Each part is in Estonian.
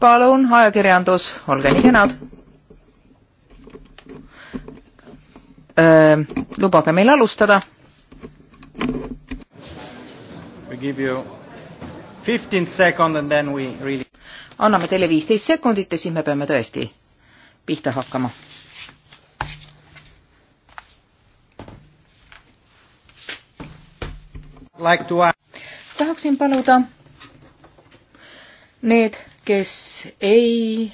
palun, ajakirjandus, olge nii kenad. lubage meil alustada. Really... anname teile viisteist sekundit ja siis me peame tõesti pihta hakkama. Like to ask tahaksin paluda need, kes ei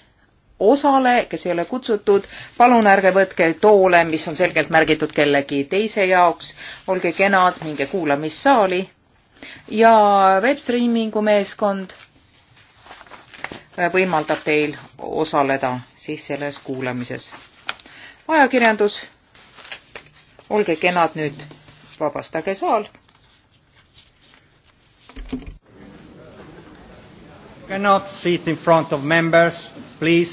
osale, kes ei ole kutsutud, palun ärge võtke toole, mis on selgelt märgitud kellegi teise jaoks, olge kenad, minge kuulamissaali ja webstreamingu meeskond võimaldab teil osaleda siis selles kuulamises. ajakirjandus, olge kenad nüüd, vabastage saal Cannot sit in front of members, please.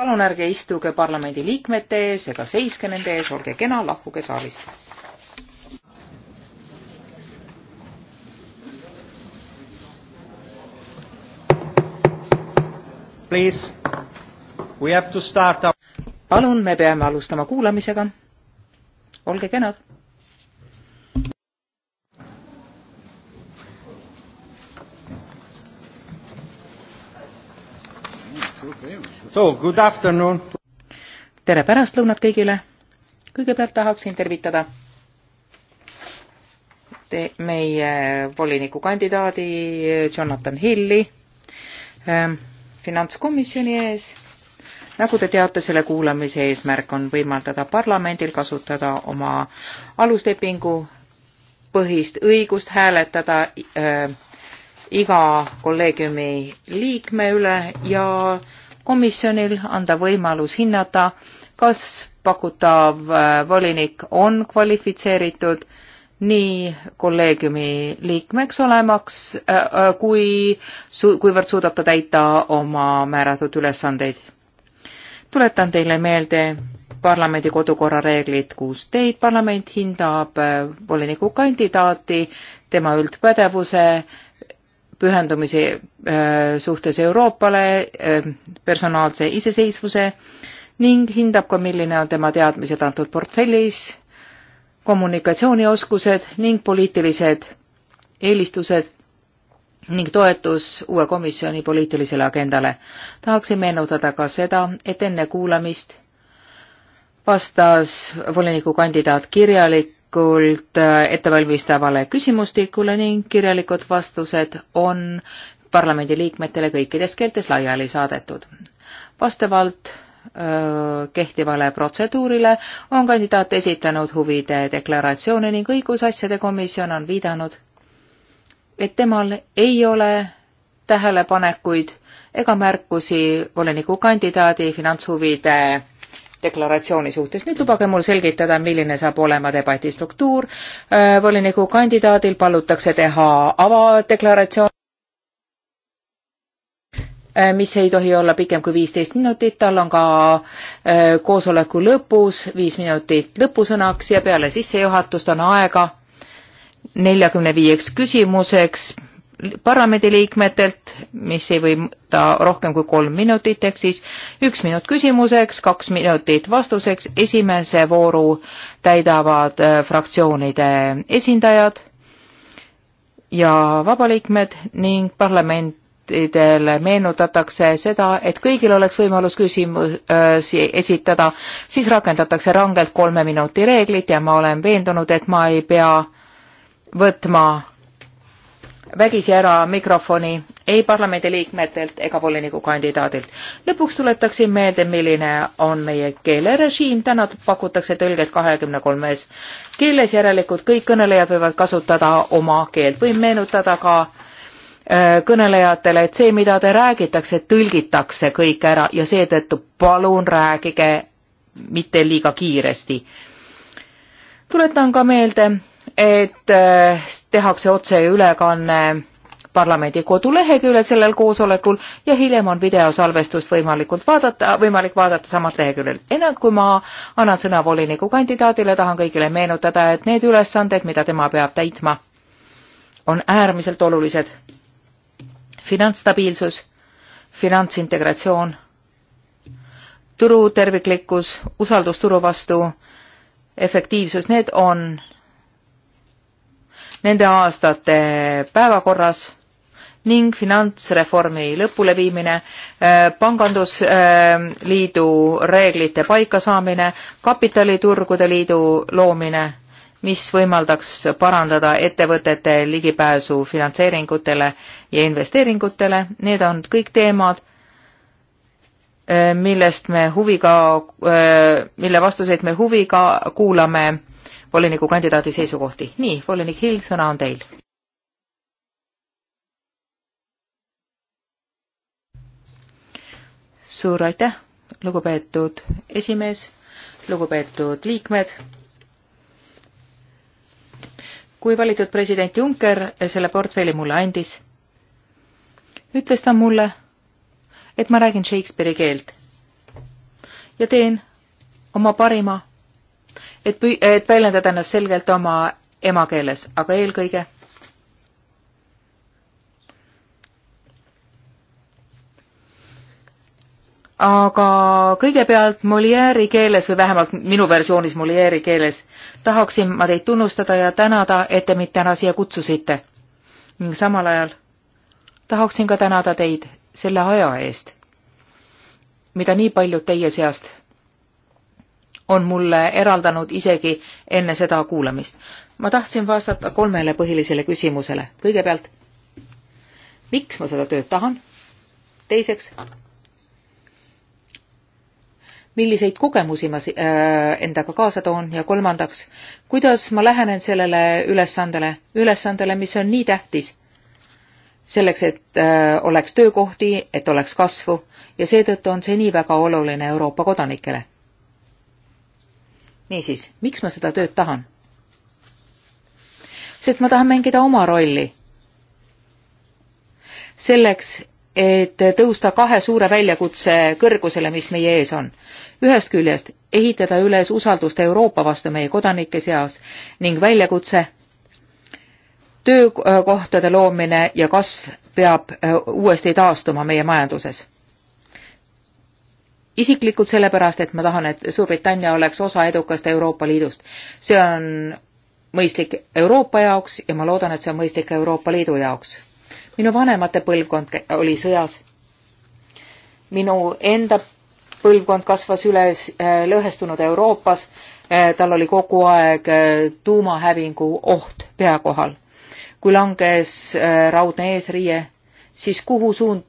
palun ärge istuge parlamendi liikmete ees ega seiske nende ees, olge kena, lahkuge saalist. Please, we have to start up. palun, me peame alustama kuulamisega. olge kenad. So, good afternoon. tere pärastlõunat kõigile. kõigepealt tahaksin tervitada te, meie volinikukandidaadi Jonathan Hilli ähm, finantskomisjoni ees. nagu te teate, selle kuulamise eesmärk on võimaldada parlamendil kasutada oma aluslepingu põhist õigust hääletada äh, iga kolleegiumi liikme üle ja äh, komisjonil anda võimalus hinnata, kas pakutav äh, volinik on kvalifitseeritud nii kolleegiumi liikmeks olemaks äh, äh, kui su,, kuivõrd suudab ta täita oma määratud ülesandeid. tuletan teile meelde parlamendi kodukorra reeglid, kus teid parlament hindab voliniku kandidaati tema üldpädevuse pühendumise äh, suhtes Euroopale, äh, personaalse iseseisvuse ning hindab ka, milline on tema teadmised antud portfellis, kommunikatsioonioskused ning poliitilised eelistused ning toetus uue komisjoni poliitilisele agendale. tahaksin meenutada ka seda, et enne kuulamist vastas volinikukandidaat kirjalik põhjalikult äh, ettevalmistavale küsimustikule ning kirjalikud vastused on parlamendiliikmetele kõikides keeltes laiali saadetud. vastavalt äh, kehtivale protseduurile on kandidaat esitanud huvide deklaratsioone ning õigusasjade komisjon on viidanud, et temal ei ole tähelepanekuid ega märkusi volinikukandidaadi finantshuvide deklaratsiooni suhtes. nüüd lubage mul selgitada, milline saab olema debati struktuur. Äh, voliniku kandidaadil palutakse teha avadeklaratsioon, äh, mis ei tohi olla pikem kui viisteist minutit, tal on ka äh, koosoleku lõpus viis minutit lõpusõnaks ja peale sissejuhatust on aega neljakümne viieks küsimuseks parlamendiliikmetelt, mis ei võta rohkem kui kolm minutit, ehk siis üks minut küsimuseks, kaks minutit vastuseks, esimese vooru täidavad äh, fraktsioonide esindajad ja vabaliikmed ning parlamentidele meenutatakse seda, et kõigil oleks võimalus küsimusi äh, esitada, siis rakendatakse rangelt kolme minuti reeglit ja ma olen veendunud, et ma ei pea võtma vägisi ära mikrofoni ei parlamendi liikmetelt ega volinikukandidaadilt. lõpuks tuletaksin meelde, milline on meie keelerežiim. täna pakutakse tõlget kahekümne kolmes keeles, järelikult kõik kõnelejad võivad kasutada oma keelt. võin meenutada ka äh, kõnelejatele, et see, mida te räägitakse, tõlgitakse kõik ära ja seetõttu palun rääkige mitte liiga kiiresti. tuletan ka meelde, et eh, tehakse otseülekanne parlamendi koduleheküljel sellel koosolekul ja hiljem on videosalvestust võimalikult vaadata, võimalik vaadata samalt leheküljel. enne kui ma annan sõna voliniku kandidaadile, tahan kõigile meenutada, et need ülesanded, mida tema peab täitma, on äärmiselt olulised. finantsstabiilsus, finantsintegratsioon, turu terviklikkus, usaldus turu vastu, efektiivsus, need on nende aastate päevakorras ning finantsreformi lõpuleviimine, äh, pangandusliidu äh, reeglite paikasaamine, kapitaliturgude liidu loomine, mis võimaldaks parandada ettevõtete ligipääsu finantseeringutele ja investeeringutele, need on kõik teemad, äh, millest me huviga, mille vastuseid me huviga kuulame volinikukandidaadi seisukohti. nii, volinik Hill, sõna on teil. suur aitäh, lugupeetud esimees, lugupeetud liikmed. kui valitud president Juncker selle portfelli mulle andis, ütles ta mulle, et ma räägin Shakespeare'i keelt ja teen oma parima et, et väljendada ennast selgelt oma emakeeles, aga eelkõige aga kõigepealt Molieri keeles või vähemalt minu versioonis Molieri keeles tahaksin ma teid tunnustada ja tänada, et te mind täna siia kutsusite. ning samal ajal tahaksin ka tänada teid selle aja eest, mida nii paljud teie seast on mulle eraldanud isegi enne seda kuulamist. ma tahtsin vastata kolmele põhilisele küsimusele. kõigepealt, miks ma seda tööd tahan? teiseks, milliseid kogemusi ma äh, endaga kaasa toon ja kolmandaks, kuidas ma lähenen sellele ülesandele, ülesandele, mis on nii tähtis selleks, et äh, oleks töökohti, et oleks kasvu ja seetõttu on see nii väga oluline Euroopa kodanikele niisiis, miks ma seda tööd tahan? sest ma tahan mängida oma rolli. selleks, et tõusta kahe suure väljakutse kõrgusele, mis meie ees on. ühest küljest ehitada üles usaldust Euroopa vastu meie kodanike seas ning väljakutse töökohtade loomine ja kasv peab äh, uuesti taastuma meie majanduses isiklikult sellepärast, et ma tahan, et Suurbritannia oleks osa edukast Euroopa Liidust. see on mõistlik Euroopa jaoks ja ma loodan, et see on mõistlik ka Euroopa Liidu jaoks. minu vanemate põlvkond oli sõjas. minu enda põlvkond kasvas üles äh, lõhestunud Euroopas, äh, tal oli kogu aeg äh, tuumahävingu oht pea kohal. kui langes raudne eesriie, siis kuhu suund,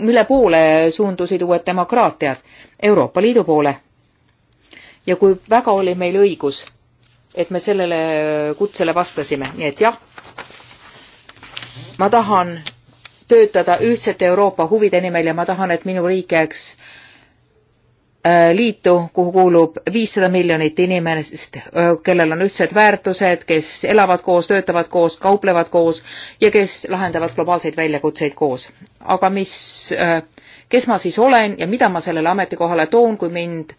mille äh, poole suundusid uued demokraatiad? Euroopa Liidu poole. ja kui väga oli meil õigus, et me sellele kutsele vastasime, nii et jah, ma tahan töötada ühtsete Euroopa huvide nimel ja ma tahan, et minu riik jääks äh, Äh, liitu, kuhu kuulub viissada miljonit inimest, äh, kellel on ühtsed väärtused, kes elavad koos, töötavad koos, kauplevad koos ja kes lahendavad globaalseid väljakutseid koos. aga mis, äh, kes ma siis olen ja mida ma sellele ametikohale toon, kui mind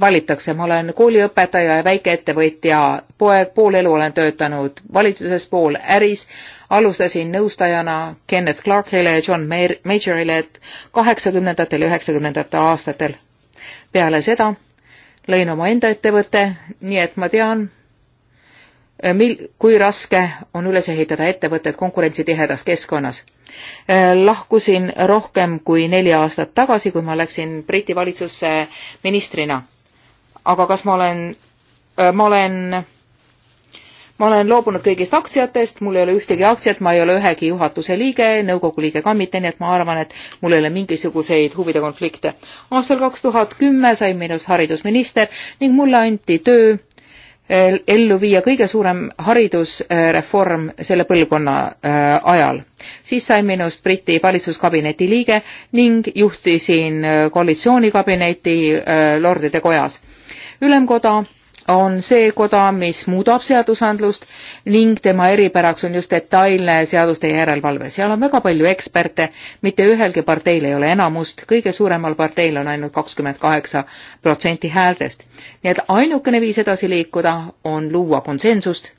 valitakse, ma olen kooliõpetaja ja väikeettevõtja poeg, pool elu olen töötanud valitsuses, pool äris alustasin nõustajana Kenneth Clarke'ile ja John Majorile kaheksakümnendatel ja üheksakümnendatel aastatel. peale seda lõin omaenda ettevõtte, nii et ma tean, eh, mil-, kui raske on üles ehitada ettevõtted konkurentsitihedas keskkonnas. Eh, lahkusin rohkem kui neli aastat tagasi, kui ma läksin Briti valitsusse ministrina. aga kas ma olen, eh, ma olen ma olen loobunud kõigist aktsiatest, mul ei ole ühtegi aktsiat, ma ei ole ühegi juhatuse liige, nõukogu liige ka mitte, nii et ma arvan, et mul ei ole mingisuguseid huvide konflikte. aastal kaks tuhat kümme sai minust haridusminister ning mulle anti töö eh, ellu viia kõige suurem haridusreform eh, selle põlvkonna eh, ajal. siis sai minust Briti valitsuskabineti liige ning juhtisin koalitsioonikabineti lordide kojas. ülemkoda on see koda, mis muudab seadusandlust ning tema eripäraks on just detailne seaduste järelevalve. seal on väga palju eksperte, mitte ühelgi parteil ei ole enamust, kõige suuremal parteil on ainult kakskümmend kaheksa protsenti häältest. nii et ainukene viis edasi liikuda on luua konsensust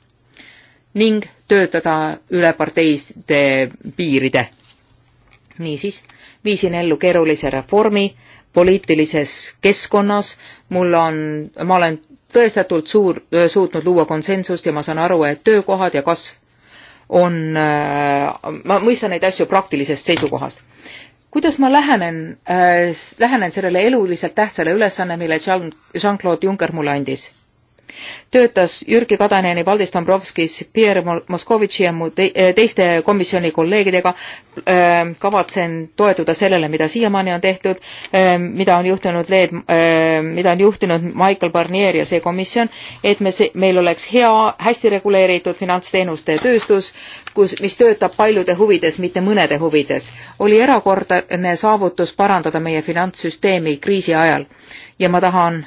ning töötada üle parteiste piiride niisiis, viisin ellu keerulise reformi poliitilises keskkonnas, mul on, ma olen tõestatult suur, suutnud luua konsensust ja ma saan aru, et töökohad ja kasv on, ma mõistan neid asju praktilisest seisukohast. kuidas ma lähenen äh,, lähenen sellele eluliselt tähtsale ülesanne, mille Jean-Claude Juncker mulle andis? töötas Jyrki Kataneni, Valdis Dombrovskis, Pierre Moskovitši ja mu te eh, teiste komisjoni kolleegidega ähm, kavatsen toetuda sellele, mida siiamaani on tehtud, ähm, mida on juhtinud Leed, ähm, mida on juhtinud Michael Barnier ja see komisjon, et me, meil oleks hea, hästi reguleeritud finantsteenuste tööstus, kus, mis töötab paljude huvides, mitte mõnede huvides. oli erakordne saavutus parandada meie finantssüsteemi kriisi ajal ja ma tahan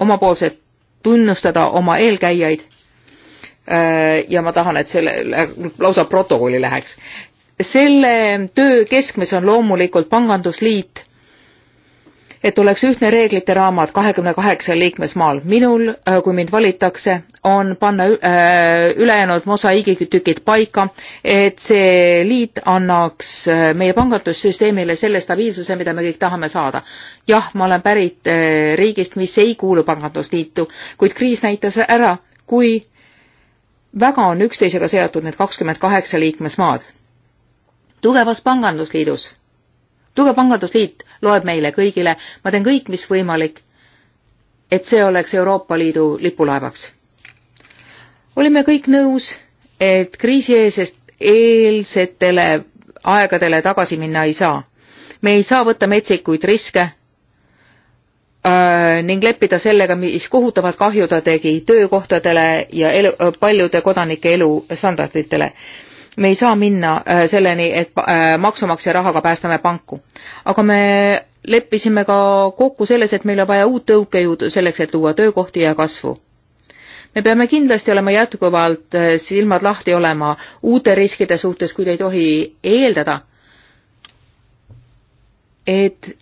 omapoolset tunnustada oma eelkäijaid äh, ja ma tahan, et selle lausa protokolli läheks. selle töö keskmes on loomulikult Pangandusliit et oleks ühtne reeglite raamat kahekümne kaheksal liikmesmaal. minul, äh, kui mind valitakse, on panna äh, ülejäänud mosaiigitükid paika, et see liit annaks äh, meie pangandussüsteemile selle stabiilsuse, mida me kõik tahame saada. jah, ma olen pärit riigist, mis ei kuulu pangandusliitu, kuid kriis näitas ära, kui väga on üksteisega seotud need kakskümmend kaheksa liikmesmaad. tugevas pangandusliidus tugev pangandusliit loeb meile kõigile, ma teen kõik, mis võimalik, et see oleks Euroopa Liidu lipulaevaks. olime kõik nõus, et kriisi eesest eelsetele aegadele tagasi minna ei saa. me ei saa võtta metsikuid riske öö, äh, ning leppida sellega, mis kohutavat kahju ta tegi töökohtadele ja elu, äh, paljude kodanike elustandarditele me ei saa minna äh, selleni, et äh, maksumaksja rahaga päästame panku. aga me leppisime ka kokku selles, et meil on vaja uut tõukejõudu selleks, et luua töökohti ja kasvu. me peame kindlasti olema jätkuvalt äh, silmad lahti olema uute riskide suhtes, kuid ei tohi eeldada, et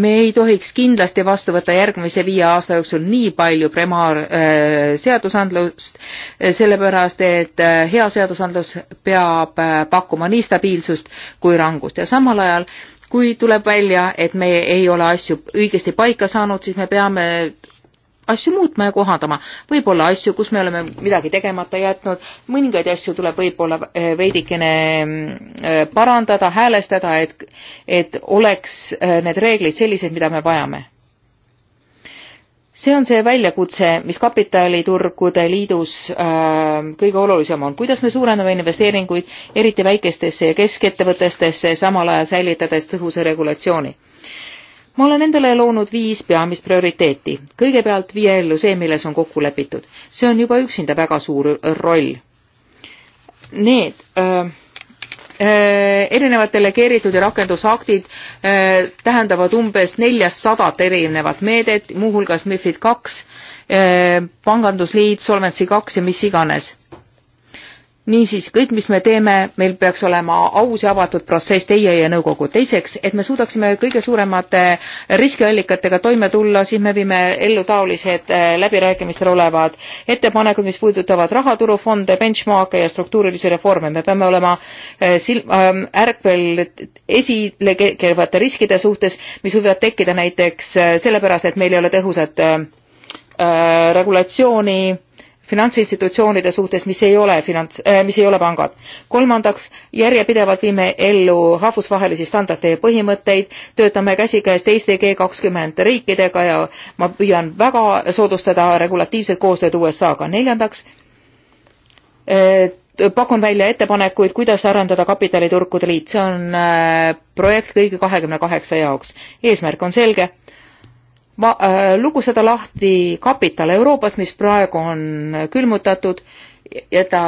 me ei tohiks kindlasti vastu võtta järgmise viie aasta jooksul nii palju primaarseadusandlust, äh, äh, sellepärast et äh, hea seadusandlus peab pakkuma nii stabiilsust kui rangust ja samal ajal kui tuleb välja, et me ei ole asju õigesti paika saanud, siis me peame asju muutma ja kohandama. võib-olla asju, kus me oleme midagi tegemata jätnud, mõningaid asju tuleb võib-olla eh, veidikene mm, eh, parandada, häälestada, et, et oleks eh, need reeglid sellised, mida me vajame. see on see väljakutse, mis kapitaliturgude liidus kõige olulisem on. kuidas me suurendame investeeringuid, eriti väikestesse ja keskettevõtetesse, samal ajal säilitades tõhusa regulatsiooni ma olen endale loonud viis peamist prioriteeti. kõigepealt viia ellu see, milles on kokku lepitud. see on juba üksinda väga suur roll. Need öö, äh, äh, erinevad delegeeritud ja rakendusaktid öö, äh, tähendavad umbes neljasadat erinevat meedet, muuhulgas MIFID kaks, pangandusliit, Solvency kaks ja mis iganes niisiis, kõik, mis me teeme, meil peaks olema aus ja avatud protsess teie ja nõukogu. teiseks, et me suudaksime kõige suuremate riskiallikatega toime tulla, siis me viime ellu taolised eh, läbirääkimistel olevad ettepanekud, mis puudutavad rahaturufonde, benchmark'e ja struktuurilisi reforme. me peame olema eh, sil-, eh, ärkvel esile kerkivate riskide suhtes, mis võivad tekkida näiteks sellepärast, et meil ei ole tõhusat regulatsiooni finantsinstitutsioonide suhtes mis ei ole finants äh, mis ei ole pangad kolmandaks järjepidevalt viime ellu rahvusvahelisi standardeid ja põhimõtteid töötame käsikäes teiste g riikidega ja ma püüan väga soodustada regulatiivset koostööd usaga neljandaks äh, pakun välja ettepanekuid kuidas arendada kapitaliturgude liit see on äh, projekt kõigi jaoks eesmärk on selge ma, äh, lugu seda lahti kapital Euroopas, mis praegu on külmutatud ja ta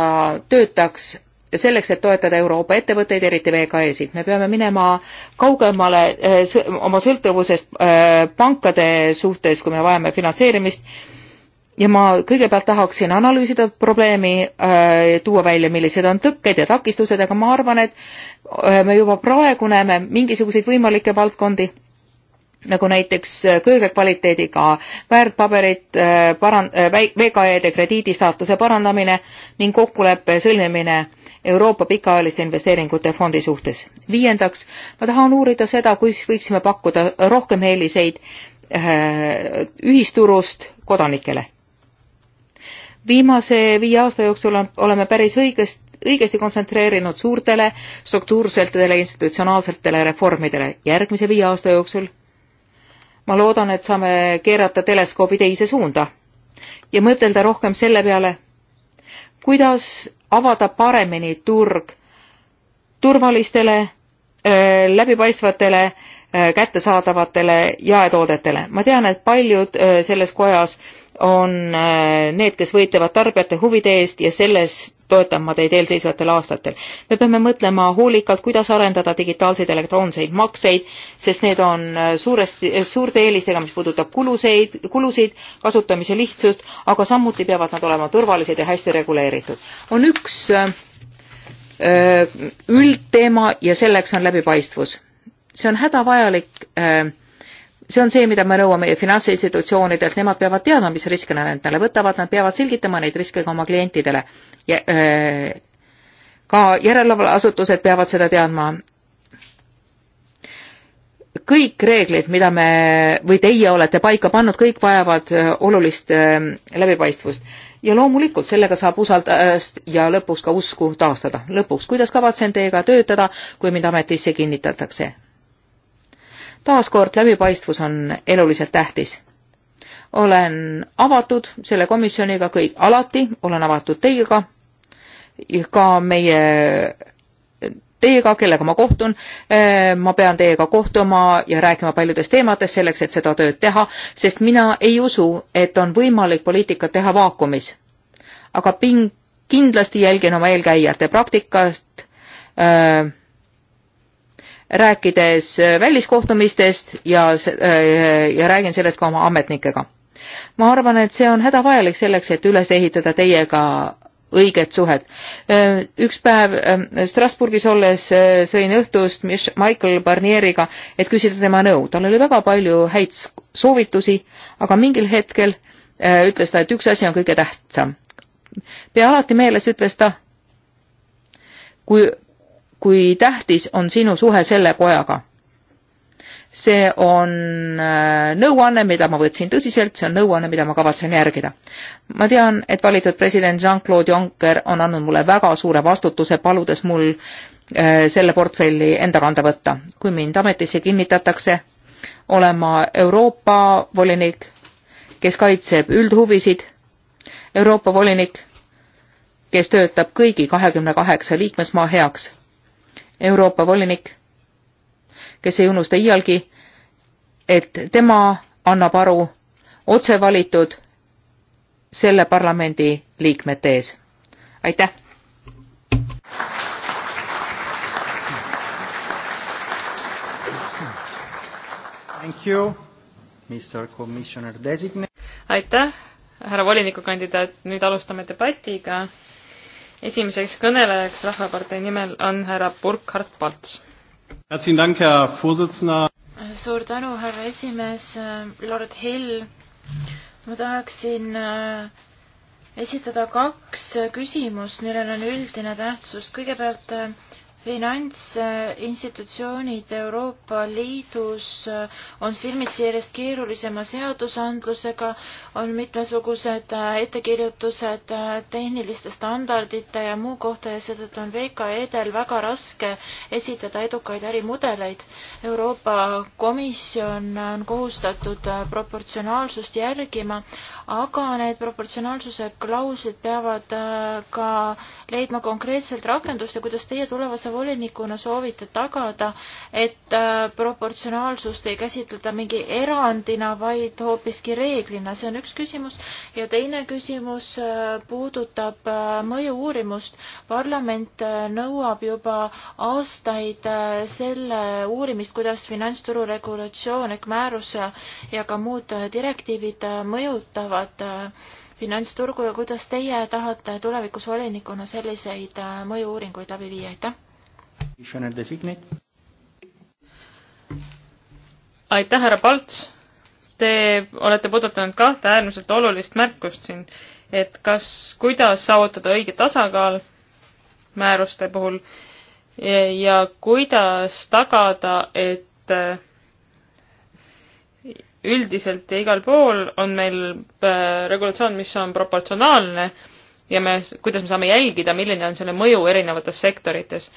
töötaks selleks, et toetada Euroopa ettevõtteid, eriti VKE-sid. me peame minema kaugemale äh, oma sõltuvusest äh, pankade suhtes, kui me vajame finantseerimist ja ma kõigepealt tahaksin analüüsida probleemi, äh, tuua välja, millised on tõkked ja takistused, aga ma arvan, et äh, me juba praegu näeme mingisuguseid võimalikke valdkondi nagu näiteks äh, kõrge kvaliteediga väärtpaberid, äh, paran-, äh, VKE-de krediidistaatuse parandamine ning kokkuleppe sõlmimine Euroopa pikaajaliste investeeringute fondi suhtes. viiendaks, ma tahan uurida seda, kus võiksime pakkuda rohkem eeliseid ühisturust kodanikele. viimase viie aasta jooksul on, oleme päris õigest õigesti kontsentreerinud suurtele struktuursetele institutsionaalsetele reformidele. järgmise viie aasta jooksul ma loodan, et saame keerata teleskoobi teise suunda ja mõtelda rohkem selle peale, kuidas avada paremini turg turvalistele, läbipaistvatele, kättesaadavatele jaetoodetele. ma tean, et paljud selles kojas on need, kes võitlevad tarbijate huvide eest ja selles toetan ma teid eelseisvatel aastatel. me peame mõtlema hoolikalt, kuidas arendada digitaalseid elektroonseid makseid, sest need on äh, suuresti, äh, suurte eelistega, mis puudutab kuluseid, kulusid, kasutamise lihtsust, aga samuti peavad nad olema turvalised ja hästi reguleeritud. on üks öö, äh, üldteema ja selleks on läbipaistvus. see on hädavajalik öö, see on see, mida me nõuame finantsinstitutsioonidelt, nemad peavad teadma, mis riske nad endale võtavad, nad peavad selgitama neid riske ka oma klientidele Äh, ka järelevalveasutused peavad seda teadma. kõik reeglid, mida me või teie olete paika pannud, kõik vajavad äh, olulist äh, läbipaistvust ja loomulikult sellega saab usaldust ja lõpuks ka usku taastada. lõpuks, kuidas kavatsen teiega töötada, kui mind ametisse kinnitatakse? taaskord, läbipaistvus on eluliselt tähtis. olen avatud selle komisjoniga kõik alati, olen avatud teiega ka meie teiega, kellega ma kohtun, eh, ma pean teiega kohtuma ja rääkima paljudest teemadest selleks, et seda tööd teha, sest mina ei usu, et on võimalik poliitikat teha vaakumis. aga ping-, kindlasti jälgin oma eelkäijate praktikast äh,, rääkides väliskohtumistest ja äh,, ja räägin sellest ka oma ametnikega. ma arvan, et see on hädavajalik selleks, et üles ehitada teiega õiget suhet. Äh, üks päev ähm, Strasbourgis olles äh, sõin õhtust Michael Barnieriga, et küsida tema nõu. tal oli väga palju häid soovitusi, aga mingil hetkel äh, ütles ta, et üks asi on kõige tähtsam. pea alati meeles, ütles ta, kui, kui tähtis on sinu suhe selle kojaga see on äh, nõuanne, mida ma võtsin tõsiselt, see on nõuanne, mida ma kavatsen järgida. ma tean, et valitud president Jean-Claude Juncker on andnud mulle väga suure vastutuse, paludes mul äh, selle portfelli enda kanda võtta. kui mind ametisse kinnitatakse, olen ma Euroopa volinik, kes kaitseb üldhuvisid, Euroopa volinik, kes töötab kõigi kahekümne kaheksa liikmesmaa heaks, Euroopa volinik kes ei unusta iialgi, et tema annab aru otse valitud selle parlamendi liikmete ees. aitäh! aitäh, härra volinikukandidaat, nüüd alustame debatiga. esimeseks kõnelejaks Rahvapartei nimel on härra Burkhard Palts suur tänu, härra esimees, lord Hill. ma tahaksin äh, esitada kaks küsimust, millel on üldine tähtsus. kõigepealt äh, finantsinstitutsioonid Euroopa Liidus on silmitsi järjest keerulisema seadusandlusega, on mitmesugused ettekirjutused tehniliste standardite ja muu kohta ja seetõttu on VKE-del väga raske esitada edukaid ärimudeleid. Euroopa Komisjon on kohustatud proportsionaalsust järgima, aga need proportsionaalsuse klauslid peavad äh, ka leidma konkreetselt rakendust ja kuidas teie tulevase volinikuna soovite tagada, et äh, proportsionaalsust ei käsitleta mingi erandina, vaid hoopiski reeglina, see on üks küsimus. ja teine küsimus äh, puudutab mõju-uurimust. parlament nõuab juba aastaid selle uurimist, kuidas finantsturu regulatsioon ehk määrus ja ka muud direktiivid mõjutavad mõjutavad äh, finantsturgu ja kuidas teie tahate tulevikus volinikuna selliseid äh, mõju-uuringuid läbi viia, aitäh! aitäh, härra Palts! Te olete puudutanud kahte äärmiselt olulist märkust siin, et kas, kuidas saavutada õige tasakaal määruste puhul ja, ja kuidas tagada, et äh, üldiselt ja igal pool on meil äh, regulatsioon, mis on proportsionaalne ja me, kuidas me saame jälgida, milline on selle mõju erinevates sektorites.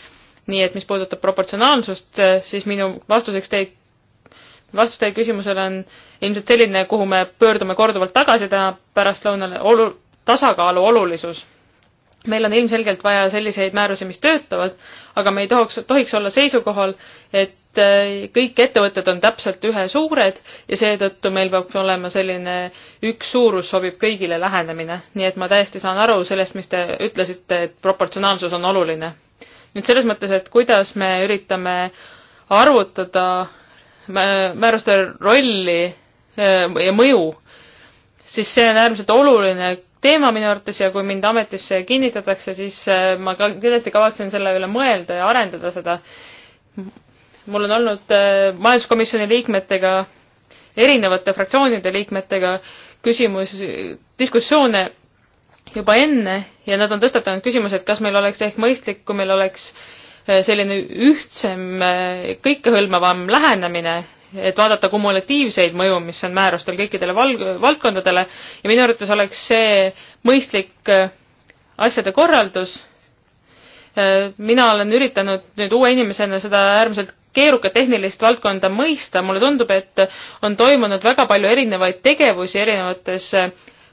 nii et mis puudutab proportsionaalsust, äh, siis minu vastuseks teie, vastus teie küsimusele on ilmselt selline, kuhu me pöördume korduvalt tagasi täna pärastlõunale, olu-, tasakaalu olulisus meil on ilmselgelt vaja selliseid määrusi, mis töötavad, aga me ei tohiks, tohiks olla seisukohal, et äh, kõik ettevõtted on täpselt ühesuured ja seetõttu meil peab olema selline üks suurus sobib kõigile lähenemine. nii et ma täiesti saan aru sellest, mis te ütlesite, et proportsionaalsus on oluline. nüüd selles mõttes, et kuidas me üritame arvutada määruste rolli äh, ja mõju, siis see on äärmiselt oluline teema minu arvates ja kui mind ametisse kinnitatakse, siis äh, ma ka kindlasti kavatsen selle üle mõelda ja arendada seda. mul on olnud äh, majanduskomisjoni liikmetega, erinevate fraktsioonide liikmetega küsimus, diskussioone juba enne ja nad on tõstatanud küsimuse, et kas meil oleks ehk mõistlik, kui meil oleks äh, selline ühtsem, kõikehõlmavam lähenemine et vaadata kumulatiivseid mõju, mis on määrustel kõikidele valg-, valdkondadele ja minu arvates oleks see mõistlik äh, asjade korraldus. Äh, mina olen üritanud nüüd uue inimesena seda äärmiselt keerukat tehnilist valdkonda mõista, mulle tundub, et on toimunud väga palju erinevaid tegevusi erinevates äh,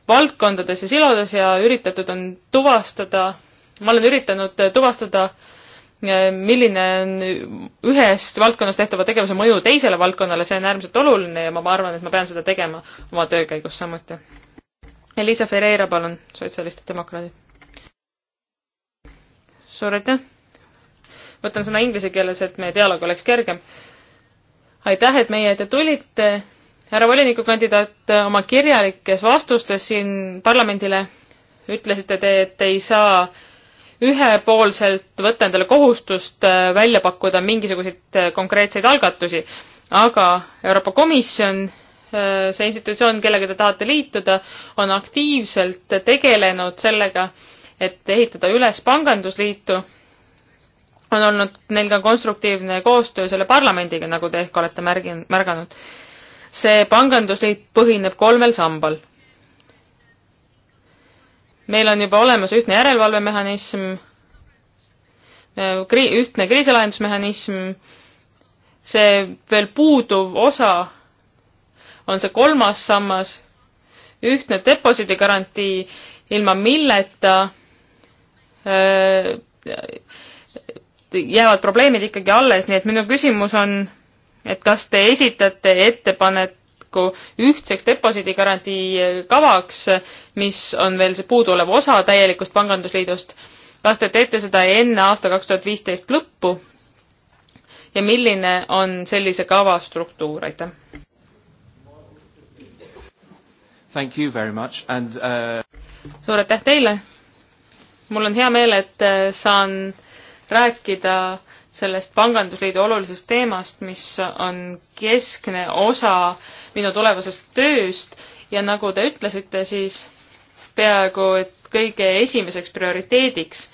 valdkondades ja silodes ja üritatud on tuvastada, ma olen üritanud tuvastada äh, milline on ühest valdkonnast tehtava tegevuse mõju teisele valdkonnale, see on äärmiselt oluline ja ma arvan, et ma pean seda tegema oma töö käigus samuti. Elisa Ferreira, palun, sotsialistid, demokraadid. suur aitäh! võtan sõna inglise keeles, et meie dialoog oleks kergem. aitäh, et meie ette tulite, härra volinikukandidaat, oma kirjalikes vastustes siin parlamendile ütlesite te, et ei saa ühepoolselt võtta endale kohustust äh, välja pakkuda mingisuguseid äh, konkreetseid algatusi, aga Euroopa Komisjon, äh, see institutsioon, kellega te tahate liituda, on aktiivselt tegelenud sellega, et ehitada üles pangandusliitu. on olnud neil ka konstruktiivne koostöö selle parlamendiga, nagu te ehk olete märgin-, märganud. see pangandusliit põhineb kolmel sambal meil on juba olemas ühtne järelevalvemehhanism, äh, ühtne kriisilahendusmehhanism, see veel puuduv osa on see kolmas sammas, ühtne deposiidigarantii, ilma milleta äh, jäävad probleemid ikkagi alles, nii et minu küsimus on, et kas te esitate ettepanet, jätku ühtseks deposiidigarantii kavaks, mis on veel see puuduolev osa täielikust pangandusliidust. kas te teete seda enne aasta kaks tuhat viisteist lõppu? ja milline on sellise kava struktuur, aitäh! Thank you very much and uh... suur aitäh teile! mul on hea meel, et äh, saan rääkida sellest pangandusliidu olulisest teemast, mis on keskne osa minu tulevasest tööst ja nagu te ütlesite, siis peaaegu et kõige esimeseks prioriteediks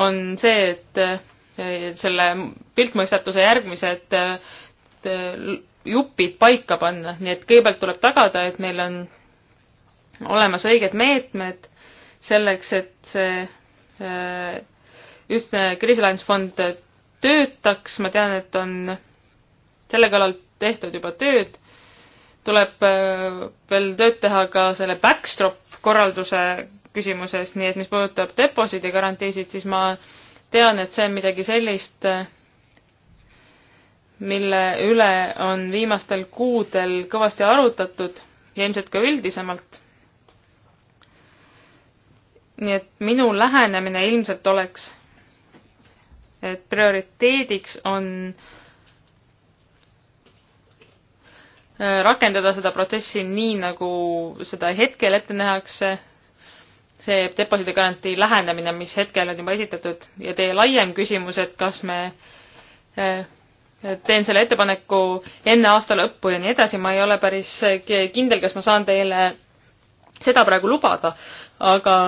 on see, et selle piltmõistatuse järgmised jupid paika panna, nii et kõigepealt tuleb tagada, et meil on olemas õiged meetmed selleks, et see äh, ühtne kriisilahendusfond töötaks, ma tean, et on selle kallal tehtud juba tööd tuleb äh, veel tööd teha ka selle backstop korralduse küsimuses, nii et mis puudutab deposiidi garantiisid, siis ma tean, et see on midagi sellist, mille üle on viimastel kuudel kõvasti arutatud ja ilmselt ka üldisemalt. nii et minu lähenemine ilmselt oleks, et prioriteediks on äh, Äh, rakendada seda protsessi nii, nagu seda hetkel ette nähakse, see deposiidi garantii lähendamine, mis hetkel on juba esitatud ja teie laiem küsimus, et kas me äh, teen selle ettepaneku enne aasta lõppu ja nii edasi, ma ei ole päris kindel, kas ma saan teile seda praegu lubada, aga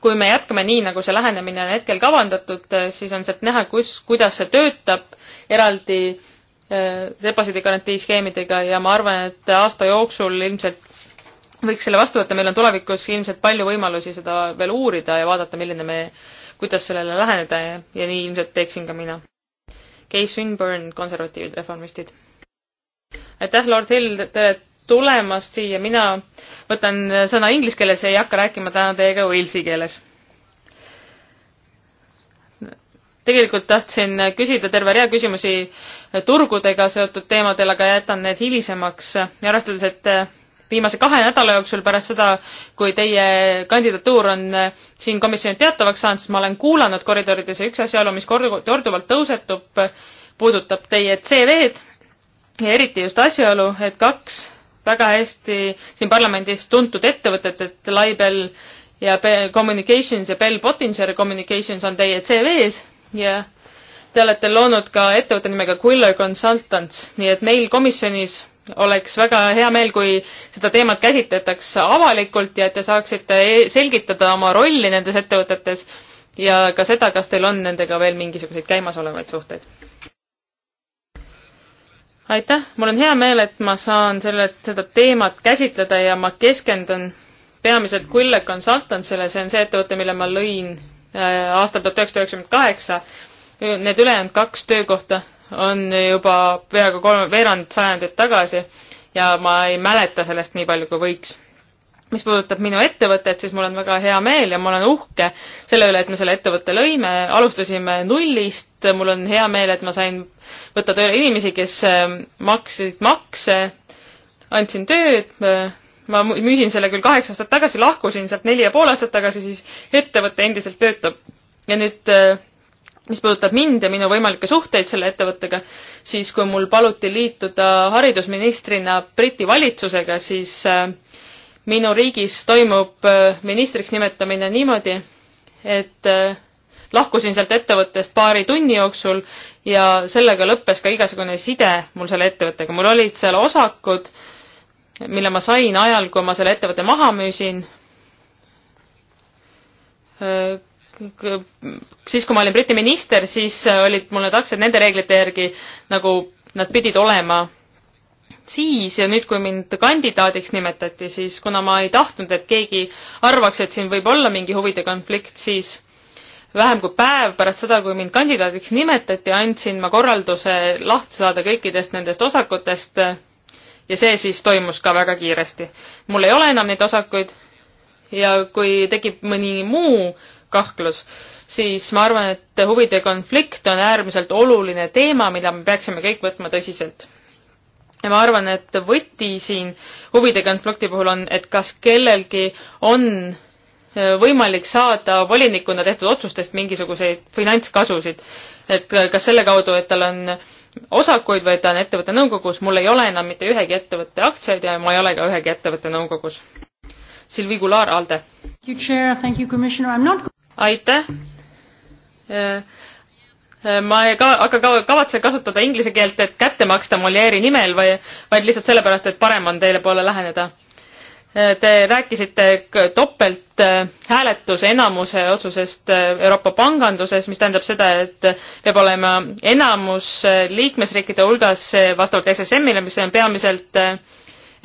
kui me jätkame nii, nagu see lähenemine on hetkel kavandatud, äh, siis on sealt näha, kus, kuidas see töötab eraldi äh, deposiidi garantiiskeemidega ja ma arvan, et aasta jooksul ilmselt võiks selle vastu võtta, meil on tulevikus ilmselt palju võimalusi seda veel uurida ja vaadata, milline me, kuidas sellele läheneda ja, ja nii ilmselt teeksin ka mina. Kei Swinburne, konservatiivid reformistid. aitäh, Lord Hill, te olete tulemast siia, mina võtan sõna inglise keeles ja ei hakka rääkima täna teiega Walesi keeles. tegelikult tahtsin küsida terve rea küsimusi turgudega seotud teemadel, aga jätan need hilisemaks ja arvestades, et viimase kahe nädala jooksul pärast seda, kui teie kandidatuur on siin komisjoni teatavaks saanud, siis ma olen kuulanud koridorides ja üks asjaolu, mis kordu-, korduvalt tõusetub, puudutab teie CV-d ja eriti just asjaolu, et kaks väga hästi siin parlamendis tuntud ettevõtet, et Laibel ja Bell Communications ja Bell Pottinger Communications on teie CV-s ja te olete loonud ka ettevõtte nimega Quiller Consultants, nii et meil komisjonis oleks väga hea meel, kui seda teemat käsitletaks avalikult ja et te saaksite e selgitada oma rolli nendes ettevõtetes ja ka seda, kas teil on nendega veel mingisuguseid käimasolevaid suhteid aitäh, mul on hea meel, et ma saan selle, seda teemat käsitleda ja ma keskendun peamiselt Quille Consultantsile, see on see ettevõte, mille ma lõin äh, aastal tuhat üheksasada üheksakümmend kaheksa. Need ülejäänud kaks töökohta on juba peaaegu kolm, veerand sajandit tagasi ja ma ei mäleta sellest nii palju, kui võiks mis puudutab minu ettevõtet, siis mul on väga hea meel ja ma olen uhke selle üle, et me selle ettevõtte lõime, alustasime nullist, mul on hea meel, et ma sain võtta tööle inimesi, kes ähm, maksid makse, andsin tööd, ma müüsin selle küll kaheksa aastat tagasi, lahkusin sealt neli ja pool aastat tagasi, siis ettevõte endiselt töötab. ja nüüd, äh, mis puudutab mind ja minu võimalikke suhteid selle ettevõttega, siis kui mul paluti liituda haridusministrina Briti valitsusega, siis äh, minu riigis toimub äh, ministriks nimetamine niimoodi, et äh, lahkusin sealt ettevõttest paari tunni jooksul ja sellega lõppes ka igasugune side mul selle ettevõttega. mul olid seal osakud, mille ma sain ajal, kui ma selle ettevõtte maha müüsin. Äh, siis, kui ma olin Briti minister, siis olid mul need aktsiad nende reeglite järgi, nagu nad pidid olema siis ja nüüd, kui mind kandidaadiks nimetati, siis kuna ma ei tahtnud, et keegi arvaks, et siin võib olla mingi huvide konflikt, siis vähem kui päev pärast seda, kui mind kandidaadiks nimetati, andsin ma korralduse lahti saada kõikidest nendest osakutest ja see siis toimus ka väga kiiresti. mul ei ole enam neid osakuid ja kui tekib mõni muu kahtlus, siis ma arvan, et huvide konflikt on äärmiselt oluline teema, mida me peaksime kõik võtma tõsiselt ja ma arvan, et võti siin huvide konflikti puhul on, et kas kellelgi on äh, võimalik saada volinikuna tehtud otsustest mingisuguseid finantskasusid. et kas selle kaudu, et tal on osakuid või ta on ettevõtte nõukogus, mul ei ole enam mitte ühegi ettevõtte aktsiaid ja ma ei ole ka ühegi ettevõtte nõukogus. Silvi Gular, ALDE. aitäh äh, ma ei ka-, aga ka-, kavatse kasutada inglise keelt, et kätte maksta Molieri nimel või, vaid lihtsalt sellepärast, et parem on teile poole läheneda. Te rääkisite topelt äh, hääletuse enamuse otsusest äh, Euroopa panganduses, mis tähendab seda, et peab olema enamus äh, liikmesriikide hulgas vastavalt SSM-ile, mis on peamiselt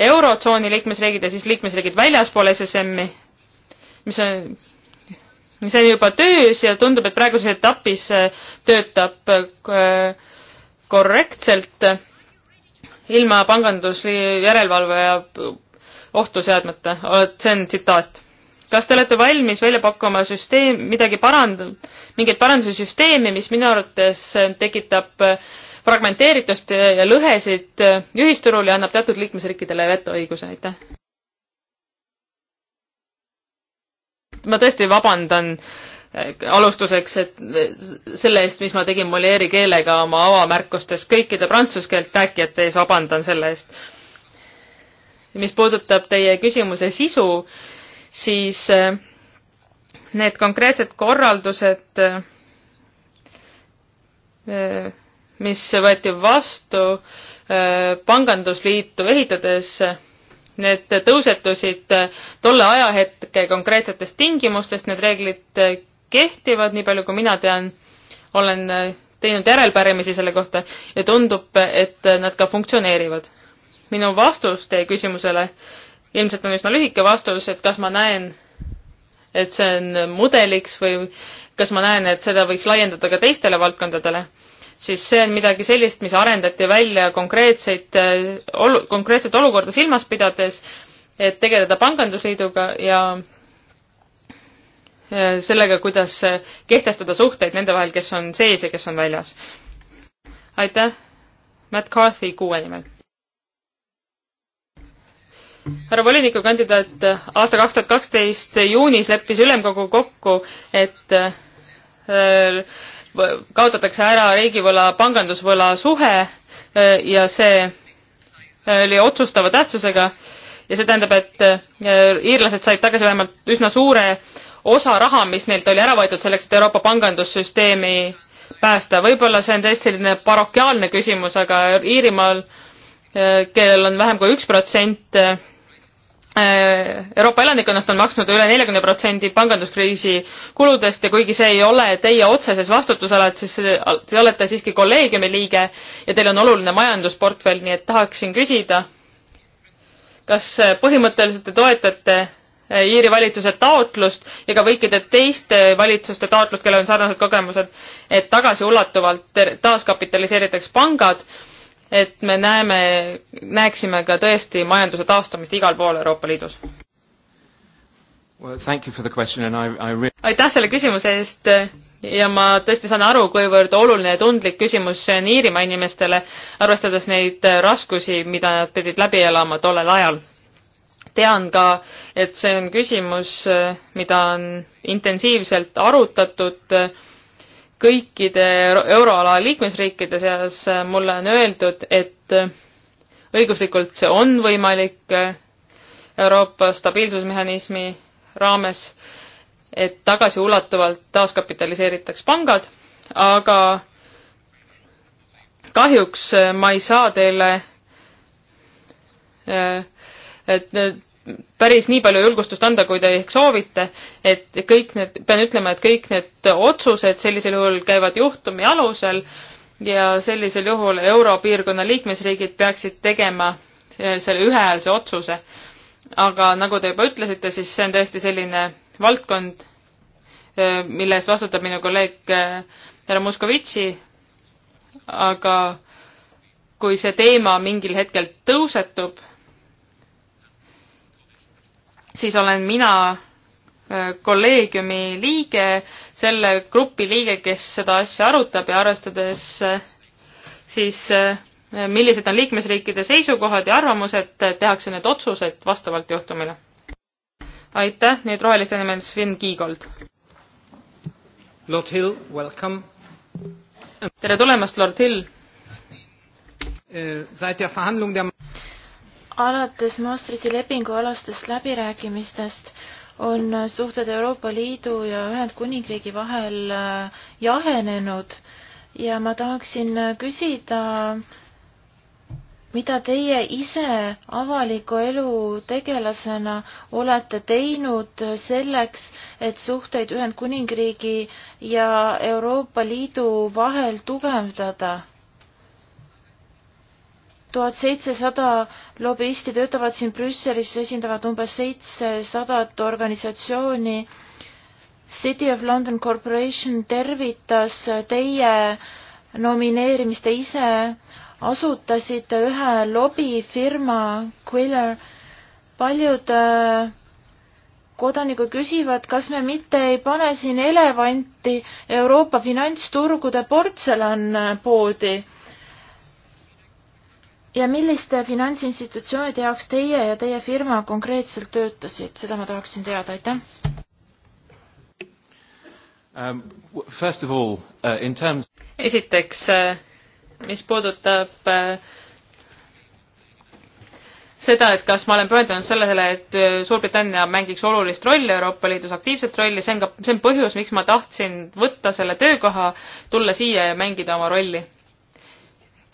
eurotsooni liikmesriigid ja siis liikmesriigid väljaspool SSM-i, mis on see on juba töös ja tundub, et praeguses etapis äh, töötab äh, korrektselt ilma pangandusjärelevalve ja ohtu seadmata, see on tsitaat. kas te olete valmis välja pakkuma süsteem, midagi parand-, mingeid paranduse süsteemi, mis minu arvates tekitab äh, fragmenteeritust ja lõhesid ühisturul ja annab teatud liikmesriikidele vetoõiguse, aitäh? ma tõesti vabandan eh, alustuseks, et eh, selle eest, mis ma tegin Molieri keelega oma avamärkustes kõikide prantsuse keelt rääkijate ees, vabandan selle eest. mis puudutab teie küsimuse sisu, siis eh, need konkreetsed korraldused, mis võeti vastu pangandusliitu ehitades, Need tõusetusid äh, tolle ajahetke konkreetsetest tingimustest, need reeglid äh, kehtivad, nii palju kui mina tean, olen äh, teinud järelpärimisi selle kohta ja tundub, et nad ka funktsioneerivad. minu vastus teie küsimusele ilmselt on üsna lühike vastus, et kas ma näen, et see on mudeliks või kas ma näen, et seda võiks laiendada ka teistele valdkondadele siis see on midagi sellist, mis arendati välja konkreetseid äh, olu-, konkreetset olukorda silmas pidades, et tegeleda pangandusliiduga ja äh, sellega, kuidas äh, kehtestada suhteid nende vahel, kes on sees ja kes on väljas. aitäh, Matt Carthy kuue nimel. härra volinikukandidaat, aasta kaks tuhat kaksteist juunis leppis ülemkogu kokku, et kaotatakse ära riigivõla, pangandusvõla suhe ja see oli otsustava tähtsusega ja see tähendab, et iirlased said tagasi vähemalt üsna suure osa raha, mis neilt oli ära võetud selleks, et Euroopa pangandussüsteemi päästa. võib-olla see on täiesti selline parokiaalne küsimus, aga Iirimaal, kellel on vähem kui üks protsent Äh, Euroopa elanikkonnast on maksnud üle neljakümne protsendi panganduskriisi kuludest ja kuigi see ei ole teie otseses vastutusalad, siis te olete siiski kolleegiumi liige ja teil on oluline majandusportfell, nii et tahaksin küsida, kas äh, põhimõtteliselt te toetate äh, Iiri valitsuse taotlust ja ka kõikide teiste valitsuste taotlust, kellel on sarnased kogemused, et tagasiulatuvalt taaskapitaliseeritaks pangad et me näeme, näeksime ka tõesti majanduse taastumist igal pool Euroopa Liidus well,? Really... aitäh selle küsimuse eest ja ma tõesti saan aru, kuivõrd oluline ja tundlik küsimus see on Iirimaa inimestele, arvestades neid raskusi, mida nad pidid läbi elama tollel ajal. tean ka, et see on küsimus, mida on intensiivselt arutatud kõikide euroala liikmesriikide seas äh, mulle on öeldud, et äh, õiguslikult see on võimalik äh, Euroopa stabiilsusmehhanismi raames, et tagasiulatuvalt taaskapitaliseeritaks pangad, aga kahjuks ma ei saa teile et päris nii palju julgustust anda, kui te ehk soovite, et kõik need, pean ütlema, et kõik need otsused sellisel juhul käivad juhtumi alusel ja sellisel juhul Europiirkonna liikmesriigid peaksid tegema selle ühehäälse otsuse. aga nagu te juba ütlesite, siis see on tõesti selline valdkond, mille eest vastutab minu kolleeg härra Moskovitši, aga kui see teema mingil hetkel tõusetub, siis olen mina äh, kolleegiumi liige, selle grupi liige, kes seda asja arutab ja arvestades äh, siis äh, millised on liikmesriikide seisukohad ja arvamused, tehakse need otsused vastavalt juhtumile. aitäh, nüüd roheliste nimel Sven Kiigold. Lord Hill, welcome. tere tulemast, Lord Hill alates Maastrichti lepingu alastest läbirääkimistest on suhted Euroopa Liidu ja Ühendkuningriigi vahel äh, jahenenud ja ma tahaksin äh, küsida, mida teie ise avaliku elu tegelasena olete teinud selleks, et suhteid Ühendkuningriigi ja Euroopa Liidu vahel tugevdada? tuhat seitsesada lobiisti töötavad siin Brüsselis, esindavad umbes seitsesadat organisatsiooni. City of London Corporation tervitas teie nomineerimist, te ise asutasite ühe lobifirma, Quiller. paljud äh, kodanikud küsivad, kas me mitte ei pane siin elevanti Euroopa finantsturgude portselanpoodi ja milliste finantsinstitutsioonide jaoks teie ja teie firma konkreetselt töötasid, seda ma tahaksin teada, aitäh. Um, first of all uh, in terms esiteks, uh, mis puudutab uh, seda, et kas ma olen pöördunud sellele, et uh, Suurbritannia mängiks olulist rolli Euroopa Liidus, aktiivset rolli, see on ka, see on põhjus, miks ma tahtsin võtta selle töökoha, tulla siia ja mängida oma rolli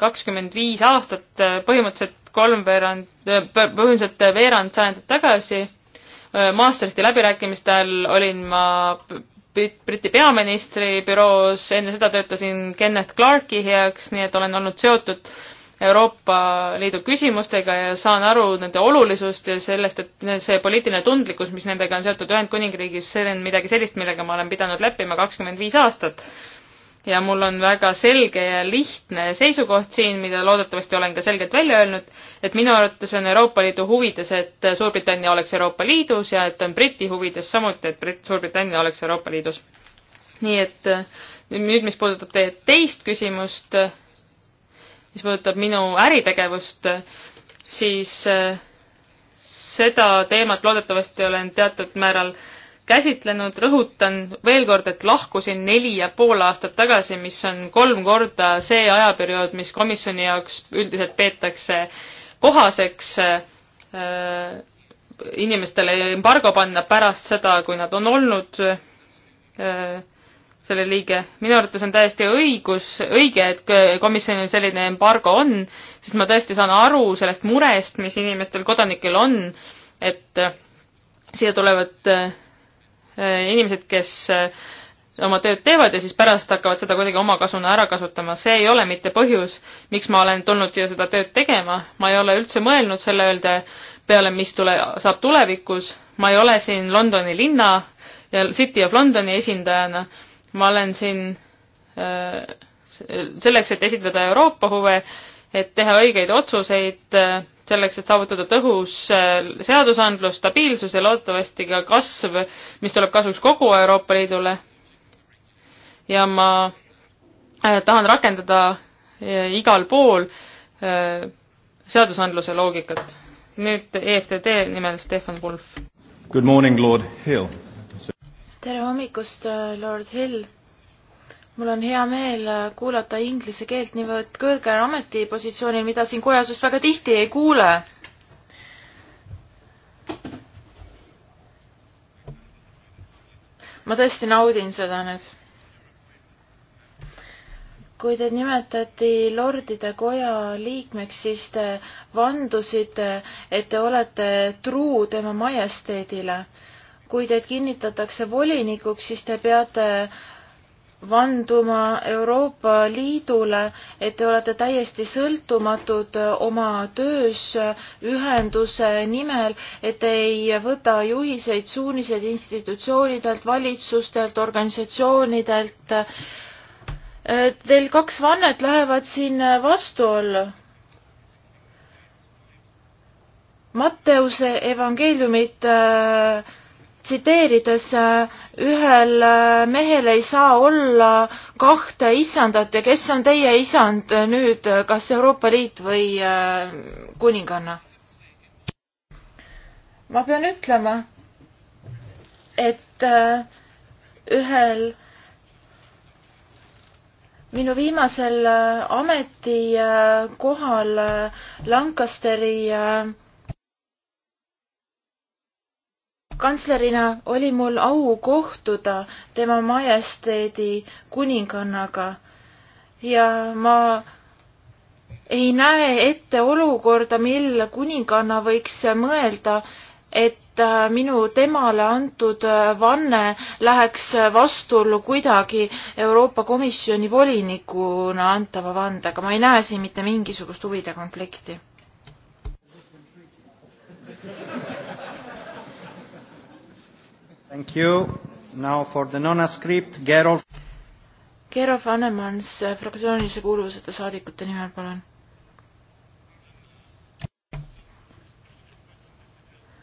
kakskümmend viis aastat, äh, põhimõtteliselt kolmveerand, äh, põhimõtteliselt äh, veerand sajandit tagasi. Maastrichti läbirääkimiste ajal olin ma Briti peaministri büroos, enne seda töötasin Kenneth Clarke'i heaks, nii et olen olnud seotud Euroopa Liidu küsimustega ja saan aru nende olulisust ja sellest, et see poliitiline tundlikkus, mis nendega on seotud Ühendkuningriigis, see on midagi sellist, millega ma olen pidanud leppima kakskümmend viis aastat ja mul on väga selge ja lihtne seisukoht siin, mida loodetavasti olen ka selgelt välja öelnud, et minu arvates on Euroopa Liidu huvides, et Suurbritannia oleks Euroopa Liidus ja et on Briti huvides samuti, et Brit-, Suurbritannia oleks Euroopa Liidus. nii et äh, nüüd, mis puudutab teie teist küsimust, mis puudutab minu äritegevust, siis äh, seda teemat loodetavasti olen teatud määral äh, käsitlenud, rõhutan veel kord, et lahkusin neli ja pool aastat tagasi, mis on kolm korda see ajaperiood, mis komisjoni jaoks üldiselt peetakse kohaseks äh, inimestele embargo panna pärast seda, kui nad on olnud äh, selle liige. minu arvates on täiesti õigus, õige, et komisjonil selline embargo on, sest ma tõesti saan aru sellest murest, mis inimestel, kodanikel on, et äh, siia tulevad äh, Äh, inimesed, kes äh, oma tööd teevad ja siis pärast hakkavad seda kuidagi omakasuna ära kasutama. see ei ole mitte põhjus, miks ma olen tulnud siia seda tööd tegema, ma ei ole üldse mõelnud selle öelda peale, mis tule, saab tulevikus, ma ei ole siin Londoni linna ja City of Londoni esindajana, ma olen siin äh, selleks, et esindada Euroopa huve, et teha õigeid otsuseid äh, selleks, et saavutada tõhus äh, seadusandlus, stabiilsus ja loodetavasti ka kasv, mis tuleb kasuks kogu Euroopa Liidule. ja ma äh, tahan rakendada äh, igal pool seadusandluse loogikat. nüüd EFTD nimel Stefan Wulf. Good morning, Lord Hill. tere hommikust, Lord Hill mul on hea meel äh, kuulata inglise keelt niivõrd kõrgel ametipositsioonil, mida siin kojas just väga tihti ei kuule. ma tõesti naudin seda nüüd. kui teid nimetati Lordide Koja liikmeks, siis te vandusite, et te olete truu tema majesteedile. kui teid kinnitatakse volinikuks, siis te peate äh, vanduma Euroopa Liidule, et te olete täiesti sõltumatud oma töös ühenduse nimel, et te ei võta juhiseid, suuniseid institutsioonidelt, valitsustelt, organisatsioonidelt. Teil kaks vannet lähevad siin vastuollu. Matteuse evangeeliumit äh, tsiteerides, äh, ühel äh, mehel ei saa olla kahte isandat ja kes on teie isand äh, nüüd, kas Euroopa Liit või kuninganna? ma pean ütlema, et ühel minu viimasel ametikohal Lancasteri kantslerina oli mul au kohtuda tema majesteedi kuningannaga ja ma ei näe ette olukorda, mil kuninganna võiks mõelda, et äh, minu temale antud äh, vanne läheks vastuollu kuidagi Euroopa Komisjoni volinikuna antava vandega. ma ei näe siin mitte mingisugust huvide konflikti. Thank you. Now for the non-script, Gerolf. Gerolf Annemans äh, fraktsioonilise kuuluvuseta saadikute nimel, palun.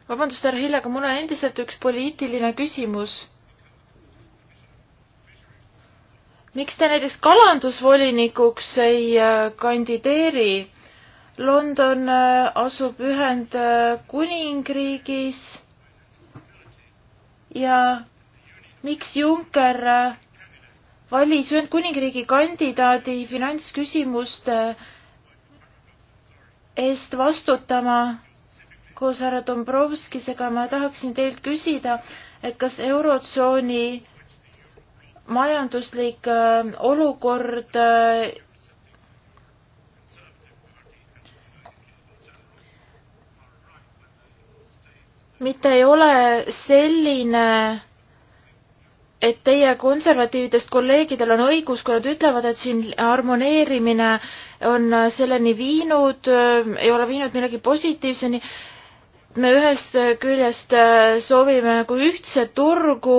vabandust, härra Hill, aga mul on endiselt üks poliitiline küsimus. miks te näiteks kalandusvolinikuks ei äh, kandideeri? London äh, asub Ühendkuningriigis ja miks Juncker äh, valis Ühendkuningriigi kandidaadi finantsküsimuste äh, eest vastutama koos härra Dombrovskisega, ma tahaksin teilt küsida, et kas Eurotsooni majanduslik äh, olukord mitte ei ole selline, et teie konservatiividest kolleegidel on õigus, kui nad ütlevad, et siin harmoneerimine on selleni viinud, ei ole viinud millegi positiivseni. me ühest küljest soovime nagu ühtset turgu,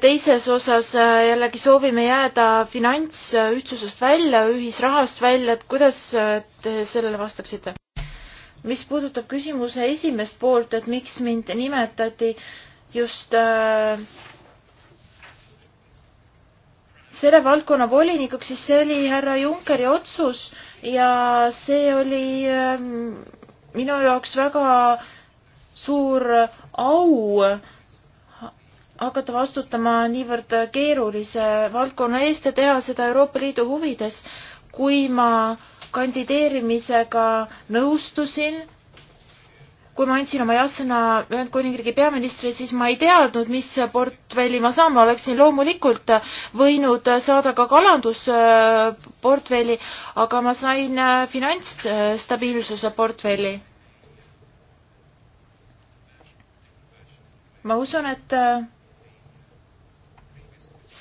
teises osas jällegi soovime jääda finantsühtsusest välja, ühisrahast välja, et kuidas te sellele vastaksite? mis puudutab küsimuse esimest poolt, et miks mind nimetati just äh, selle valdkonna volinikuks, siis see oli härra Junckeri otsus ja see oli äh, minu jaoks väga suur au hakata vastutama niivõrd keerulise valdkonna eest ja teha seda Euroopa Liidu huvides. kui ma äh, kandideerimisega nõustusin. kui ma andsin oma jah-sõna Ühendkuningriigi peaministrile, siis ma ei teadnud, mis portfelli ma saan, ma oleksin loomulikult võinud saada ka kalandusportfelli, aga ma sain äh, finantsstabiilsuse portfelli. ma usun, et äh,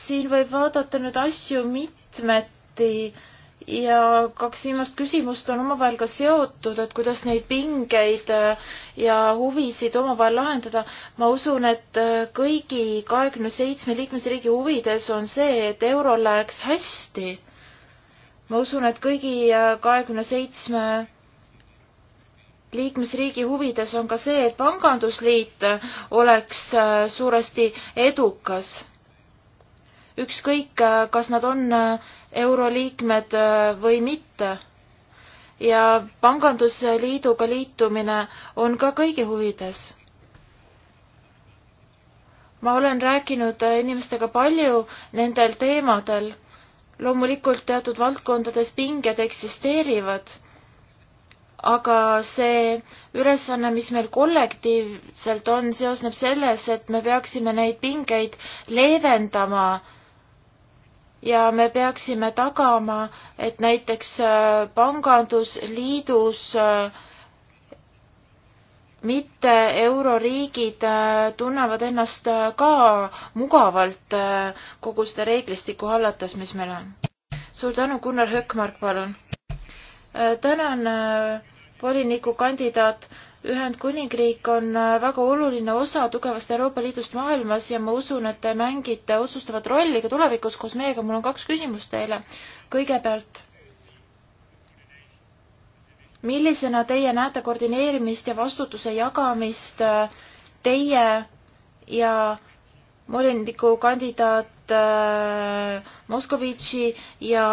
siin võib vaadata nüüd asju mitmeti ja kaks viimast küsimust on omavahel ka seotud, et kuidas neid pingeid äh, ja huvisid omavahel lahendada. ma usun, et äh, kõigi kahekümne seitsme liikmesriigi huvides on see, et eurol läheks hästi. ma usun, et kõigi äh, kahekümne seitsme liikmesriigi huvides on ka see, et pangandusliit oleks suuresti edukas ükskõik, äh, kas nad on äh, euroliikmed äh, või mitte. ja pangandusliiduga liitumine on ka kõigi huvides. ma olen rääkinud inimestega palju nendel teemadel. loomulikult teatud valdkondades pinged eksisteerivad, aga see ülesanne, mis meil kollektiivselt on, seosneb selles, et me peaksime neid pingeid leevendama ja me peaksime tagama, et näiteks äh, pangandusliidus äh, mitte euroriigid äh, tunnevad ennast ka mugavalt kogu seda reeglistikku hallates, mis meil on. suur tänu, Gunnar Hökmark, palun. tänan, volinikukandidaat Ühendkuningriik on äh, väga oluline osa tugevast Euroopa Liidust maailmas ja ma usun, et te mängite otsustavat rolli ka tulevikus koos meiega. mul on kaks küsimust teile. kõigepealt, millisena teie näete koordineerimist ja vastutuse jagamist äh, teie ja volinikukandidaat Äh, Moskovitši ja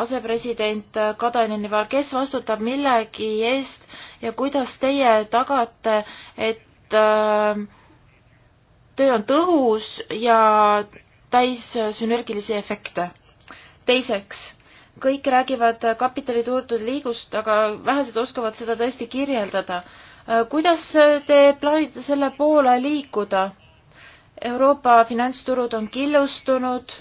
asepresident Kadanini vahel, kes vastutab millegi eest ja kuidas teie tagate, et äh, töö on tõhus ja täis sünergilisi efekte? teiseks, kõik räägivad kapitaliturgude liigust, aga vähesed oskavad seda tõesti kirjeldada äh, kuidas te plaanite selle poole liikuda? Euroopa finantsturud on killustunud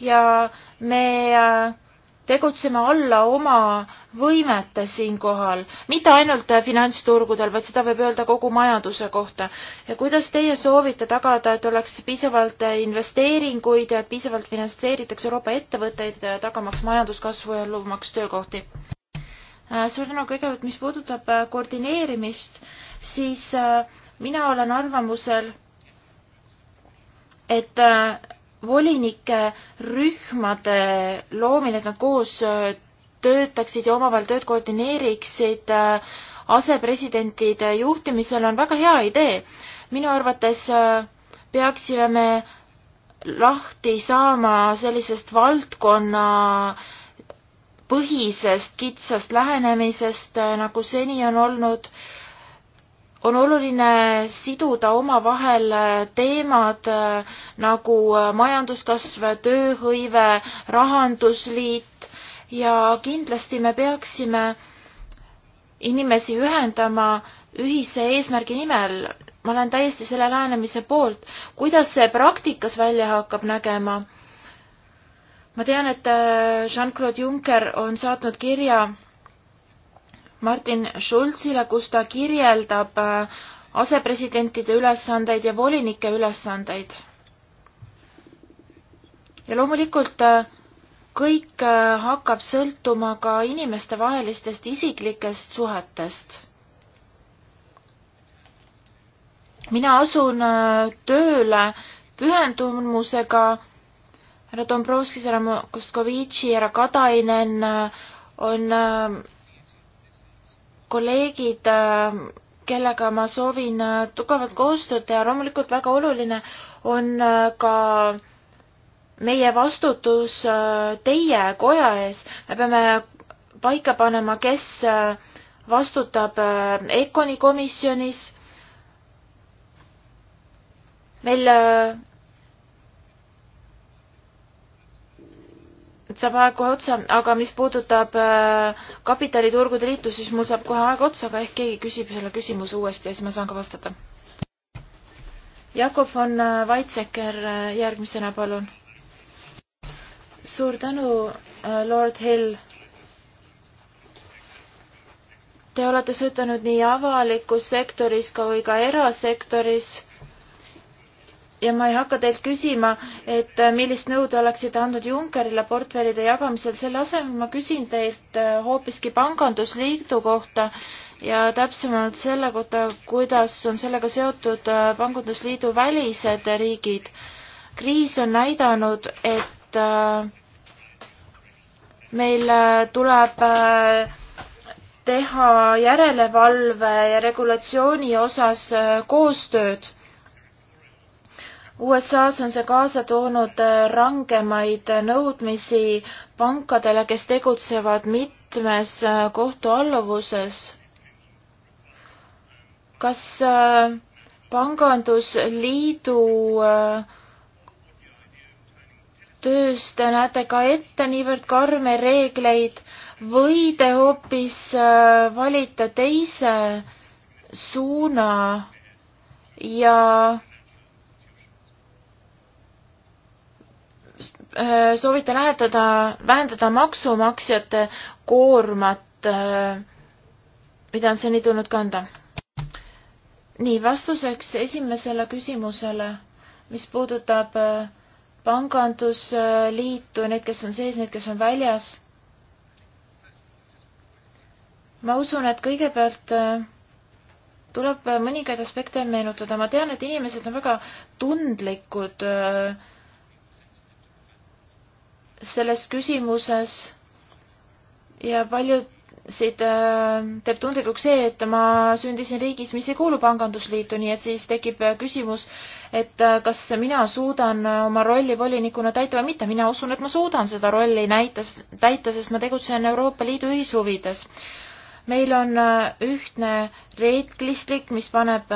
ja me äh, tegutseme alla oma võimete siinkohal, mitte ainult äh, finantsturgudel, vaid seda võib öelda kogu majanduse kohta. ja kuidas teie soovite tagada, et oleks piisavalt äh, investeeringuid ja et piisavalt finantseeritakse Euroopa ettevõtteid, tagamaks majanduskasvu ja loomaks töökohti? suur tänu kõigepealt, mis puudutab koordineerimist, siis äh, mina olen arvamusel, et äh, volinike rühmade loomine, et nad koos äh, töötaksid ja omavahel tööd koordineeriksid asepresidentide juhtimisel, on väga hea idee. minu arvates peaksime me lahti saama sellisest valdkonna põhisest kitsast lähenemisest, nagu seni on olnud äh, on oluline siduda omavahel teemad äh, nagu äh, majanduskasv, tööhõive, rahandusliit ja kindlasti me peaksime inimesi ühendama ühise eesmärgi nimel. ma olen täiesti selle lähenemise poolt. kuidas see praktikas välja hakkab nägema? ma tean, et äh, Jean-Claude Juncker on saatnud kirja Martin Schulzile, kus ta kirjeldab äh, asepresidentide ülesandeid ja volinike ülesandeid. ja loomulikult äh, kõik äh, hakkab sõltuma ka inimestevahelistest isiklikest suhetest. mina asun tööle pühendumusega härra Dombrovskis, härra Moskovitši, härra Katainen on kolleegid, äh, kellega ma soovin äh, tugevat koostööd teha, loomulikult väga oluline on äh, ka meie vastutus teie koja ees, me peame paika panema, kes vastutab EKONi komisjonis. meil nüüd saab aeg kohe otsa, aga mis puudutab äh, kapitaliturgude liitu, siis mul saab kohe aeg otsa, aga ehk keegi küsib selle küsimuse uuesti ja siis ma saan ka vastata. Jakob von äh, Weizsäcker äh, järgmisena, palun. suur tänu, Lord Hill. Te olete töötanud nii avalikus sektoris kui ka erasektoris ja ma ei hakka teilt küsima, et äh, millist nõu te oleksite andnud Junckerile portfellide jagamisel, selle asemel ma küsin teilt äh, hoopiski Pangandusliidu kohta ja täpsemalt selle kohta, kuidas on sellega seotud äh, Pangandusliidu välised riigid. kriis on näidanud, et meil tuleb teha järelevalve ja regulatsiooni osas koostööd USA-s on see kaasa toonud äh, rangemaid nõudmisi pankadele, kes tegutsevad mitmes äh, kohtualluvuses. kas äh, pangandusliidu töös te näete ka ette niivõrd karme reegleid või te hoopis valite teise suuna ja Äh, soovite lähetada, vähendada maksumaksjate koormat, äh, mida on seni tulnud kanda? nii, vastuseks esimesele küsimusele, mis puudutab äh, pangandusliitu, need, kes on sees, need, kes on väljas. ma usun, et kõigepealt tuleb mõningaid aspekte meenutada, ma tean, et inimesed on väga tundlikud äh, selles küsimuses ja paljusid äh, teeb tundlikuks see, et ma sündisin riigis, mis ei kuulu pangandusliitu, nii et siis tekib äh, küsimus, et äh, kas mina suudan oma rolli volinikuna täita või mitte. mina usun, et ma suudan seda rolli näitas, täita, sest ma tegutsen Euroopa Liidu ühishuvides. meil on ühtne reeglistik, mis paneb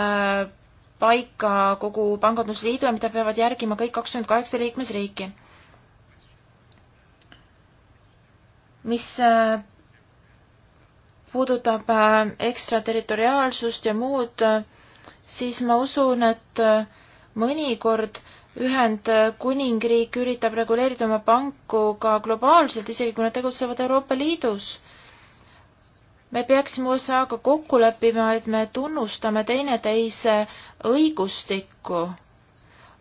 paika kogu pangandusliidu ja mida peavad järgima kõik kakskümmend kaheksa liikmesriiki mis äh, puudutab äh, ekstraterritoriaalsust ja muud, äh, siis ma usun, et mõnikord Ühendkuningriik üritab reguleerida oma panku ka globaalselt, isegi kui nad tegutsevad Euroopa Liidus. me peaksime USA-ga kokku leppima, et me tunnustame teineteise õigustikku.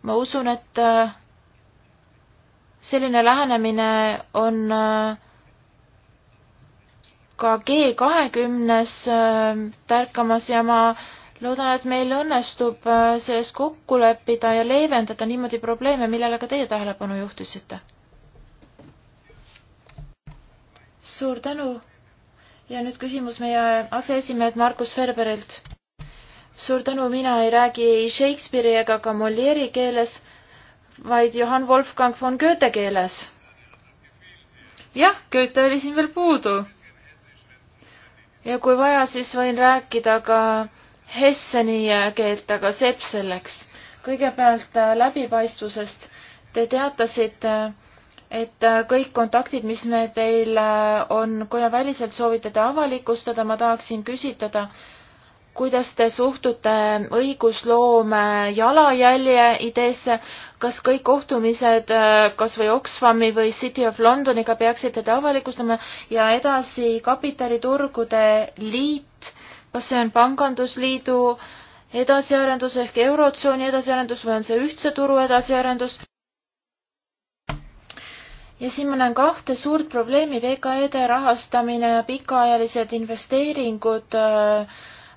ma usun, et selline lähenemine on äh, ka G kahekümnes äh, tärkamas ja ma loodan, et meil õnnestub äh, selles kokku leppida ja leevendada niimoodi probleeme, millele ka teie tähelepanu juhtisite. suur tänu ja nüüd küsimus meie aseesimehelt Markus Ferberilt. suur tänu, mina ei räägi Shakespeare'i ega ka Molieri keeles, vaid Johann Wolfgang von Goethe keeles. jah, Goethe oli siin veel puudu ja kui vaja, siis võin rääkida ka Hesseni keelt, aga sepp selleks. kõigepealt äh, läbipaistvusest. Te teatasite, et äh, kõik kontaktid, mis me teil äh, on kojaväliselt, soovite te avalikustada, ma tahaksin küsitleda, kuidas te suhtute õigusloome jalajälje ideesse, kas kõik kohtumised äh, kas või Oxfami või City of Londoniga peaksite te avalikustama ja edasi kapitaliturgude liit, kas see on pangandusliidu edasiarendus ehk Eurotsooni edasiarendus või on see ühtse turu edasiarendus? ja siin ma näen kahte suurt probleemi, VKE-de rahastamine ja pikaajalised investeeringud äh,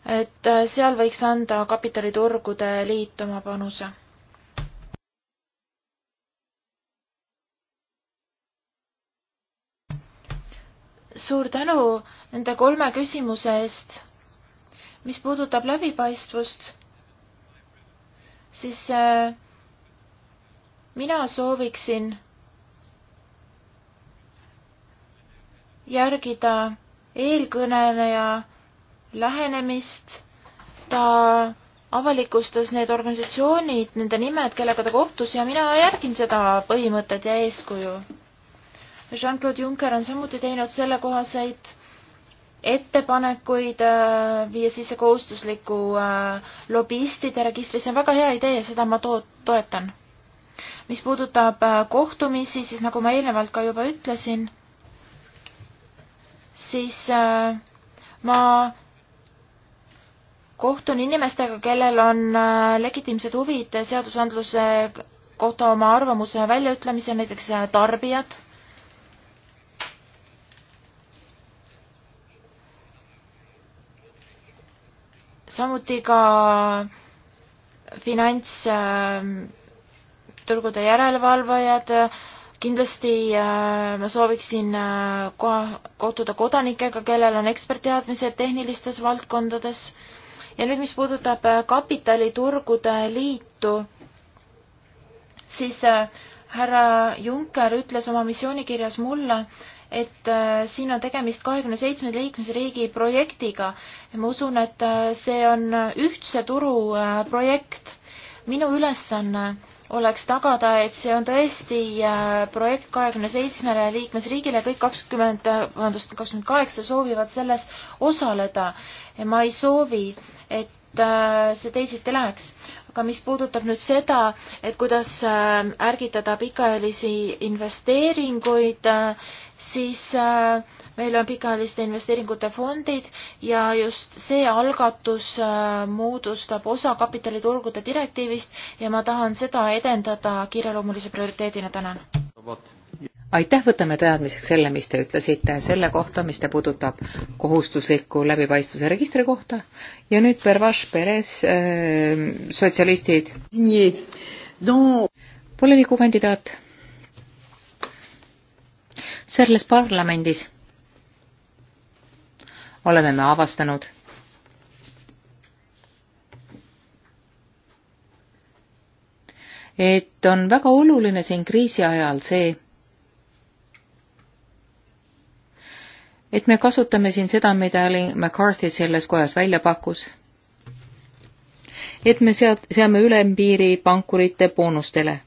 et äh, seal võiks anda kapitaliturgude liit oma panuse. suur tänu nende kolme küsimuse eest. mis puudutab läbipaistvust, siis äh, mina sooviksin järgida eelkõneleja lähenemist. ta avalikustas need organisatsioonid, nende nimed, kellega ta kohtus ja mina järgin seda põhimõtet ja eeskuju. Jean-Claude Juncker on samuti teinud sellekohaseid ettepanekuid äh, viia sisse kohustusliku äh, lobistide registri, see on väga hea idee, seda ma to-, toetan. mis puudutab äh, kohtumisi, siis nagu ma eelnevalt ka juba ütlesin, siis äh, ma kohtun inimestega, kellel on äh, legitiimsed huvid seadusandluse kohta oma arvamuse väljaütlemisel, näiteks äh, tarbijad. samuti ka finantsturgude ähm, järelevalvajad. kindlasti äh, ma sooviksin koha, kohtuda kodanikega, kellel on ekspertteadmised tehnilistes valdkondades ja nüüd, mis puudutab äh, kapitaliturgude liitu, siis äh, härra Juncker ütles oma missioonikirjas mulle, et äh, siin on tegemist kahekümne seitsme liikmesriigi projektiga ja ma usun, et see on ühtse turu projekt. minu ülesanne on oleks tagada, et see on tõesti äh, projekt kahekümne seitsmele liikmesriigile, kõik kakskümmend, äh, vabandust, kakskümmend kaheksa soovivad selles osaleda ja ma ei soovi, et äh, see teisiti läheks. aga mis puudutab nüüd seda, et kuidas ärgitada pikaajalisi investeeringuid äh, siis äh, meil on pikaajaliste investeeringute fondid ja just see algatus äh, moodustab osa kapitaliturgude direktiivist ja ma tahan seda edendada kiireloomulise prioriteedina, tänan. aitäh, võtame teadmiseks selle, mis te ütlesite selle kohta, mis te puudutab kohustusliku läbipaistvuse registri kohta ja nüüd Pervaš Perez äh,, sotsialistid. volinikukandidaat selles parlamendis oleme me avastanud, et on väga oluline siin kriisi ajal see, et me kasutame siin seda, mida McCarthy selles kojas välja pakkus. et me sead-, seame ülempiiri pankurite boonustele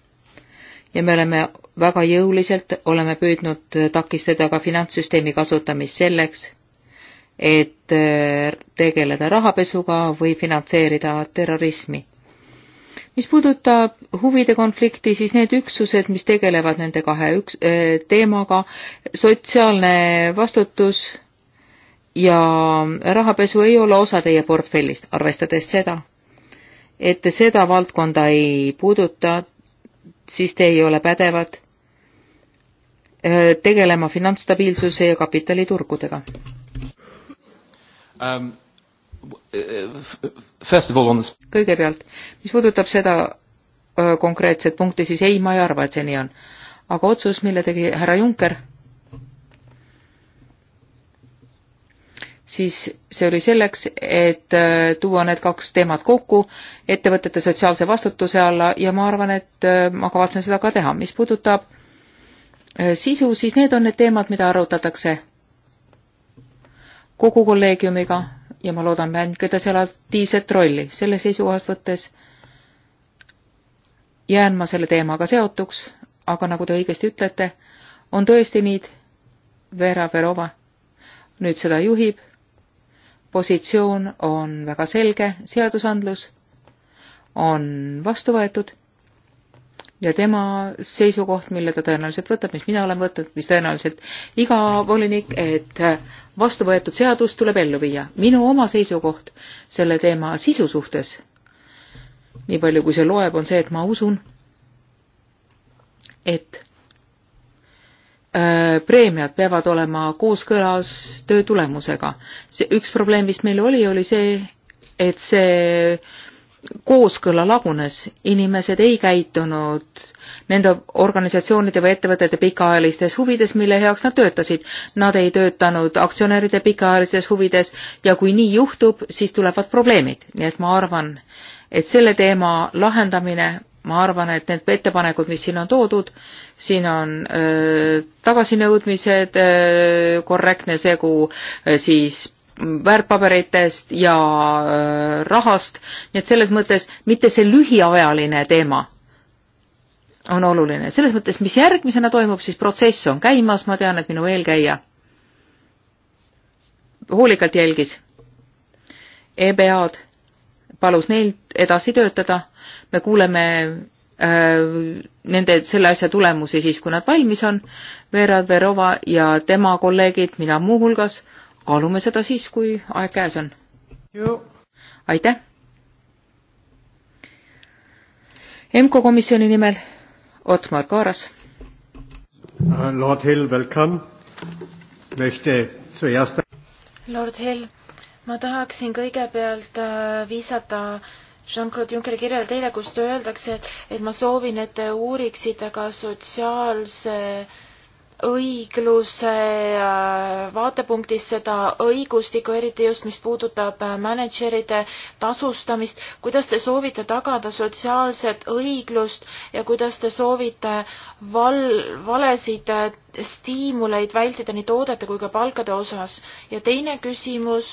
ja me oleme väga jõuliselt, oleme püüdnud takistada ka finantssüsteemi kasutamist selleks, et äh, tegeleda rahapesuga või finantseerida terrorismi. mis puudutab huvide konflikti, siis need üksused, mis tegelevad nende kahe üks-, äh, teemaga, sotsiaalne vastutus ja rahapesu ei ole osa teie portfellist, arvestades seda, et te seda valdkonda ei puuduta, siis te ei ole pädevad äh, tegelema finantsstabiilsuse ja kapitaliturgudega um,? kõigepealt, mis puudutab seda äh, konkreetset punkti, siis ei, ma ei arva, et see nii on. aga otsus, mille tegi härra Juncker siis see oli selleks, et äh, tuua need kaks teemat kokku ettevõtete sotsiaalse vastutuse alla ja ma arvan, et äh, ma kavatsen seda ka teha. mis puudutab äh, sisu, siis need on need teemad, mida arutatakse kogu kolleegiumiga ja ma loodan mängida seal aktiivset rolli. selle seisukohast võttes jään ma selle teemaga seotuks, aga nagu te õigesti ütlete, on tõesti nii, Vera Verova nüüd seda juhib positsioon on väga selge, seadusandlus on vastu võetud ja tema seisukoht, mille ta tõenäoliselt võtab, mis mina olen võtnud, mis tõenäoliselt iga volinik, et vastu võetud seadus tuleb ellu viia. minu oma seisukoht selle teema sisu suhtes, nii palju kui see loeb, on see, et ma usun, et Äh, preemiad peavad olema kooskõlas töö tulemusega. see üks probleem, mis meil oli, oli see, et see kooskõla lagunes, inimesed ei käitunud nende organisatsioonide või ettevõtete pikaajalistes huvides, mille heaks nad töötasid. Nad ei töötanud aktsionäride pikaajalistes huvides ja kui nii juhtub, siis tulevad probleemid. nii et ma arvan, et selle teema lahendamine ma arvan, et need ettepanekud, mis siin on toodud, siin on öö, äh, tagasinõudmised, äh, korrektne segu öö, äh, siis väärtpaberitest ja öö, rahast, nii et selles mõttes mitte see lühiajaline teema on oluline. selles mõttes, mis järgmisena toimub, siis protsess on käimas, ma tean, et minu eelkäija hoolikalt jälgis EBA-d, palus neil edasi töötada me kuuleme äh, nende, selle asja tulemusi siis, kui nad valmis on, Vera Verova ja tema kolleegid, mina muuhulgas, kaalume seda siis, kui aeg käes on. aitäh! EMKO komisjoni nimel Otmar Kaaras. Uh, Lord Hill, welcome! Lord Hill, ma tahaksin kõigepealt äh, viisata äh, Jean-Claude Junckeri kirjale teile, kus te öeldakse, et, et ma soovin, et te uuriksite ka sotsiaalse õigluse äh, vaatepunktis seda õigustikku, eriti just, mis puudutab äh, mänedžeride tasustamist, kuidas te soovite tagada sotsiaalset õiglust ja kuidas te soovite val-, valesid äh, stiimuleid vältida nii toodete kui ka palkade osas? ja teine küsimus,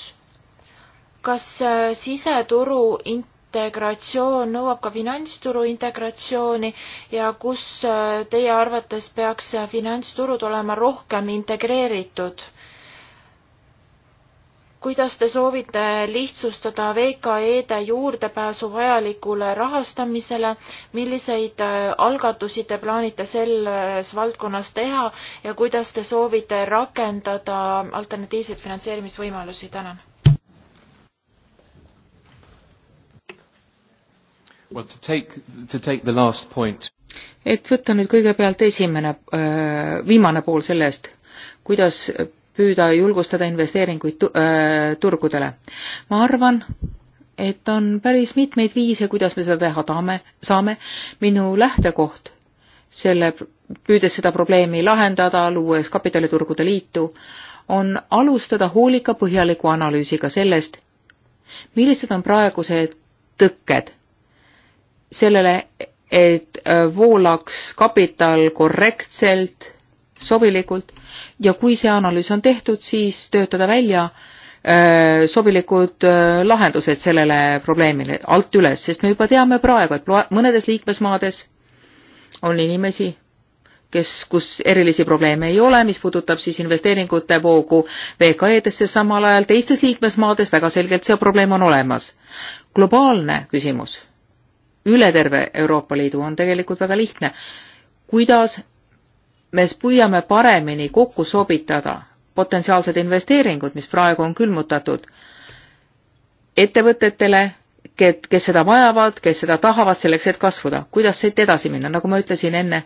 kas siseturu int-, integratsioon nõuab ka finantsturu integratsiooni ja kus äh, teie arvates peaks finantsturud olema rohkem integreeritud? kuidas te soovite lihtsustada VKE-de juurdepääsu vajalikule rahastamisele, milliseid äh, algatusi te plaanite selles valdkonnas teha ja kuidas te soovite rakendada alternatiivseid finantseerimisvõimalusi, tänan Well, to take, to take the last point. et võtta nüüd kõigepealt esimene, viimane pool sellest, kuidas püüda julgustada investeeringuid tu, öö, turgudele. ma arvan, et on päris mitmeid viise, kuidas me seda teha tahame, saame. minu lähtekoht selle, püüdes seda probleemi lahendada, luues kapitaliturgude liitu, on alustada hoolika põhjaliku analüüsiga sellest, millised on praegused tõkked sellele, et äh, voolaks kapital korrektselt, sobilikult ja kui see analüüs on tehtud, siis töötada välja äh, sobilikud äh, lahendused sellele probleemile alt üles, sest me juba teame praegu, et mõnedes liikmesmaades on inimesi, kes, kus erilisi probleeme ei ole, mis puudutab siis investeeringute voogu VKE-desse samal ajal, teistes liikmesmaades väga selgelt see probleem on olemas. globaalne küsimus üle terve Euroopa Liidu on tegelikult väga lihtne. kuidas me püüame paremini kokku sobitada potentsiaalsed investeeringud, mis praegu on külmutatud, ettevõtetele, kes, kes seda vajavad, kes seda tahavad selleks, et kasvada, kuidas siit edasi minna, nagu ma ütlesin enne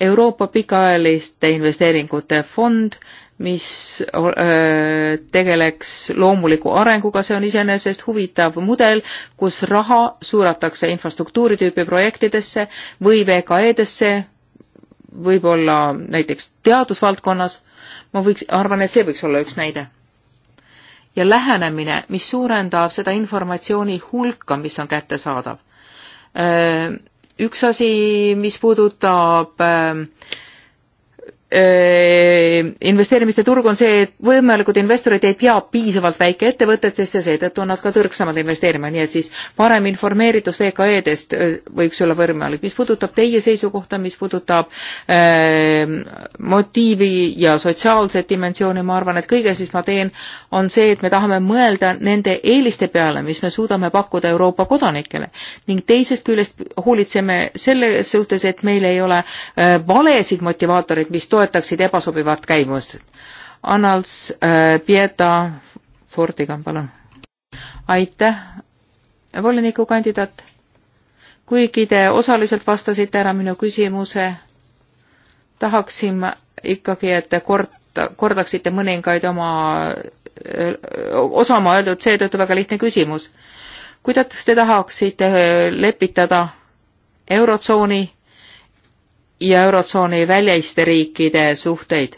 Euroopa pikaajaliste investeeringute fond mis äh, tegeleks loomuliku arenguga, see on iseenesest huvitav mudel, kus raha suunatakse infrastruktuuri tüüpi projektidesse või VKE-desse, võib-olla näiteks teadusvaldkonnas, ma võiks, arvan, et see võiks olla üks näide. ja lähenemine, mis suurendab seda informatsiooni hulka, mis on kättesaadav. Äh, üks asi, mis puudutab äh, investeerimiste turg on see, et võimalikud investorid ei tea piisavalt väikeettevõtetest ja seetõttu on nad ka tõrksamad investeerima, nii et siis parem informeeritus VKE-dest võiks olla võimalik. mis puudutab teie seisukohta, mis puudutab äh, motiivi ja sotsiaalset dimensiooni, ma arvan, et kõiges, mis ma teen, on see, et me tahame mõelda nende eeliste peale, mis me suudame pakkuda Euroopa kodanikele ning teisest küljest hoolitseme selle suhtes, et meil ei ole äh, valesid motivaatoreid, mis toetaksid ebasobivat käimust. Annals äh, Pieta Fordiga, palun. aitäh, volinikukandidaat. kuigi te osaliselt vastasite ära minu küsimuse, tahaksin ma ikkagi, et te korda, kordaksite mõningaid oma, äh, osa oma öeldud, seetõttu väga lihtne küsimus. kuidas te tahaksite lepitada Eurotsooni ja Eurotsooni väljaiste riikide suhteid.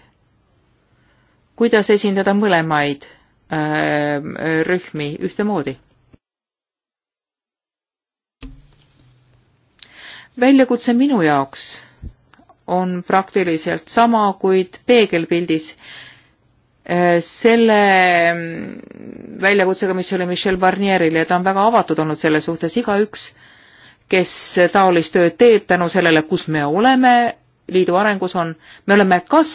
kuidas esindada mõlemaid öö, äh, rühmi ühtemoodi? väljakutse minu jaoks on praktiliselt sama, kuid peegelpildis äh, selle mm, väljakutsega, mis oli Michel Barnierile ja ta on väga avatud olnud selle suhtes, igaüks äh, kes taolist tööd teeb tänu sellele, kus me oleme, liidu arengus on, me oleme kas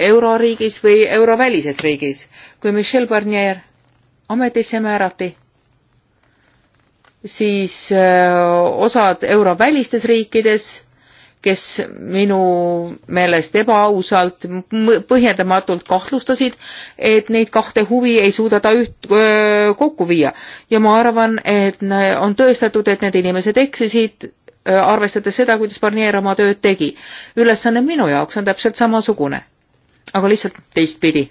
euroriigis või eurovälises riigis. kui Michel Barnier ametisse määrati, siis äh, osad eurovälistes riikides kes minu meelest ebaausalt, põhjendamatult kahtlustasid, et neid kahte huvi ei suuda ta üht öö, kokku viia. ja ma arvan, et on tõestatud, et need inimesed eksisid, arvestades seda, kuidas Barnier oma tööd tegi. ülesanne minu jaoks on täpselt samasugune, aga lihtsalt teistpidi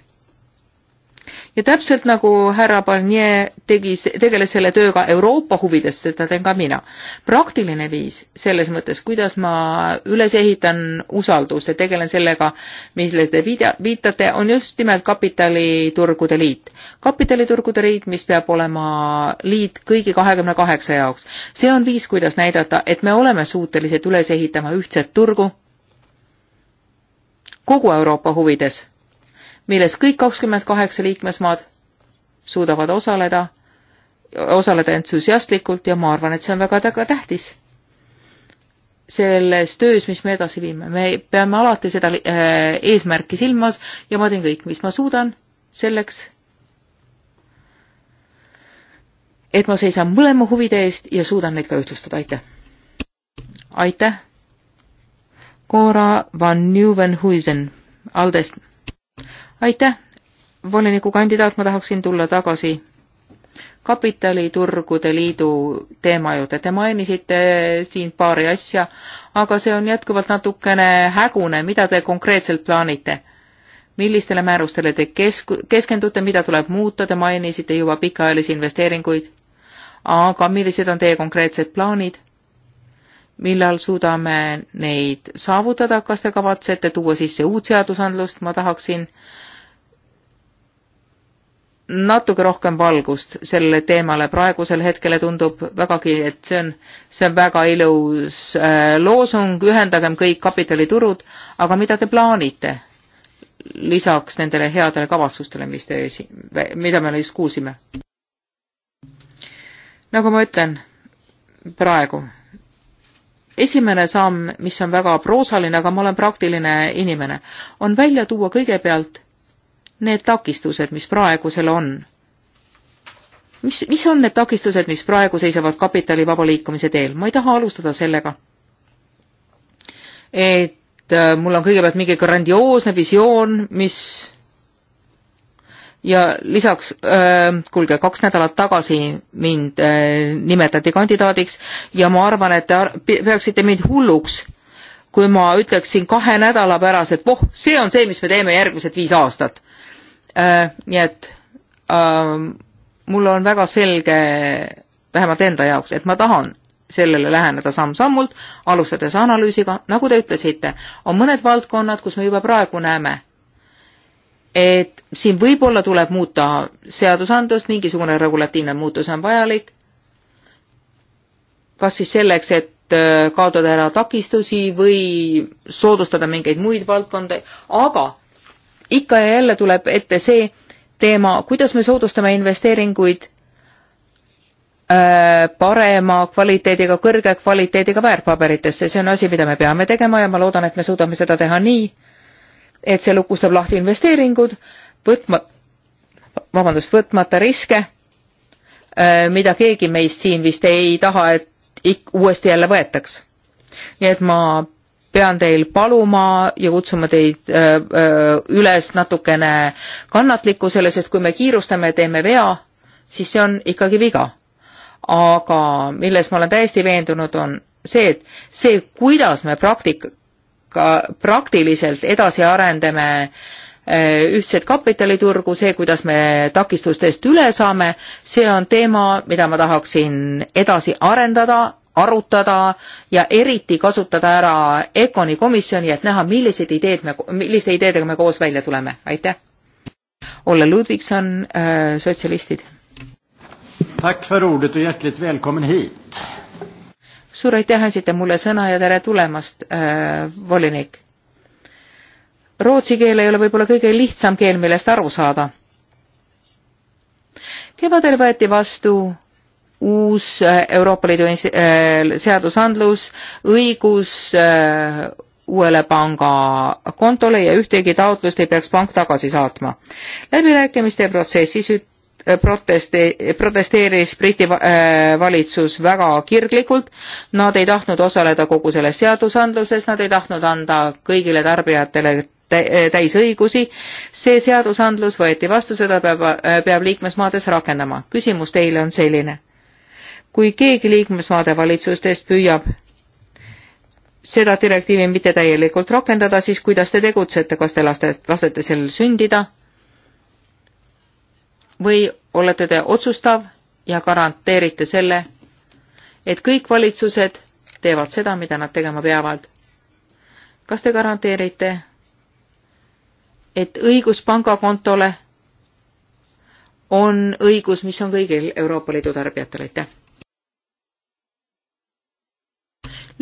ja täpselt nagu härra Barnier tegi, tegeles selle tööga Euroopa huvides, seda teen ka mina. praktiline viis selles mõttes, kuidas ma üles ehitan usaldust ja tegelen sellega, millele te viitate, on just nimelt kapitaliturgude liit. kapitaliturgude liit, mis peab olema liit kõigi kahekümne kaheksa jaoks. see on viis, kuidas näidata, et me oleme suutelised üles ehitama ühtset turgu kogu Euroopa huvides milles kõik kakskümmend kaheksa liikmesmaad suudavad osaleda, osaleda entusiastlikult ja ma arvan, et see on väga-väga tähtis selles töös, mis me edasi viime. me peame alati seda äh, eesmärki silmas ja ma teen kõik, mis ma suudan selleks, et ma seisan mõlema huvide eest ja suudan neid ka ühtlustada, aitäh! aitäh! Cora van Nieuwenhuizen Aldest aitäh, volinikukandidaat, ma tahaksin tulla tagasi kapitaliturgude liidu teema juurde. Te mainisite siin paari asja, aga see on jätkuvalt natukene hägune, mida te konkreetselt plaanite? millistele määrustele te kesk-, keskendute, mida tuleb muuta, te mainisite juba pikaajalisi investeeringuid, aga millised on teie konkreetsed plaanid? millal suudame neid saavutada, kas te kavatsete tuua sisse uut seadusandlust, ma tahaksin äh, natuke rohkem valgust sellele teemale. praegusel hetkel tundub vägagi, et see on, see on väga ilus äh, loosung, ühendagem kõik kapitaliturud, aga mida te plaanite lisaks nendele headele kavatsustele, mis te, mida me just kuulsime? nagu ma ütlen praegu, esimene samm, mis on väga proosaline, aga ma olen praktiline inimene, on välja tuua kõigepealt need takistused, mis praegusel on? mis, mis on need takistused, mis praegu seisavad kapitali vaba liikumise teel? ma ei taha alustada sellega, et äh, mul on kõigepealt mingi grandioosne visioon, mis ja lisaks, äh, kuulge, kaks nädalat tagasi mind äh, nimetati kandidaadiks ja ma arvan, et te peaksite mind hulluks, kui ma ütleksin kahe nädala pärast, et voh, see on see, mis me teeme järgmised viis aastat Äh, nii et ähm, mul on väga selge, vähemalt enda jaoks, et ma tahan sellele läheneda samm-sammult, alustades analüüsiga, nagu te ütlesite, on mõned valdkonnad, kus me juba praegu näeme, et siin võib-olla tuleb muuta seadusandlust, mingisugune regulatiivne muutus on vajalik, kas siis selleks, et äh, kaotada ära takistusi või soodustada mingeid muid valdkondi, aga ikka ja jälle tuleb ette see teema, kuidas me soodustame investeeringuid äh, parema kvaliteediga, kõrge kvaliteediga väärtpaberitesse, see on asi, mida me peame tegema ja ma loodan, et me suudame seda teha nii, et see lukustab lahti investeeringud, võtma, vabandust, võtmata riske, äh, mida keegi meist siin vist ei taha, et ik-, uuesti jälle võetaks. nii et ma pean teil paluma ja kutsuma teid äh, äh, üles natukene kannatlikkusele, sest kui me kiirustame ja teeme vea, siis see on ikkagi viga. aga milles ma olen täiesti veendunud, on see, et see, kuidas me praktika, praktiliselt edasi arendame äh, ühtset kapitaliturgu, see, kuidas me takistustest üle saame, see on teema, mida ma tahaksin edasi arendada arutada ja eriti kasutada ära ECONi komisjoni, et näha, millised ideed me, milliste ideedega me koos välja tuleme, aitäh. Olle Ludvigson, äh, sotsialistid. suur aitäh, andsite mulle sõna ja tere tulemast äh,, volinik. Rootsi keel ei ole võib-olla kõige lihtsam keel, millest aru saada. kevadel võeti vastu uus äh, Euroopa Liidu äh, seadusandlus, õigus äh, uuele pangakontole ja ühtegi taotlust ei peaks pank tagasi saatma. läbirääkimiste protsessis proteste, protesteeris Briti valitsus väga kirglikult, nad ei tahtnud osaleda kogu selles seadusandluses, nad ei tahtnud anda kõigile tarbijatele täisõigusi. see seadusandlus võeti vastu, seda peab, peab liikmesmaades rakendama. küsimus teile on selline kui keegi liikmesmaade valitsustest püüab seda direktiivi mitte täielikult rakendada, siis kuidas te tegutsete, kas te laste, lasete sellel sündida või olete te otsustav ja garanteerite selle, et kõik valitsused teevad seda, mida nad tegema peavad. kas te garanteerite, et õigus pangakontole on õigus, mis on kõigil Euroopa Liidu tarbijatel, aitäh?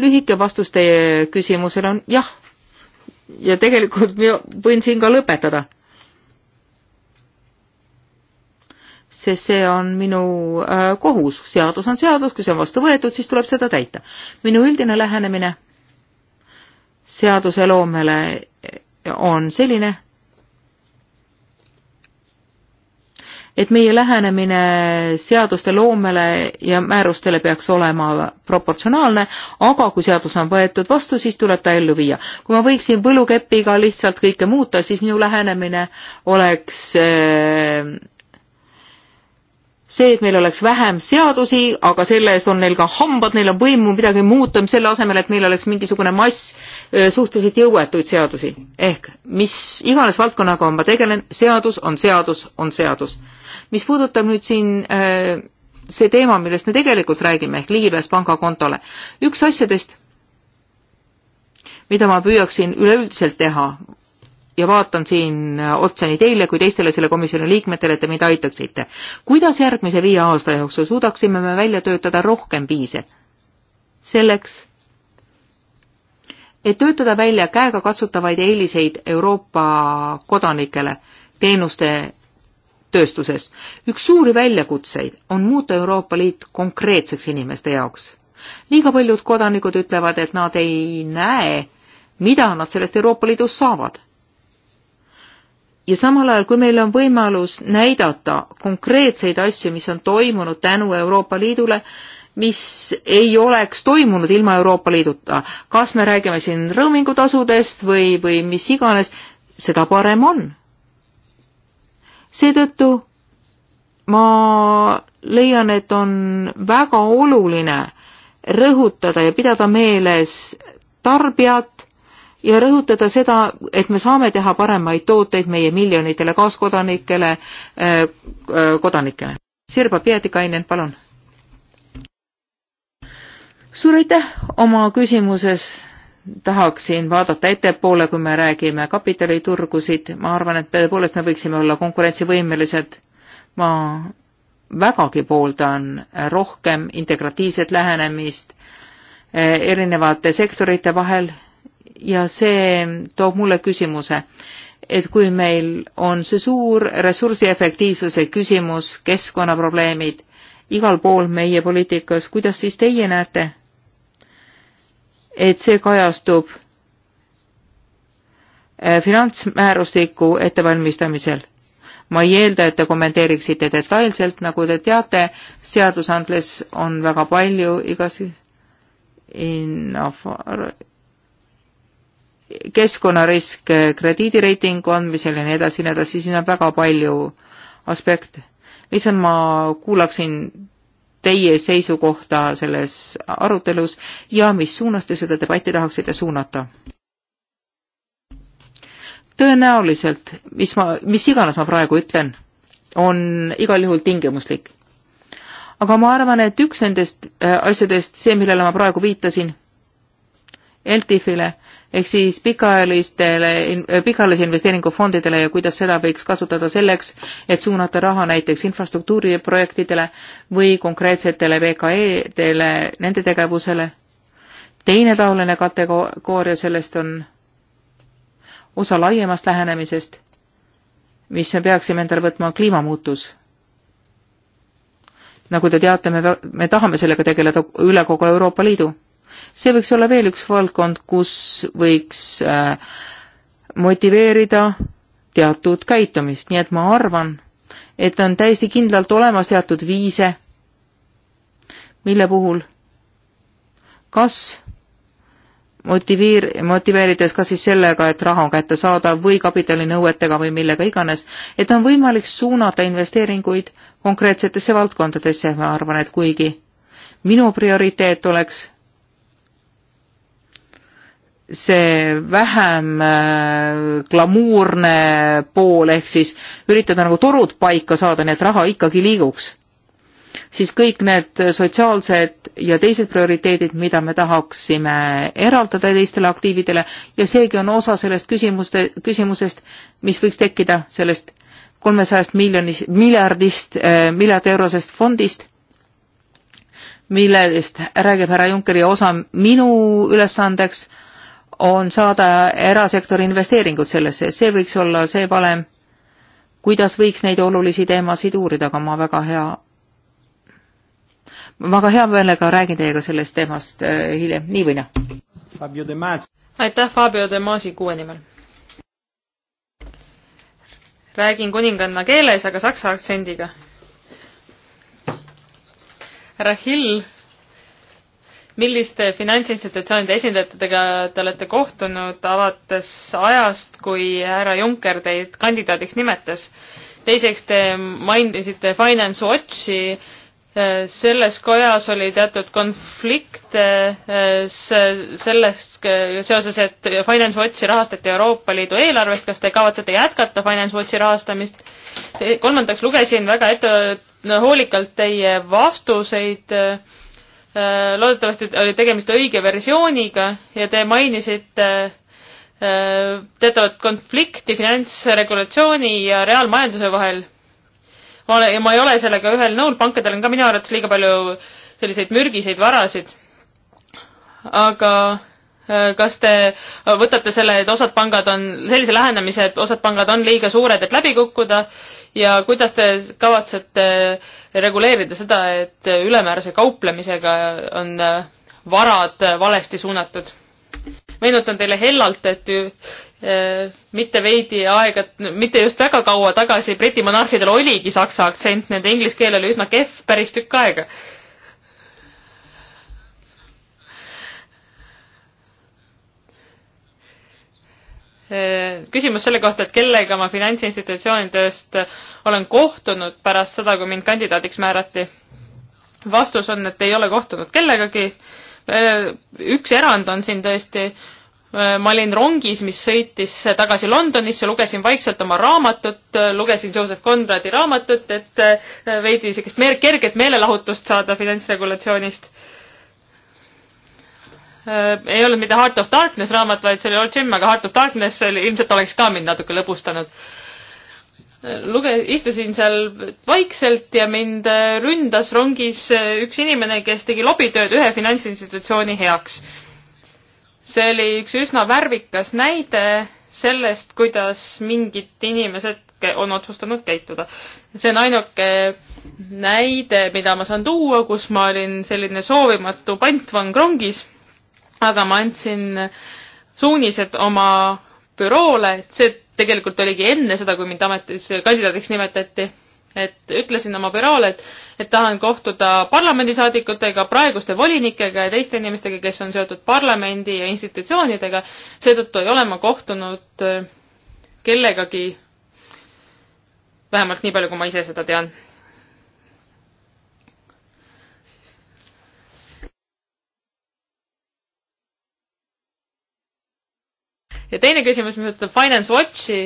lühike vastus teie küsimusele on jah. ja tegelikult ma võin siin ka lõpetada. sest see on minu äh, kohus, seadus on seadus, kui see on vastu võetud, siis tuleb seda täita. minu üldine lähenemine seaduseloomele on selline, et meie lähenemine seaduste loomele ja määrustele peaks olema proportsionaalne, aga kui seadus on võetud vastu, siis tuleb ta ellu viia. kui ma võiksin võlukepiga lihtsalt kõike muuta, siis minu lähenemine oleks äh, see, et meil oleks vähem seadusi, aga selle eest on neil ka hambad, neil on võimu midagi muuta, selle asemel, et meil oleks mingisugune mass äh, suhteliselt jõuetuid seadusi. ehk mis iganes valdkonnaga ma tegelen, seadus on seadus, on seadus mis puudutab nüüd siin äh, see teema, millest me tegelikult räägime ehk ligipääs pangakontole. üks asjadest, mida ma püüaksin üleüldiselt teha ja vaatan siin äh, otsa nii teile kui teistele selle komisjoni liikmetele, et te mind aitaksite. kuidas järgmise viie aasta jooksul suudaksime me välja töötada rohkem viise selleks, et töötada välja käegakatsutavaid eeliseid Euroopa kodanikele teenuste tööstuses. üks suuri väljakutseid on muuta Euroopa Liit konkreetseks inimeste jaoks. liiga paljud kodanikud ütlevad, et nad ei näe, mida nad sellest Euroopa Liidust saavad. ja samal ajal, kui meil on võimalus näidata konkreetseid asju, mis on toimunud tänu Euroopa Liidule, mis ei oleks toimunud ilma Euroopa Liiduta, kas me räägime siin roaming'u tasudest või, või mis iganes, seda parem on seetõttu ma leian, et on väga oluline rõhutada ja pidada meeles tarbijat ja rõhutada seda, et me saame teha paremaid tooteid meie miljonitele kaaskodanikele, eh, eh, kodanikele. Sirba Pietikainen, palun. suur aitäh oma küsimuses tahaksin vaadata ettepoole, kui me räägime kapitaliturgusid, ma arvan, et tõepoolest me võiksime olla konkurentsivõimelised. ma vägagi pooldan rohkem integratiivset lähenemist eh, erinevate sektorite vahel ja see toob mulle küsimuse, et kui meil on see suur ressursiefektiivsuse küsimus, keskkonnaprobleemid igal pool meie poliitikas, kuidas siis teie näete et see kajastub äh, finantsmäärustiku ettevalmistamisel. ma ei eelda, et te kommenteeriksite detailselt, nagu te teate, seadusandles on väga palju igasuguseid keskkonnarisk, äh, krediidireitingu andmisel ja nii edasi, nii edasi, siin on väga palju aspekte. lihtsalt ma kuulaksin teie seisukohta selles arutelus ja mis suunas te seda debatti tahaksite suunata? tõenäoliselt, mis ma, mis iganes ma praegu ütlen, on igal juhul tingimuslik. aga ma arvan, et üks nendest äh, asjadest, see, millele ma praegu viitasin, LTIF-ile ehk siis pikaajalistele, äh, pikaajalise investeeringufondidele ja kuidas seda võiks kasutada selleks, et suunata raha näiteks infrastruktuuriprojektidele või konkreetsetele VKE-dele, nende tegevusele. teine taoline kategooria sellest on osa laiemast lähenemisest, mis me peaksime endale võtma, on kliimamuutus. nagu te teate, me, me tahame sellega tegeleda üle kogu Euroopa Liidu see võiks olla veel üks valdkond, kus võiks äh, motiveerida teatud käitumist, nii et ma arvan, et on täiesti kindlalt olemas teatud viise, mille puhul kas motiveer-, motiveerides kas siis sellega, et raha on kättesaadav või kapitalinõuetega või millega iganes, et on võimalik suunata investeeringuid konkreetsetesse valdkondadesse, ma arvan, et kuigi minu prioriteet oleks see vähem äh, glamuurne pool ehk siis üritada nagu torud paika saada, nii et raha ikkagi liiguks, siis kõik need sotsiaalsed ja teised prioriteedid, mida me tahaksime eraldada teistele aktiividele ja seegi on osa sellest küsimuste, küsimusest, mis võiks tekkida sellest kolmesajast miljonist, miljardist, äh, miljard eurosest fondist millest räägib härra Junckeri osa minu ülesandeks on saada erasektori investeeringud sellesse, see võiks olla see valem, kuidas võiks neid olulisi teemasid uurida, aga ma väga hea, väga hea meelega räägin teiega sellest teemast äh, hiljem, nii või naa. aitäh, Fabio De Masi kuue nimel. räägin kuninganna keeles, aga saksa aktsendiga. härra Hill milliste finantsinstitutsioonide esindajatega te olete kohtunud alates ajast, kui härra Juncker teid kandidaadiks nimetas? teiseks, te mainisite Finance Watchi, selles kojas oli teatud konflikt sellest seoses, et Finance Watchi rahastati Euroopa Liidu eelarvest, kas te kavatsete jätkata Finance Watchi rahastamist? kolmandaks lugesin väga ette no,, hoolikalt teie vastuseid äh, Äh, loodetavasti oli tegemist õige versiooniga ja te mainisite äh, teatavat konflikti finantsregulatsiooni ja reaalmajanduse vahel. ma olen, ja ma ei ole sellega ühel nõul, pankadel on ka minu arvates liiga palju selliseid mürgiseid varasid. aga äh, kas te võtate selle, et osad pangad on, sellise lähenemise, et osad pangad on liiga suured, et läbi kukkuda ja kuidas te kavatsete äh, reguleerida seda, et ülemäärase kauplemisega on varad valesti suunatud. meenutan teile hellalt, et eh, mitte veidi aega, mitte just väga kaua tagasi Briti monarhidel oligi saksa aktsent, nende inglise keel oli üsna kehv päris tükk aega Äh, küsimus selle kohta, et kellega ma finantsinstitutsioonidest olen kohtunud pärast seda, kui mind kandidaadiks määrati. vastus on, et ei ole kohtunud kellegagi. Äh, üks erand on siin tõesti, äh, ma olin rongis, mis sõitis tagasi Londonisse, lugesin vaikselt oma raamatut, lugesin Joseph Conradi raamatut, et veidi sellist kerget meelelahutust saada finantsregulatsioonist Äh, ei olnud mitte Heart of Darkness raamat, vaid see oli Old Jim, aga Heart of Darkness oli, ilmselt oleks ka mind natuke lõbustanud. Äh, luge-, istusin seal vaikselt ja mind äh, ründas rongis üks inimene, kes tegi lobitööd ühe finantsinstitutsiooni heaks. see oli üks üsna värvikas näide sellest, kuidas mingid inimesed on otsustanud käituda. see on ainuke näide, mida ma saan tuua, kus ma olin selline soovimatu pantvang rongis aga ma andsin suunised oma büroole, see tegelikult oligi enne seda, kui mind ametis kandidaadiks nimetati, et ütlesin oma büroole, et, et tahan kohtuda parlamendisaadikutega, praeguste volinikega ja teiste inimestega, kes on seotud parlamendi ja institutsioonidega, seetõttu ei ole ma kohtunud äh, kellegagi, vähemalt nii palju, kui ma ise seda tean ja teine küsimus, mis puudutab Finance Watchi,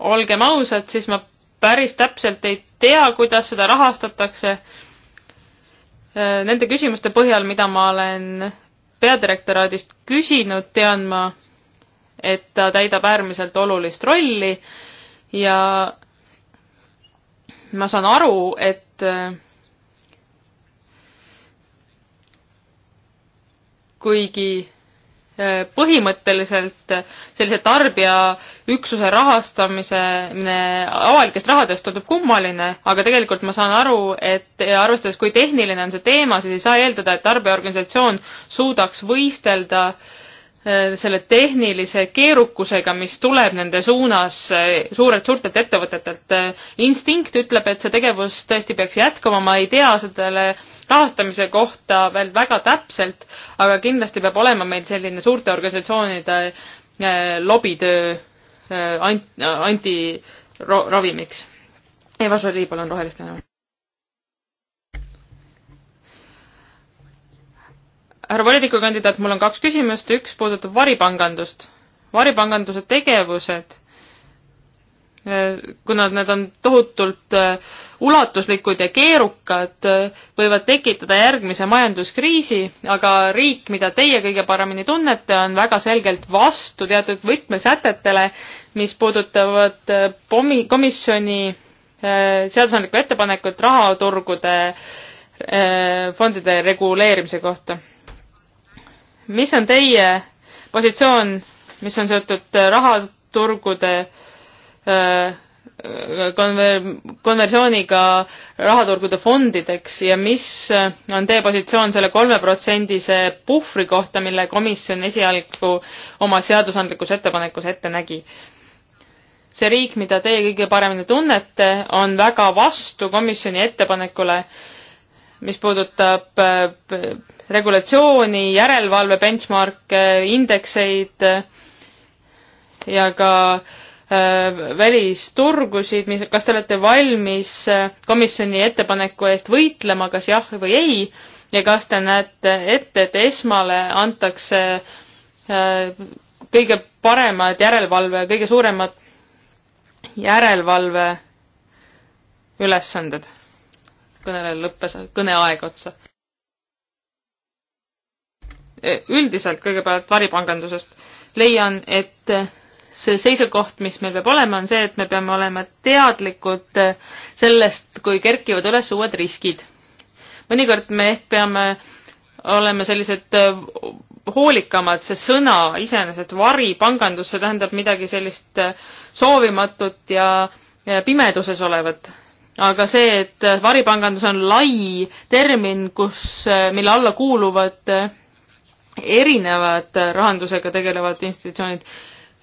olgem ausad, siis ma päris täpselt ei tea, kuidas seda rahastatakse äh, nende küsimuste põhjal, mida ma olen peadirektoraadist küsinud, tean ma, et ta täidab äärmiselt olulist rolli ja ma saan aru, et äh, kuigi põhimõtteliselt sellise tarbijaüksuse rahastamine avalikest rahadest tundub kummaline, aga tegelikult ma saan aru, et arvestades, kui tehniline on see teema, siis ei saa eeldada, et tarbijaorganisatsioon suudaks võistelda äh, Äh, selle tehnilise keerukusega, mis tuleb nende suunas äh, suurelt, suurtelt ettevõtetelt. Äh, instinkt ütleb, et see tegevus tõesti peaks jätkuma, ma ei tea selle rahastamise kohta veel väga täpselt, aga kindlasti peab olema meil selline suurte organisatsioonide lobitöö ant-, anti ravimiks. Eva Žoli, palun roheliste näol. härra volinikukandidaat, mul on kaks küsimust, üks puudutab varipangandust. varipanganduse tegevused, eh, kuna need on tohutult eh, ulatuslikud ja keerukad, eh, võivad tekitada järgmise majanduskriisi, aga riik, mida teie kõige paremini tunnete, on väga selgelt vastu teatud võtmesätetele, mis puudutavad pomi-, komisjoni seadusandlikku ettepanekut rahaturgude fondide reguleerimise kohta mis on teie positsioon, mis on seotud äh, rahaturgude äh, äh, konver-, konversiooniga rahaturgude fondideks ja mis on teie positsioon selle kolmeprotsendise puhvri kohta, mille komisjon esialgu oma seadusandlikus ettepanekus ette nägi? see riik, mida teie kõige paremini tunnete, on väga vastu komisjoni ettepanekule, mis puudutab regulatsiooni, järelevalve benchmark'e, indekseid äh, ja ka äh, välisturgusid, mis, kas te olete valmis äh, komisjoni ettepaneku eest võitlema, kas jah või ei, ja kas te näete ette, et esmale antakse kõige paremad järelevalve, kõige suuremad järelevalve ülesanded? kõnele lõppes kõneaeg otsa Eh, üldiselt kõigepealt varipangandusest, leian, et eh, see seisukoht, mis meil peab olema, on see, et me peame olema teadlikud eh, sellest, kui kerkivad üles uued riskid. mõnikord me ehk peame olema sellised hoolikamad, see sõna iseenesest, varipangandus, see tähendab midagi sellist soovimatut ja, ja pimeduses olevat aga see, et varipangandus on lai termin, kus, mille alla kuuluvad erinevad rahandusega tegelevad institutsioonid,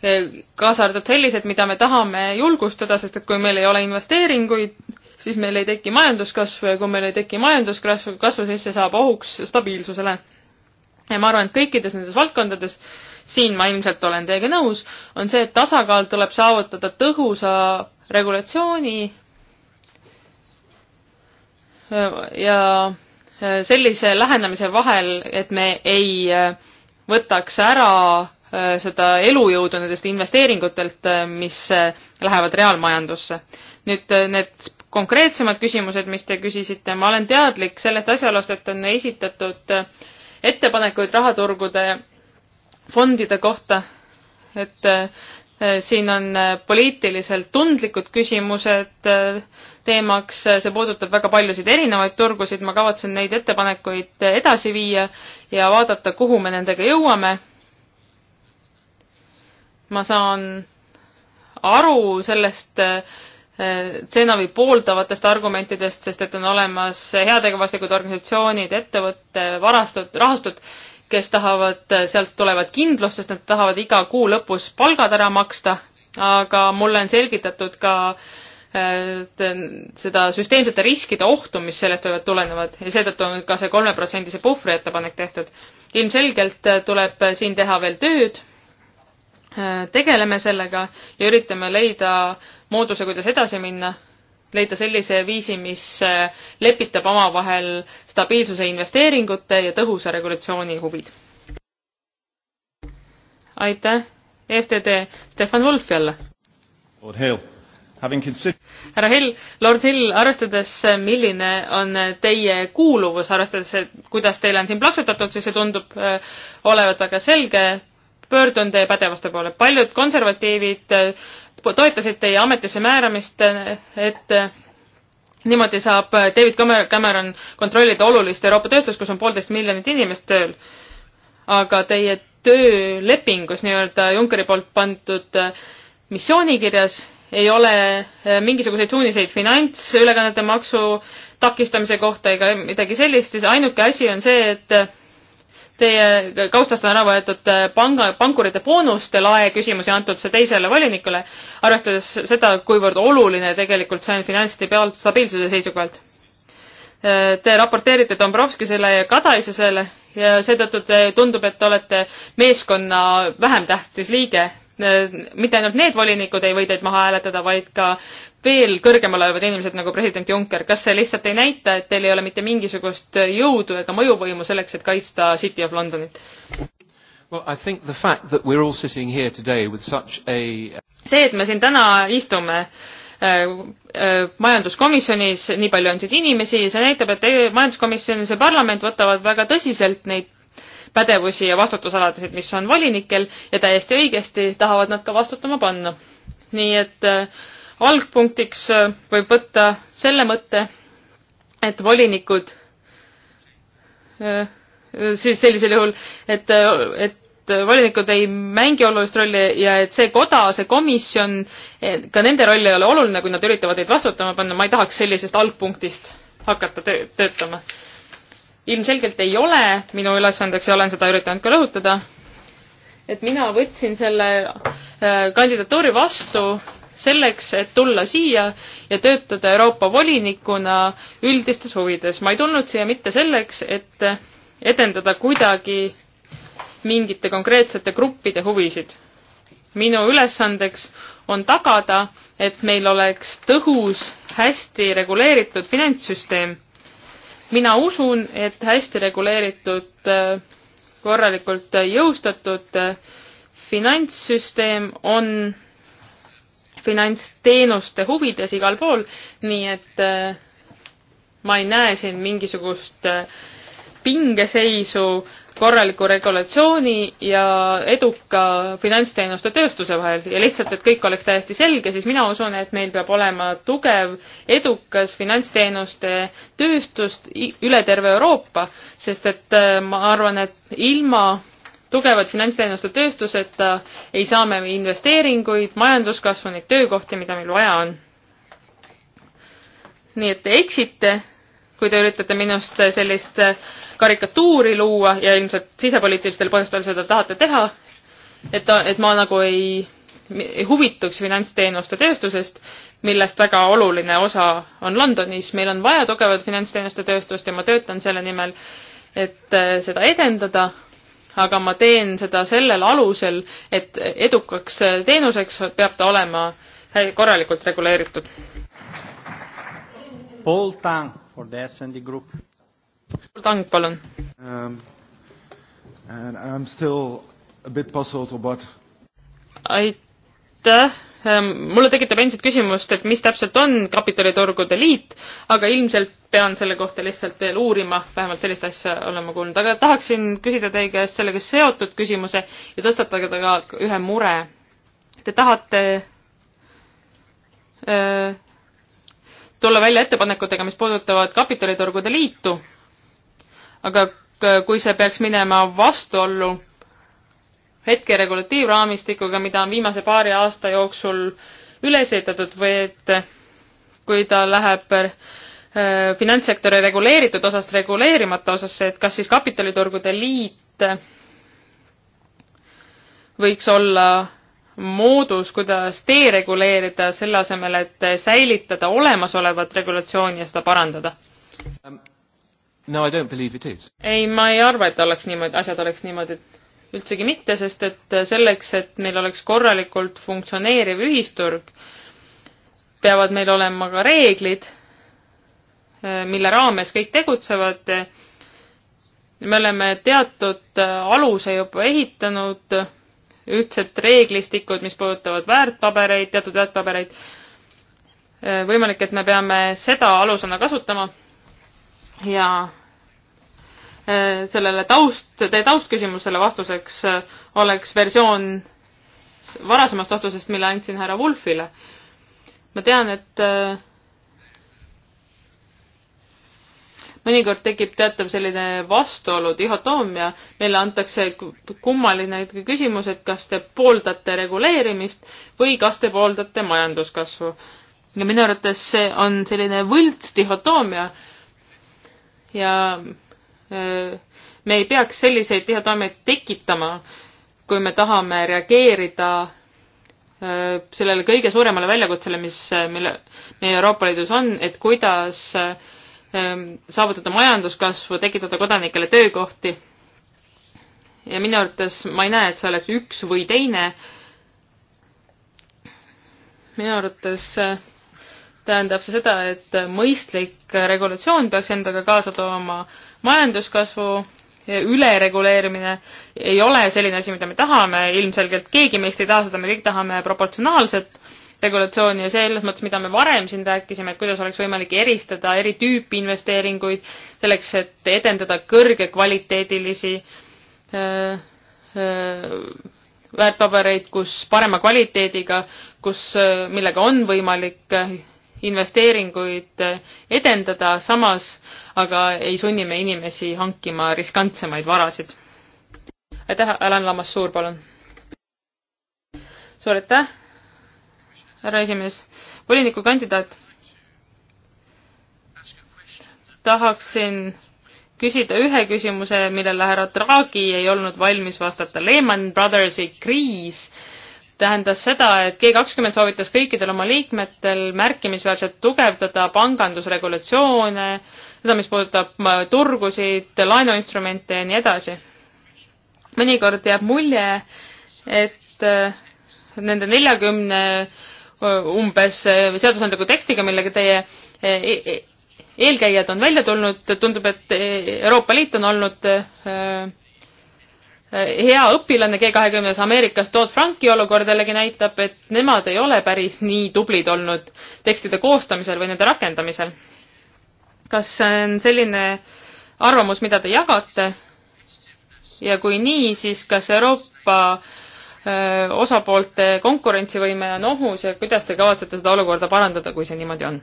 eh, kaasa arvatud sellised, mida me tahame julgustada, sest et kui meil ei ole investeeringuid, siis meil ei teki majanduskasvu ja kui meil ei teki majanduskasvu, kasvu, siis see saab ohuks stabiilsusele. ja ma arvan, et kõikides nendes valdkondades, siin ma ilmselt olen teiega nõus, on see, et tasakaal tuleb saavutada tõhusa regulatsiooni ja Äh, sellise lähenemise vahel, et me ei äh, võtaks ära äh, seda elujõudu nendest investeeringutelt, mis lähevad reaalmajandusse. nüüd need konkreetsemad küsimused, mis te küsisite, ma olen teadlik sellest asjaolust, et on esitatud ettepanekuid rahaturgude fondide kohta, et siin on poliitiliselt tundlikud küsimused, teemaks, see puudutab väga paljusid erinevaid turgusid, ma kavatsen neid ettepanekuid edasi viia ja vaadata, kuhu me nendega jõuame. ma saan aru sellest Zenovi eh, pooldavatest argumentidest, sest et on olemas heategevuslikud organisatsioonid, ettevõtte, varastud, rahastud, kes tahavad, sealt tulevad kindlust, sest nad tahavad iga kuu lõpus palgad ära maksta, aga mulle on selgitatud ka äh, seda süsteemsete riskide ohtu, mis sellest võivad tulenevad ja seetõttu on ka see kolmeprotsendise puhvri ettepanek tehtud. ilmselgelt tuleb siin teha veel tööd, äh, tegeleme sellega ja üritame leida mooduse, kuidas edasi minna, leida sellise viisi, mis äh, lepitab omavahel stabiilsuse investeeringute ja tõhusa regulatsiooni huvid. aitäh, EFTD, Stefan Wolf jälle. oled hea härra Hill, lord Hill, arvestades, milline on teie kuuluvus, arvestades, et kuidas teile on siin plaksutatud, siis see tundub äh, olevat väga selge. pöördun teie pädevuste poole. paljud konservatiivid äh, toetasid teie ametisse määramist, äh, et niimoodi saab David Cameron kontrollida olulist Euroopa tööstust, kus on poolteist miljonit inimest tööl. aga teie töölepingus nii-öelda Junckeri poolt pandud missioonikirjas ei ole eh, mingisuguseid suuniseid finantsülekannete maksu takistamise kohta ega midagi sellist, siis ainuke asi on see, et teie kaustast on ära võetud eh, panga, pankurite boonuste lae küsimus ja antud see teisele volinikule, arvestades seda, kuivõrd oluline tegelikult see on finantsstabiil-, stabiilsuse seisukohalt. Eh, te raporteerite Dombrovskisele ja Kadaisesele ja seetõttu tundub, et te olete meeskonna vähem tähtis liige Äh, mitte ainult need volinikud ei või teid maha hääletada, vaid ka veel kõrgemal olevad inimesed nagu president Juncker, kas see lihtsalt ei näita, et teil ei ole mitte mingisugust jõudu ega mõjuvõimu selleks, et kaitsta City of Londonit? Well, I think the fact that we're all sitting here today with such a see, et me siin täna istume äh, äh, majanduskomisjonis, nii palju on siin inimesi, see näitab, et majanduskomisjon ja see parlament võtavad väga tõsiselt neid pädevusi ja vastutusalasid, mis on volinikel ja täiesti õigesti tahavad nad ka vastutama panna. nii et äh, algpunktiks äh, võib võtta selle mõtte, et volinikud äh, siis sellisel juhul, et, et volinikud ei mängi olulist rolli ja et see koda, see komisjon, eh, ka nende roll ei ole oluline, kui nad üritavad neid vastutama panna, ma ei tahaks sellisest algpunktist hakata töö, töötama ilmselgelt ei ole minu ülesandeks ja olen seda üritanud ka rõhutada, et mina võtsin selle äh, kandidatuuri vastu selleks, et tulla siia ja töötada Euroopa volinikuna üldistes huvides. ma ei tulnud siia mitte selleks, et edendada kuidagi mingite konkreetsete gruppide huvisid. minu ülesandeks on tagada, et meil oleks tõhus, hästi reguleeritud finantssüsteem mina usun, et hästi reguleeritud, äh, korralikult äh, jõustatud äh, finantssüsteem on finantsteenuste huvides igal pool, nii et ma ei näe siin mingisugust pingeseisu korraliku regulatsiooni ja eduka finantsteenuste tööstuse vahel ja lihtsalt, et kõik oleks täiesti selge, siis mina usun, et meil peab olema tugev, edukas finantsteenuste tööstust üle terve Euroopa, sest et äh, ma arvan, et ilma tugevat finantsteenuste tööstuseta ei saa me investeeringuid, majanduskasvu, neid töökohti, mida meil vaja on. nii et te eksite, kui te üritate minust sellist äh, karikatuuri luua ja ilmselt sisepoliitilistel põhjustel seda tahate teha, et, et ma nagu ei, ei huvituks finantsteenuste tööstusest, millest väga oluline osa on Londonis, meil on vaja tugevat finantsteenuste tööstust ja ma töötan selle nimel, et eh, seda edendada, aga ma teen seda sellel alusel, et edukaks eh, teenuseks peab ta olema eh, korralikult reguleeritud. Paul Tang for the SND Group Tang, palun um,. About... aitäh, um, mulle tekitab endiselt küsimust, et mis täpselt on kapitaliturgude liit, aga ilmselt pean selle kohta lihtsalt veel uurima, vähemalt sellist asja olen ma kuulnud, aga tahaksin küsida teie käest sellega seotud küsimuse ja tõstatada ka ühe mure. Te tahate öö, äh, tulla välja ettepanekutega, mis puudutavad kapitaliturgude liitu aga äh, kui see peaks minema vastuollu hetke regulatiivraamistikuga, mida on viimase paari aasta jooksul üles ehitatud või et äh, kui ta läheb äh, finantssektori reguleeritud osast reguleerimata osasse, et kas siis kapitaliturgude liit võiks olla moodus, kuidas dereguleerida, selle asemel, et säilitada olemasolevat regulatsiooni ja seda parandada um.? no I don't believe it is. ei, ma ei arva, et oleks niimoodi, asjad oleks niimoodi, üldsegi mitte, sest et äh, selleks, et meil oleks korralikult funktsioneeriv ühisturg, peavad meil olema ka reeglid, äh, mille raames kõik tegutsevad. me oleme teatud äh, aluse juba ehitanud, ühtsed reeglistikud, mis puudutavad väärtpabereid, teatud väärtpabereid. võimalik, et me peame seda alusena kasutama ja Eh, sellele taust, teie taustküsimusele vastuseks eh, oleks versioon varasemast vastusest, mille andsin härra Wulfile. ma tean, et eh, mõnikord tekib teatav selline vastuolu, dihhotoomia, meile antakse kummaline küsimus, et kas te pooldate reguleerimist või kas te pooldate majanduskasvu. ja minu arvates see on selline võlts dihhotoomia ja me ei peaks selliseid tihetoimeid tekitama, kui me tahame reageerida äh, sellele kõige suuremale väljakutsele, mis, äh, mille meil Euroopa Liidus on, et kuidas äh, ähm, saavutada majanduskasvu, tekitada kodanikele töökohti. ja minu arvates ma ei näe, et see oleks üks või teine. minu arvates tähendab see seda, et mõistlik regulatsioon peaks endaga kaasa tooma äh, majanduskasvu ülereguleerimine ei ole selline asi, mida me tahame, ilmselgelt keegi meist ei taha seda, me kõik tahame proportsionaalset regulatsiooni ja selles mõttes, mida me varem siin rääkisime, et kuidas oleks võimalik eristada eri tüüpi investeeringuid selleks, et edendada kõrgekvaliteedilisi äh, äh, väärtpabereid, kus parema kvaliteediga, kus, äh, millega on võimalik investeeringuid edendada, samas aga ei sunni me inimesi hankima riskantsemaid varasid. aitäh, Alan Lamassuur, palun. suur aitäh, härra esimees. volinikukandidaat. tahaksin küsida ühe küsimuse, millele härra Draghi ei olnud valmis vastata. Lehman Brothersi kriis äh, tähendas seda, et G kakskümmend soovitas kõikidel oma liikmetel märkimisväärselt tugevdada pangandusregulatsioone, seda, mis puudutab turgusid, laenuinstrumente ja nii edasi. mõnikord jääb mulje, et äh, nende neljakümne äh, umbes äh, seadusandliku tekstiga, millega teie e, e, eelkäijad on välja tulnud, tundub, et Euroopa Liit on olnud hea õpilane G20-s Ameerikas Todd Franki olukord jällegi näitab, et nemad ei ole päris nii tublid olnud tekstide koostamisel või nende rakendamisel. kas see on selline arvamus, mida te jagate? ja kui nii, siis kas Euroopa osapoolte konkurentsivõime on ohus ja kuidas te kavatsete seda olukorda parandada, kui see niimoodi on?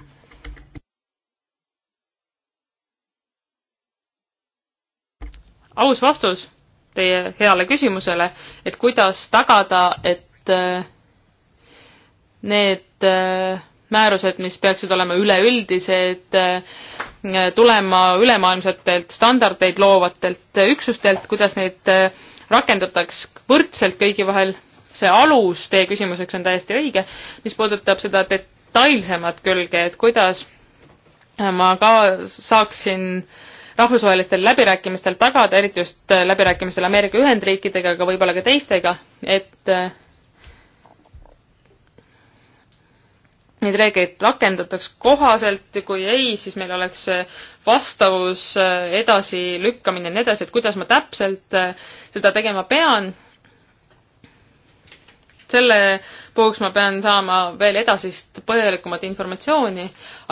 aus vastus teie heale küsimusele, et kuidas tagada, et äh, need äh, määrused, mis peaksid olema üleüldised, äh, tulema ülemaailmsetelt standardeid loovatelt üksustelt, kuidas neid rakendataks võrdselt kõigi vahel, see alus teie küsimuseks on täiesti õige, mis puudutab seda detailsemat külge, et kuidas ma ka saaksin äh, rahvusvahelistel läbirääkimistel tagada, eriti just äh, läbirääkimistel Ameerika Ühendriikidega, aga võib-olla ka teistega, et äh, neid reegleid rakendataks kohaselt ja kui ei, siis meil oleks äh, vastavus, edasilükkamine ja nii edasi, et kuidas ma täpselt seda tegema pean. selle puhuks ma pean saama veel edasist põhjalikumat informatsiooni,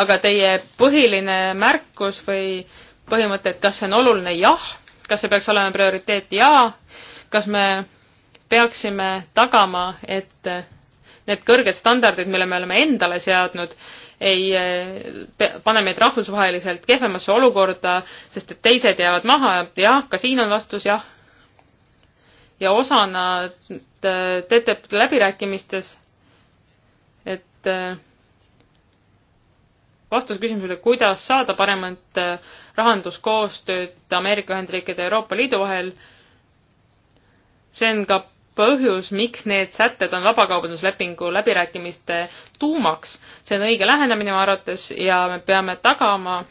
aga teie põhiline märkus või äh, põhimõte, et kas see on oluline, jah, kas see peaks olema prioriteet, jaa, kas me peaksime tagama, et need kõrged standardid, mille me oleme endale seadnud, ei eh, pane meid rahvusvaheliselt kehvemasse olukorda, sest et teised jäävad maha ja jah, ka siin on vastus jah. ja osana eh, TTIP läbirääkimistes, et äh, vastus küsimusele, kuidas saada paremat äh, rahanduskoostööd Ameerika Ühendriikide ja Euroopa Liidu vahel. see on ka põhjus, miks need sätted on vabakaubanduslepingu läbirääkimiste tuumaks. see on õige lähenemine minu arvates ja me peame tagama,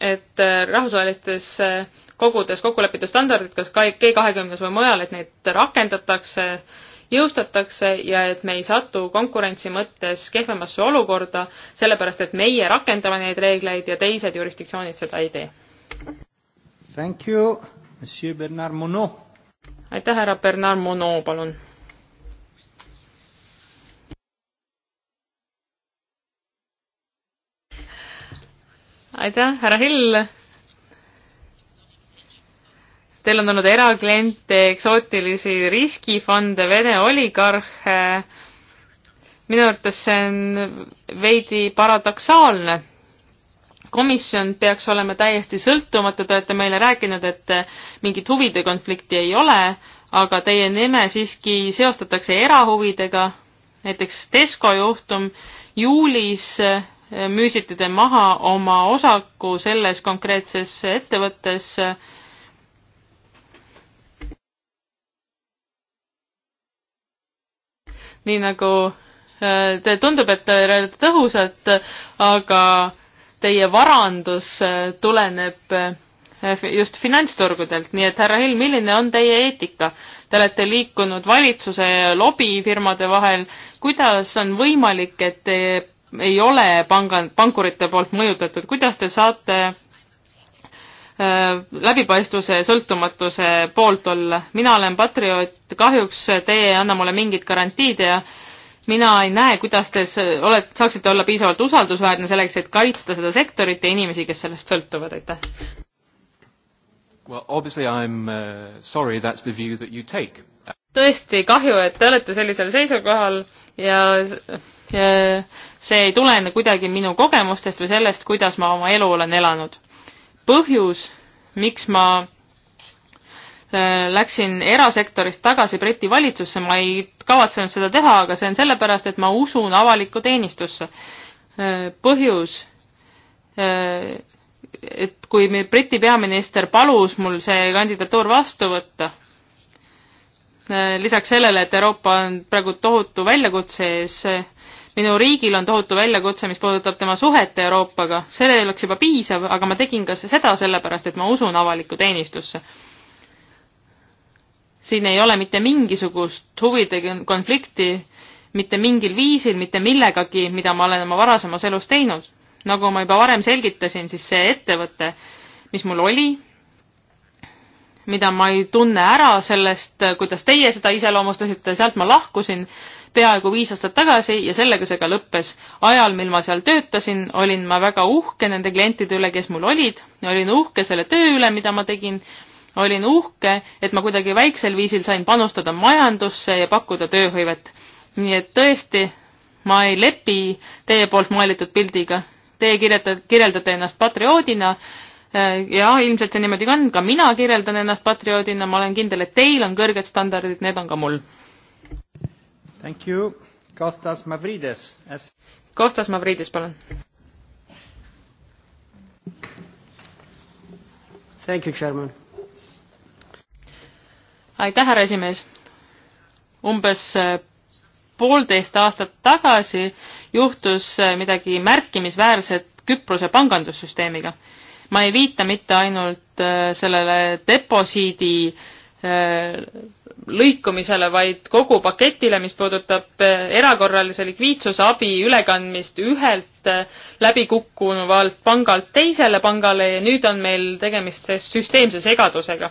et äh, rahvusvahelistes äh, kogudes kokku lepitud standardid, kas G kahekümnes või mujal, et neid rakendatakse äh, jõustatakse ja et me ei satu konkurentsi mõttes kehvemasse olukorda, sellepärast et meie rakendame neid reegleid ja teised jurisdiktsioonid seda ei tee. Thank you, monsieur Bernard Monod. aitäh, härra Bernard Monod, palun. aitäh, härra Hill Teil on olnud erakliente, eksootilisi riskifonde, Vene oligarhe. minu arvates see on veidi paradoksaalne. komisjon peaks olema täiesti sõltumatu, te olete meile rääkinud, et mingit huvide konflikti ei ole, aga teie nime siiski seostatakse erahuvidega, näiteks Tesco juhtum juulis müüsite te maha oma osaku selles konkreetses ettevõttes nii nagu äh, te tundub, et te olete tõhusad, aga teie varandus äh, tuleneb äh, just finantsturgudelt, nii et härra Hill, milline on teie eetika? Te olete liikunud valitsuse ja lobifirmade vahel, kuidas on võimalik, et te ei ole panga, pankurite poolt mõjutatud, kuidas te saate Äh, läbipaistvuse ja sõltumatuse poolt olla. mina olen patrioot, kahjuks teie ei anna mulle mingit garantiid ja mina ei näe, kuidas te olete, saaksite olla piisavalt usaldusväärne selleks, et kaitsta seda sektorit ja inimesi, kes sellest sõltuvad, aitäh. Well, obviously I am uh, sorry that's the view that you take. tõesti kahju, et te olete sellisel seisukohal ja, ja see ei tulene kuidagi minu kogemustest või sellest, kuidas ma oma elu olen elanud põhjus, miks ma äh, läksin erasektorist tagasi Briti valitsusse, ma ei kavatsenud seda teha, aga see on sellepärast, et ma usun avalikku teenistusse. Äh, põhjus, äh, et kui Briti peaminister palus mul see kandidatuur vastu võtta, lisaks sellele, et Euroopa on praegu tohutu väljakutse ees, minu riigil on tohutu väljakutse, mis puudutab tema suhet Euroopaga, see oleks juba piisav, aga ma tegin ka seda sellepärast, et ma usun avalikku teenistusse. siin ei ole mitte mingisugust huvide konflikti mitte mingil viisil, mitte millegagi, mida ma olen oma varasemas elus teinud. nagu ma juba varem selgitasin, siis see ettevõte, mis mul oli, mida ma ei tunne ära sellest, kuidas teie seda iseloomustasite, sealt ma lahkusin peaaegu viis aastat tagasi ja sellega see ka lõppes. ajal, mil ma seal töötasin, olin ma väga uhke nende klientide üle, kes mul olid, olin uhke selle töö üle, mida ma tegin, olin uhke, et ma kuidagi väiksel viisil sain panustada majandusse ja pakkuda tööhõivet. nii et tõesti, ma ei lepi teie poolt maalitud pildiga. Teie kirjeldate, kirjeldate ennast patrioodina äh, ja ilmselt see niimoodi ka on, ka mina kirjeldan ennast patrioodina, ma olen kindel, et teil on kõrged standardid, need on ka mul Thank you. Kostas Mavrides as.... Kostas Mavrides, palun. Thank you, Chairman. aitäh, härra esimees. umbes eh, poolteist aastat tagasi juhtus eh, midagi märkimisväärset Küprose pangandussüsteemiga. ma ei viita mitte ainult eh, sellele deposiidi äh, Äh, lõikumisele, vaid kogu paketile, mis puudutab äh, erakorralise likviidsuse abi ülekandmist ühelt äh, läbikukkunuvalt pangalt teisele pangale ja nüüd on meil tegemist süsteemse segadusega.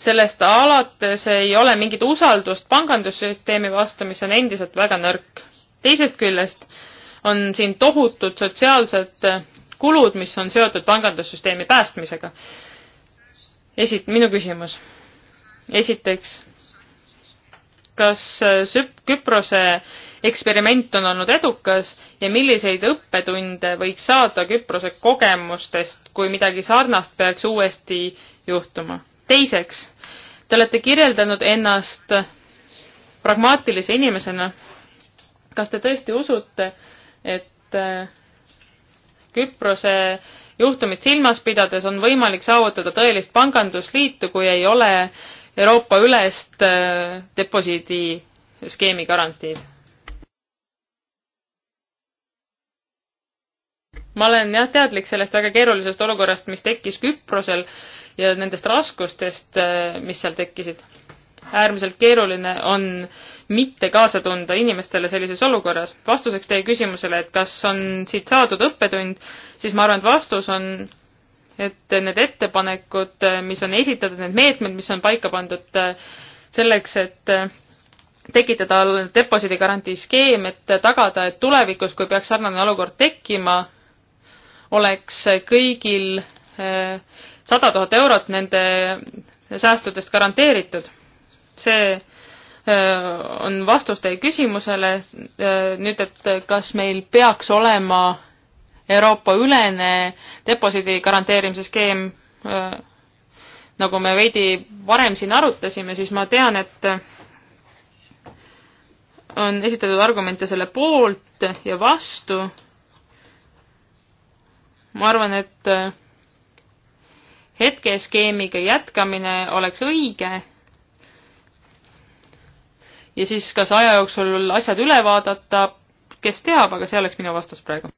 sellest alates ei ole mingit usaldust pangandussüsteemi vastu, mis on endiselt väga nõrk. teisest küljest on siin tohutud sotsiaalsed kulud, mis on seotud pangandussüsteemi päästmisega esit-, minu küsimus. esiteks, kas äh, Süp-, Küprose eksperiment on olnud edukas ja milliseid õppetunde võiks saada Küprose kogemustest, kui midagi sarnast peaks uuesti juhtuma? teiseks, te olete kirjeldanud ennast pragmaatilise inimesena. kas te tõesti usute, et äh, Küprose juhtumit silmas pidades on võimalik saavutada tõelist pangandusliitu, kui ei ole Euroopa ülest äh, deposiidiskeemi garantiid. ma olen jah teadlik sellest väga keerulisest olukorrast, mis tekkis Küprosel ja nendest raskustest, äh, mis seal tekkisid. äärmiselt keeruline on mitte kaasa tunda inimestele sellises olukorras. vastuseks teie küsimusele, et kas on siit saadud õppetund, siis ma arvan, et vastus on, et need ettepanekud, mis on esitatud, need meetmed, mis on paika pandud selleks, et tekitada deposiidi garantii skeem, et tagada, et tulevikus, kui peaks sarnane olukord tekkima, oleks kõigil eh, sada tuhat eurot nende säästudest garanteeritud. see Äh, on vastus teie küsimusele äh, nüüd, et kas meil peaks olema Euroopa ülene deposiidi garanteerimise skeem, äh, nagu me veidi varem siin arutasime, siis ma tean, et on esitatud argumente selle poolt ja vastu. ma arvan, et hetkeskeemiga jätkamine oleks õige ja siis kas aja jooksul asjad üle vaadata, kes teab, aga see oleks minu vastus praegu.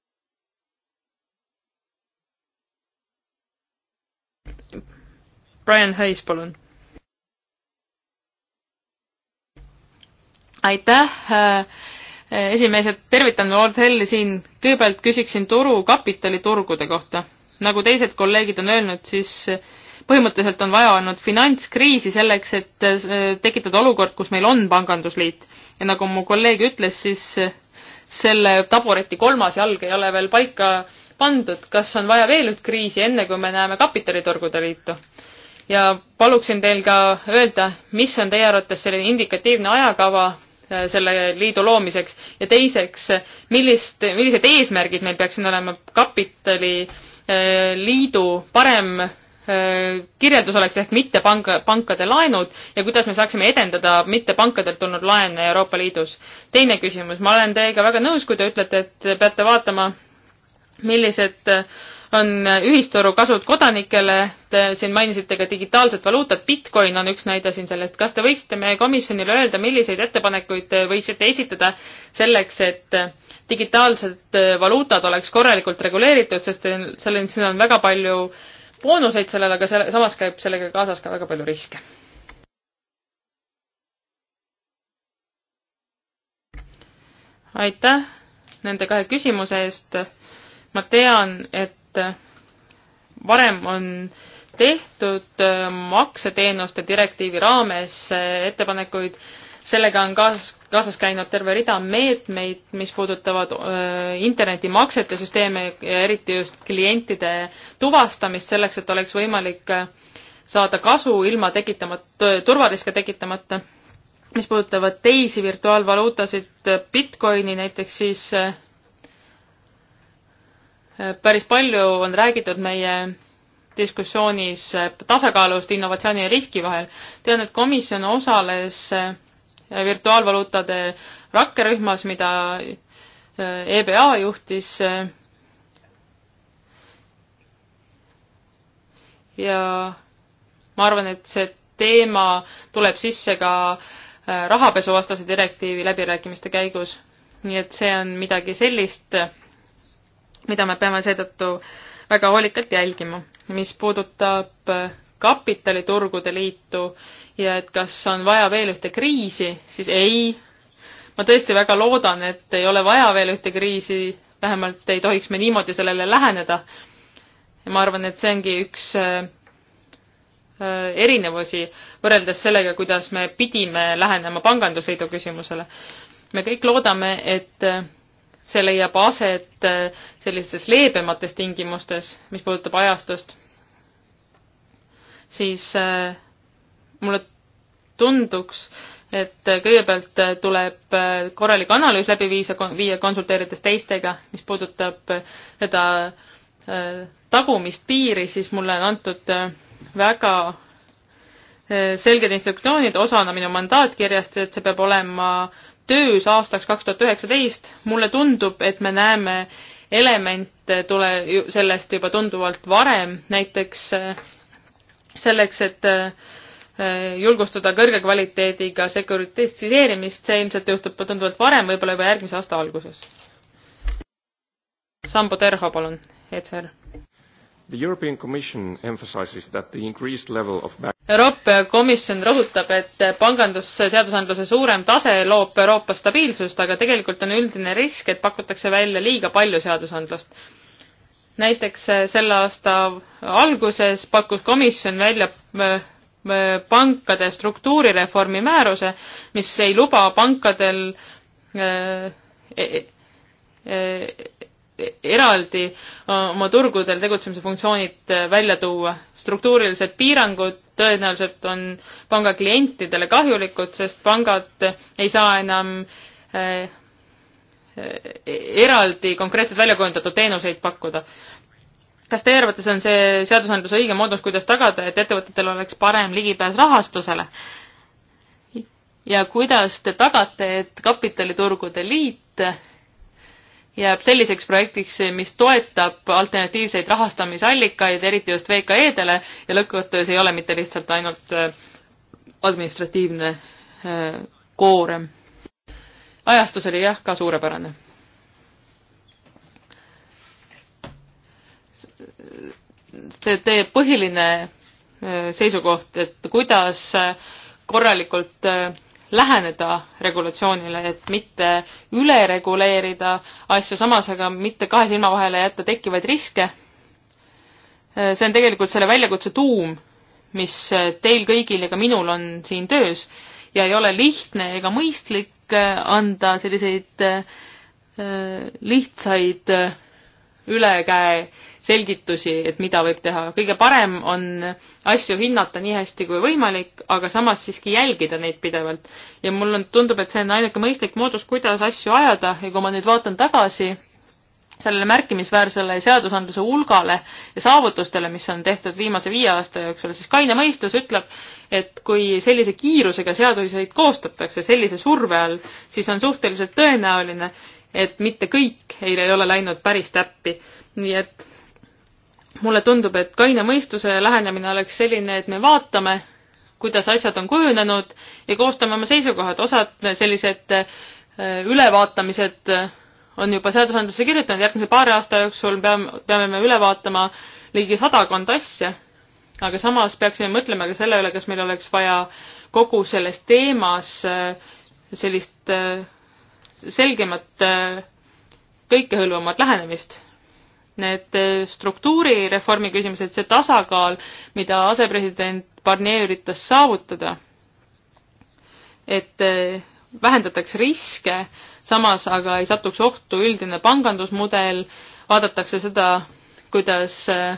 Brian Hayes, palun. aitäh, äh, esimees, et tervitan Lord Helli siin. kõigepealt küsiksin turu kapitaliturgude kohta. nagu teised kolleegid on öelnud, siis põhimõtteliselt on vaja olnud finantskriisi selleks, et äh, tekitada olukord, kus meil on pangandusliit. ja nagu mu kolleeg ütles, siis äh, selle tabureti kolmas jalg ei ole veel paika pandud, kas on vaja veel üht kriisi, enne kui me näeme kapitaliturgude liitu? ja paluksin teil ka öelda, mis on teie arvates selline indikatiivne ajakava äh, selle liidu loomiseks ja teiseks, millist, millised eesmärgid meil peaksid olema kapitali liidu parem Äh, kirjeldus oleks ehk mittepanga, pankade laenud ja kuidas me saaksime edendada mittepankadelt tulnud laene Euroopa Liidus. teine küsimus, ma olen teiega väga nõus, kui te ütlete, et te peate vaatama, millised on ühisturu kasud kodanikele, te siin mainisite ka digitaalset valuutat, Bitcoin on üks näide siin sellest, kas te võiksite meie komisjonile öelda, milliseid ettepanekuid te võiksite esitada selleks, et digitaalsed valuutad oleks korralikult reguleeritud, sest sellel, siin on väga palju äh, boonuseid sellele, aga selle, samas käib sellega kaasas ka väga palju riske. aitäh nende kahe küsimuse eest. ma tean, et varem on tehtud makseteenuste direktiivi raames ettepanekuid sellega on kaasas, kaasas käinud terve rida meetmeid, mis puudutavad internetimaksete süsteeme ja eriti just klientide tuvastamist selleks, et oleks võimalik saada kasu ilma tekitamata, turvariske tekitamata. mis puudutavad teisi virtuaalvaluutasid, Bitcoini näiteks, siis päris palju on räägitud meie diskussioonis tasakaalust innovatsiooni ja riski vahel. tean, et komisjon osales virtuaalvaluutade rakkerühmas, mida äh, EBA juhtis. Äh, ja ma arvan, et see teema tuleb sisse ka äh, rahapesuvastase direktiivi läbirääkimiste käigus. nii et see on midagi sellist, mida me peame seetõttu väga hoolikalt jälgima. mis puudutab kapitaliturgude liitu ja et kas on vaja veel ühte kriisi, siis ei. ma tõesti väga loodan, et ei ole vaja veel ühte kriisi, vähemalt ei tohiks me niimoodi sellele läheneda. ja ma arvan, et see ongi üks äh, äh, erinevusi võrreldes sellega, kuidas me pidime lähenema pangandusliidu küsimusele. me kõik loodame, et äh, see leiab aset sellistes leebemates tingimustes, mis puudutab ajastust, siis äh, mulle tunduks, et kõigepealt tuleb korralik analüüs läbi viisa, viia konsulteerides teistega, mis puudutab seda äh, tagumist piiri, siis mulle on antud äh, väga äh, selged instruktsioonid osana minu mandaatkirjast, et see peab olema töös aastaks kaks tuhat üheksateist. mulle tundub, et me näeme elemente tule, sellest juba tunduvalt varem, näiteks selleks, et Äh, julgustada kõrge kvaliteediga sekuritiseerimist, see ilmselt juhtub tunduvalt varem, võib-olla juba järgmise aasta alguses. Sambo Terho, palun, ECR. The European Commission emphasizes that the increased level of Euroopa Komisjon rõhutab, et pangandusseadusandluse suurem tase loob Euroopas stabiilsust, aga tegelikult on üldine risk, et pakutakse välja liiga palju seadusandlust. näiteks äh, selle aasta alguses pakkus komisjon välja äh, Äh, pankade struktuurireformi määruse, mis ei luba pankadel äh, e, e, e, eraldi äh, oma turgudel tegutsemise funktsioonid välja tuua. struktuurilised piirangud tõenäoliselt on panga klientidele kahjulikud, sest pangad ei saa enam eraldi konkreetselt välja kujundatud teenuseid pakkuda kas teie arvates on see seadusandluse õige moodus, kuidas tagada, et ettevõtetel oleks parem ligipääs rahastusele? ja kuidas te tagate, et kapitaliturgude liit jääb selliseks projektiks, mis toetab alternatiivseid rahastamisallikaid, eriti just VKE-dele ja lõppkokkuvõttes ei ole mitte lihtsalt ainult äh, administratiivne äh, koorem. ajastus oli jah ka suurepärane teie põhiline äh, seisukoht, et kuidas äh, korralikult äh, läheneda regulatsioonile, et mitte üle reguleerida asju, samas aga mitte kahe silma vahele jätta tekkivaid riske. see on tegelikult selle väljakutse tuum, mis teil kõigil ja ka minul on siin töös ja ei ole lihtne ega mõistlik anda selliseid lihtsaid ülekäe selgitusi, et mida võib teha. kõige parem on asju hinnata nii hästi kui võimalik, aga samas siiski jälgida neid pidevalt. ja mul on, tundub, et see on ainuke mõistlik moodus, kuidas asju ajada ja kui ma nüüd vaatan tagasi sellele märkimisväärsele seadusandluse hulgale ja saavutustele, mis on tehtud viimase viie aasta jooksul, siis kaine mõistus ütleb, et kui sellise kiirusega seaduseid koostatakse sellise surve all, siis on suhteliselt tõenäoline, et mitte kõik ei ole läinud päris täppi. nii et mulle tundub, et kaine mõistuse lähenemine oleks selline, et me vaatame, kuidas asjad on kujunenud ja koostame oma seisukohad. osad sellised äh, ülevaatamised on juba seadusandlusse kirjutanud, järgmise paari aasta jooksul peame, peame me üle vaatama ligi sadakond asja. aga samas peaksime mõtlema ka selle üle, kas meil oleks vaja kogu selles teemas äh, sellist äh, selgemat, kõikehõlvamat lähenemist need eh, struktuurireformi küsimused, see tasakaal, mida asepresident Barnier üritas saavutada, et eh, vähendataks riske, samas aga ei satuks ohtu üldine pangandusmudel, vaadatakse seda, kuidas eh,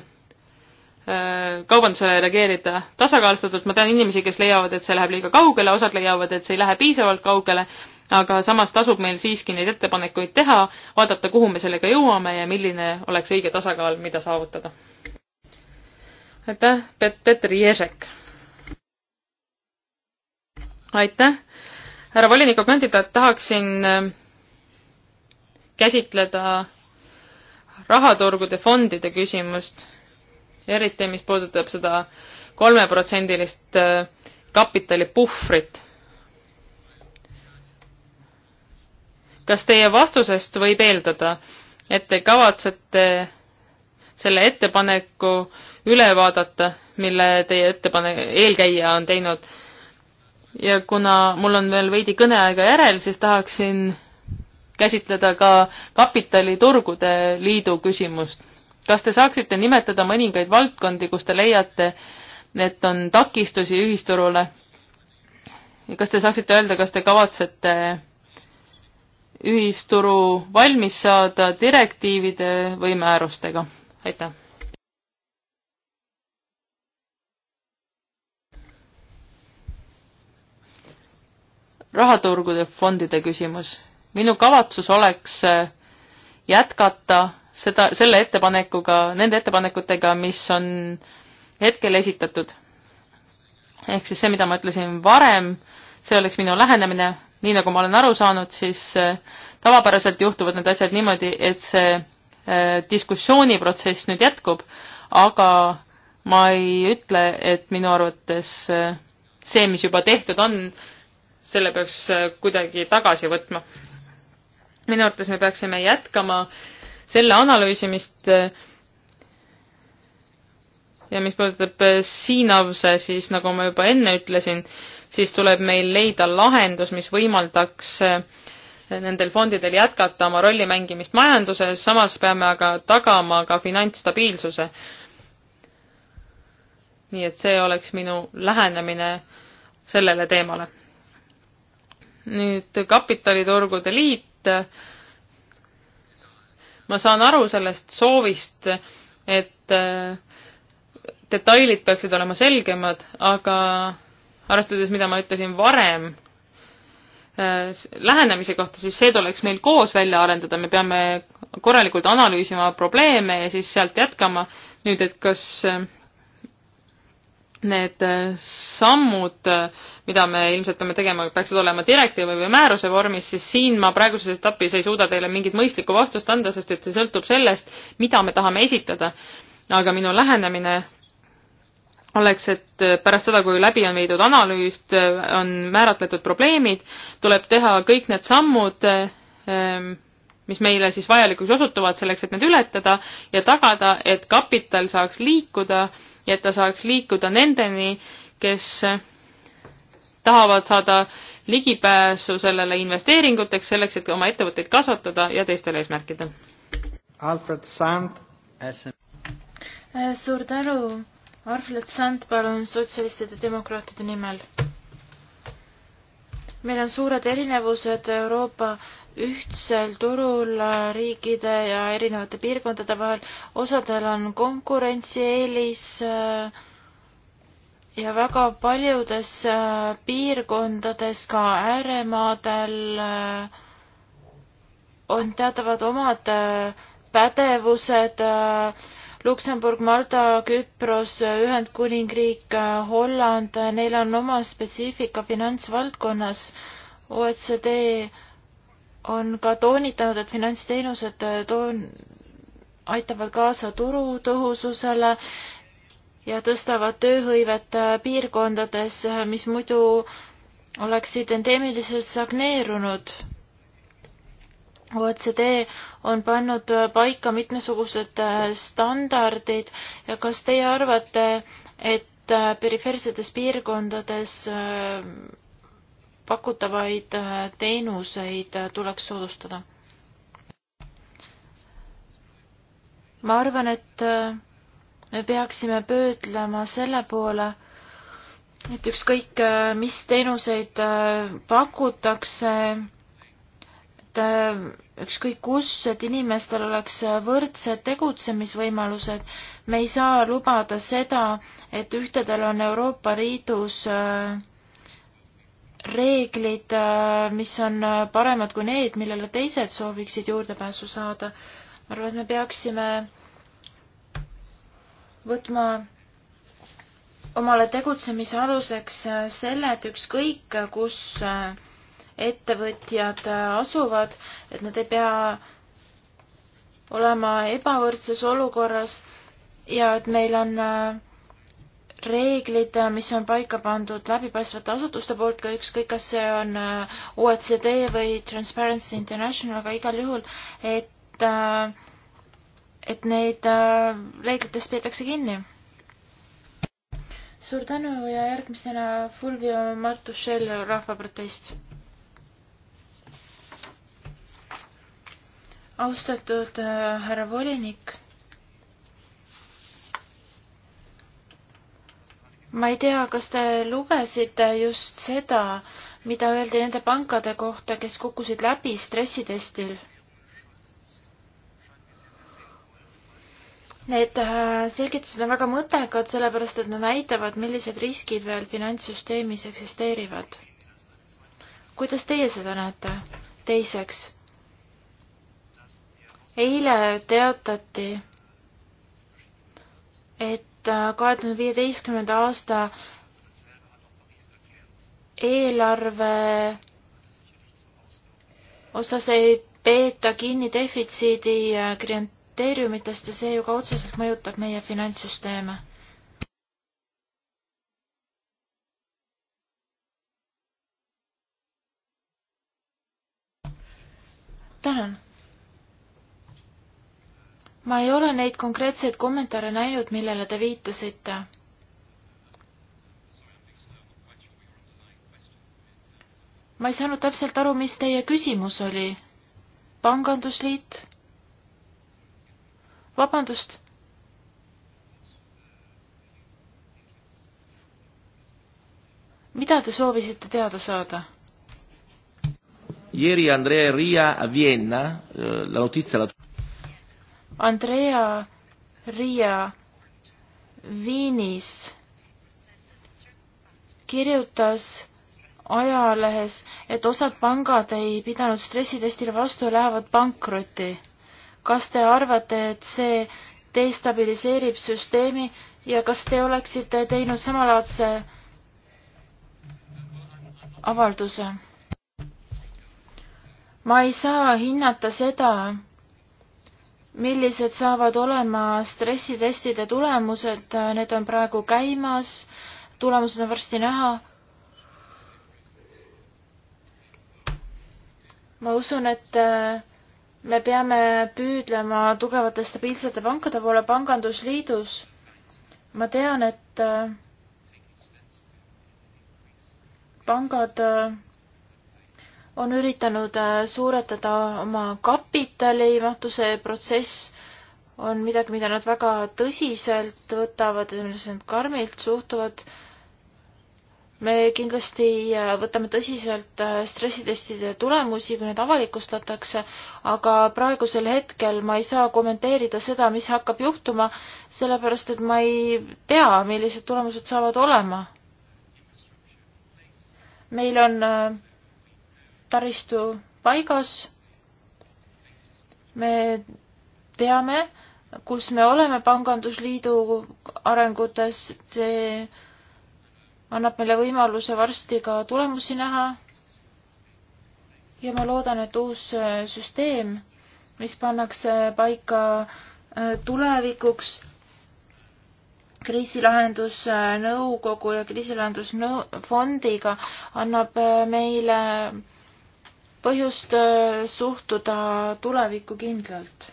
kaubandusele reageerida tasakaalustatult, ma tean inimesi, kes leiavad, et see läheb liiga kaugele, osad leiavad, et see ei lähe piisavalt kaugele aga samas tasub meil siiski neid ettepanekuid teha, vaadata, kuhu me sellega jõuame ja milline oleks õige tasakaal, mida saavutada. aitäh, Peeter Ježek. aitäh, härra volinikukandidaat, tahaksin ähm, käsitleda rahaturgude fondide küsimust, eriti mis puudutab seda kolmeprotsendilist äh, kapitalipuhvrit kas teie vastusest võib eeldada, et te kavatsete selle ettepaneku üle vaadata, mille teie ettepane-, eelkäija on teinud. ja kuna mul on veel veidi kõneaega järel, siis tahaksin käsitleda ka kapitaliturgude liidu küsimust. kas te saaksite nimetada mõningaid valdkondi, kus te leiate, et on takistusi ühisturule? ja kas te saaksite öelda, kas te kavatsete ühisturu valmis saada direktiivide või määrustega. aitäh! rahaturgude fondide küsimus. minu kavatsus oleks äh, jätkata seda, selle ettepanekuga, nende ettepanekutega, mis on hetkel esitatud. ehk siis see, mida ma ütlesin varem, see oleks minu lähenemine, nii nagu ma olen aru saanud, siis eh, tavapäraselt juhtuvad need asjad niimoodi, et see eh, diskussiooniprotsess nüüd jätkub, aga ma ei ütle, et minu arvates eh, see, mis juba tehtud on, selle peaks kuidagi tagasi võtma. minu arvates me peaksime jätkama selle analüüsimist ja mis puudutab Siinavse, siis nagu ma juba enne ütlesin, siis tuleb meil leida lahendus, mis võimaldaks eh, nendel fondidel jätkata oma rolli mängimist majanduses, samas peame aga tagama ka finantsstabiilsuse. nii et see oleks minu lähenemine sellele teemale. nüüd kapitaliturgude liit. ma saan aru sellest soovist, et eh, detailid peaksid olema selgemad, aga arvestades, mida ma ütlesin varem äh, lähenemise kohta, siis see tuleks meil koos välja arendada, me peame korralikult analüüsima probleeme ja siis sealt jätkama. nüüd, et kas äh, need äh, sammud, mida me ilmselt peame tegema, peaksid olema direktiivi või määruse vormis, siis siin ma praeguses etapis ei suuda teile mingit mõistlikku vastust anda, sest et see sõltub sellest, mida me tahame esitada. aga minu lähenemine oleks, et pärast seda, kui läbi on viidud analüüs, on määratletud probleemid, tuleb teha kõik need sammud, ehm, mis meile siis vajalikuks osutuvad selleks, et need ületada ja tagada, et kapital saaks liikuda ja et ta saaks liikuda nendeni, kes tahavad saada ligipääsu sellele investeeringuteks, selleks, et oma ettevõtteid kasvatada ja teistel eesmärkidel. Alfred Sand, SMB. suur tänu Arflet Sand, palun sotsialistide demokraatide nimel. meil on suured erinevused Euroopa ühtsel turul riikide ja erinevate piirkondade vahel. osadel on konkurentsieelis äh, ja väga paljudes äh, piirkondades, ka ääremaadel, äh, on teatavad omad pädevused äh, Luksemburg, Malta, Küpros, Ühendkuningriik, Holland, neil on oma spetsiifika finantsvaldkonnas. OECD on ka toonitanud, et finantsteenused toon-, aitavad kaasa turu tõhususele ja tõstavad tööhõivet piirkondades, mis muidu oleksid endeemiliselt stagneerunud OECD on pannud paika mitmesugused äh, standardid ja kas teie arvate, et äh, perifeersetes piirkondades äh, pakutavaid teenuseid tuleks soodustada? ma arvan, et me peaksime pöödlema selle poole, et ükskõik, mis teenuseid pakutakse, et äh, ükskõik kus, et inimestel oleks võrdsed tegutsemisvõimalused. me ei saa lubada seda, et ühtedel on Euroopa Liidus äh, reeglid, äh, mis on paremad kui need, millele teised sooviksid juurdepääsu saada. ma arvan, et me peaksime võtma omale tegutsemise aluseks selle, et ükskõik, kus ettevõtjad äh, asuvad, et nad ei pea olema ebavõrdses olukorras ja et meil on äh, reeglid, äh, mis on paika pandud läbipaistvate asutuste poolt ka ükskõik, kas see on OECD või Transparency International, aga igal juhul, et, et neid reeglitest peetakse kinni. suur tänu ja järgmisena Fulvio Martušel, Rahvaprotest austatud äh, härra volinik. ma ei tea, kas te lugesite just seda, mida öeldi nende pankade kohta, kes kukkusid läbi stressitestil. Need äh, selgitused on väga mõttekad, sellepärast et nad näitavad, millised riskid veel finantssüsteemis eksisteerivad. kuidas teie seda näete? teiseks eile teatati, et äh, kahe tuhande viieteistkümnenda aasta eelarve osas ei peeta kinni defitsiidi äh, kriteeriumitest ja see ju ka otseselt mõjutab meie finantssüsteeme tänan ma ei ole neid konkreetseid kommentaare näinud, millele te viitasite. ma ei saanud täpselt aru, mis teie küsimus oli. pangandusliit? vabandust. mida te soovisite teada saada? Ieri Andrea Ria a Vienna, eh, la notizia la Andrea Riia Viinis kirjutas ajalehes, et osad pangad ei pidanud stressitestile vastu ja lähevad pankrotti. kas te arvate, et see destabiliseerib süsteemi ja kas te oleksite teinud samalaadse avalduse? ma ei saa hinnata seda, millised saavad olema stressitestide tulemused, need on praegu käimas, tulemused on varsti näha. ma usun, et äh, me peame püüdlema tugevate stabiilsete pankade poole pangandusliidus. ma tean, et äh, pangad äh, on üritanud suuretada oma kap-, kapitalimatuse protsess on midagi, mida nad väga tõsiselt võtavad ja millesse nad karmilt suhtuvad. me kindlasti äh, võtame tõsiselt äh, stressitestide tulemusi, kui need avalikustatakse, aga praegusel hetkel ma ei saa kommenteerida seda, mis hakkab juhtuma, sellepärast et ma ei tea, millised tulemused saavad olema. meil on äh, taristu paigas me teame, kus me oleme Pangandusliidu arengutes, see annab meile võimaluse varsti ka tulemusi näha. ja ma loodan, et uus äh, süsteem, mis pannakse paika äh, tulevikuks, kriisilahendusnõukogu äh, ja kriisilahendusnõu-, fondiga annab meile põhjust äh, suhtuda tulevikku kindlalt.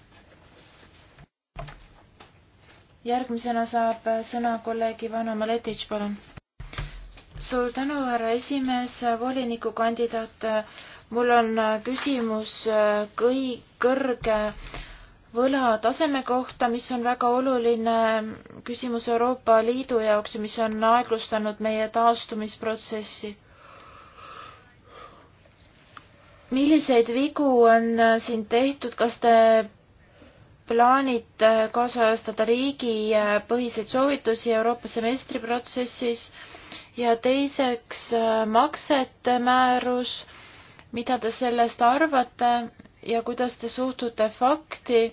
järgmisena saab äh, sõna kolleeg Ivana Maletitš, palun. suur tänu, härra esimees, volinikukandidaat. mul on äh, küsimus kõi-, kõrge võlataseme kohta, mis on väga oluline küsimus Euroopa Liidu jaoks ja mis on aeglustanud meie taastumisprotsessi milliseid vigu on äh, siin tehtud, kas te plaanite äh, kaasajastada riigipõhiseid äh, soovitusi Euroopa semestri protsessis ja teiseks maksete määrus, mida te sellest arvate ja kuidas te suhtute fakti,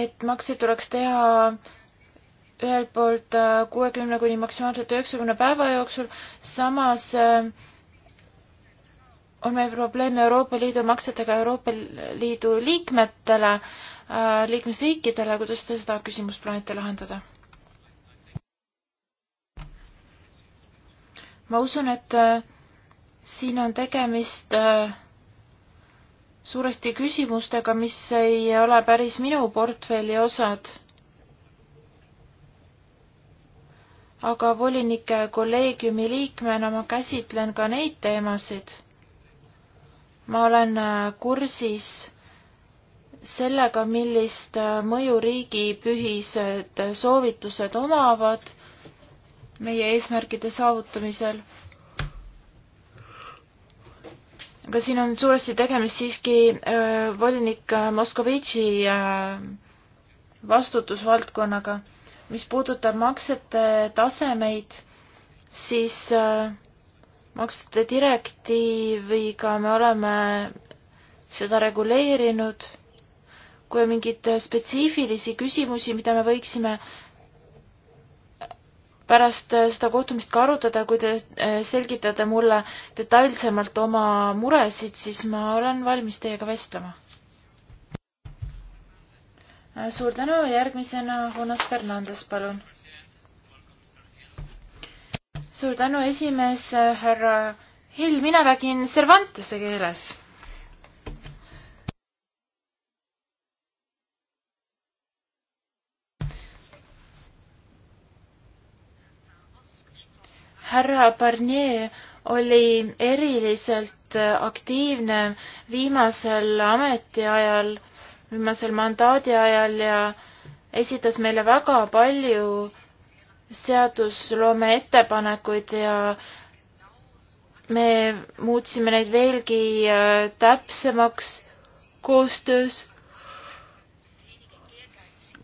et makseid tuleks teha ühelt poolt äh, kuuekümne kuni maksimaalselt üheksakümne päeva jooksul, samas äh, on meil probleem Euroopa Liidu maksetega Euroopa Liidu liikmetele, äh, liikmesriikidele, kuidas te seda küsimust plaanite lahendada? ma usun, et siin on tegemist suuresti küsimustega, mis ei ole päris minu portfelli osad aga volinike kolleegiumi liikmena ma käsitlen ka neid teemasid. ma olen äh, kursis sellega, millist äh, mõju riigipühised soovitused omavad meie eesmärkide saavutamisel. aga siin on suuresti tegemist siiski äh, volinik Moskovitši äh, vastutusvaldkonnaga mis puudutab maksete tasemeid, siis äh, maksete direktiiviga me oleme seda reguleerinud. kui on mingeid spetsiifilisi küsimusi, mida me võiksime äh, pärast äh, seda kohtumist ka arutada, kui te selgitate mulle detailsemalt oma muresid, siis ma olen valmis teiega vestlema Äh, suur tänu, järgmisena Jonas Fernandes, palun. suur tänu, esimees äh, härra Hill, mina räägin Cervantese keeles härra Barnier oli eriliselt aktiivne viimasel ametiajal viimasel mandaadi ajal ja esitas meile väga palju seadusloome ettepanekuid ja me muutsime neid veelgi äh, täpsemaks koostöös.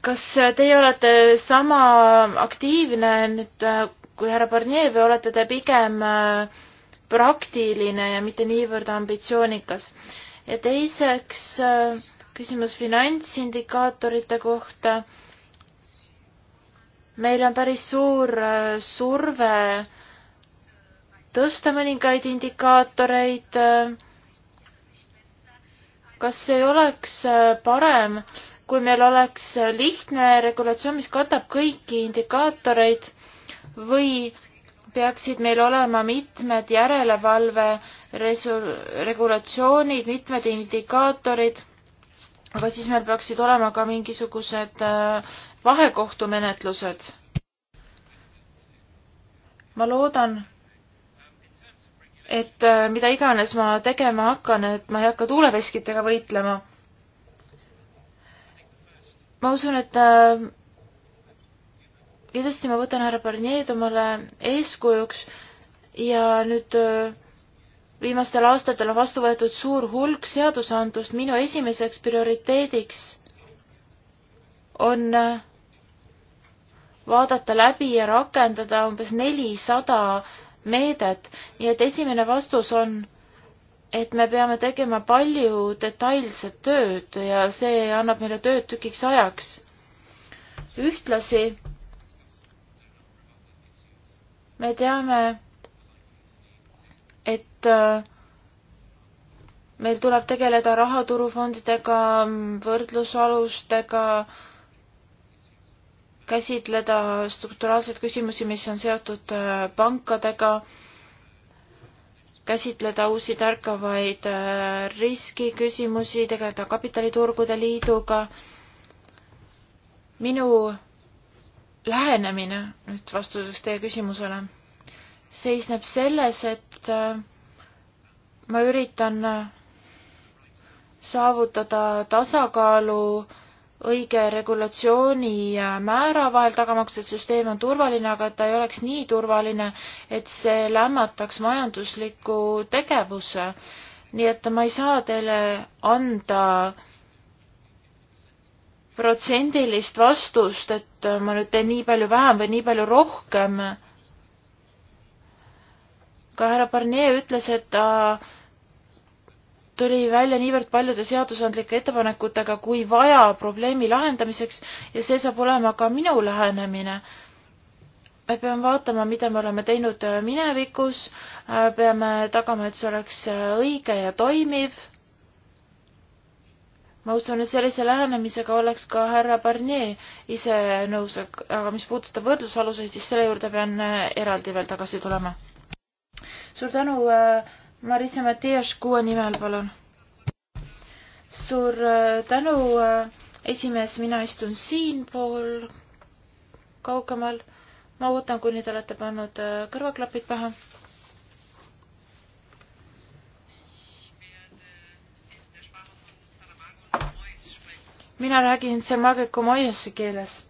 kas teie olete sama aktiivne nüüd äh, kui härra Barnier või olete te pigem äh, praktiline ja mitte niivõrd ambitsioonikas? ja teiseks äh, küsimus finantsindikaatorite kohta. meil on päris suur äh, surve tõsta mõningaid indikaatoreid. kas ei oleks äh, parem, kui meil oleks lihtne regulatsioon, mis katab kõiki indikaatoreid või peaksid meil olema mitmed järelevalve regulatsioonid, mitmed indikaatorid aga siis meil peaksid olema ka mingisugused äh, vahekohtumenetlused. ma loodan, et äh, mida iganes ma tegema hakkan, et ma ei hakka tuuleveskitega võitlema. ma usun, et äh, kindlasti ma võtan härra Barnier omale eeskujuks ja nüüd äh, viimastel aastatel on vastu võetud suur hulk seadusandlust, minu esimeseks prioriteediks on äh, vaadata läbi ja rakendada umbes nelisada meedet, nii et esimene vastus on, et me peame tegema palju detailset tööd ja see annab meile tööd tükiks ajaks. ühtlasi me teame, et äh, meil tuleb tegeleda rahaturufondidega, võrdlusalustega, käsitleda strukturaalseid küsimusi, mis on seotud äh, pankadega, käsitleda uusi tärkavaid äh, riskiküsimusi, tegeleda kapitaliturgude liiduga. minu lähenemine nüüd vastuseks teie küsimusele seisneb selles, et äh, ma üritan äh, saavutada tasakaalu õige regulatsiooni äh, määra vahel, tagamaks, et süsteem on turvaline, aga et ta ei oleks nii turvaline, et see lämmataks majandusliku tegevuse. nii et ma ei saa teile anda protsendilist vastust, et ma nüüd teen nii palju vähem või nii palju rohkem ka härra Barnier ütles, et ta tuli välja niivõrd paljude seadusandlike ettepanekutega kui vaja probleemi lahendamiseks ja see saab olema ka minu lähenemine. me peame vaatama, mida me oleme teinud minevikus, peame tagama, et see oleks õige ja toimiv. ma usun, et sellise lähenemisega oleks ka härra Barnier ise nõus, aga mis puudutab võrdlusaluseid, siis selle juurde pean eraldi veel tagasi tulema suur tänu, äh, Marissa Matias kuue nimel, palun. suur äh, tänu, äh, esimees, mina istun siinpool kaugemal. ma ootan, kuni te olete pannud kõrvaklapid pähe. mina räägin Sarmageko Moiase keeles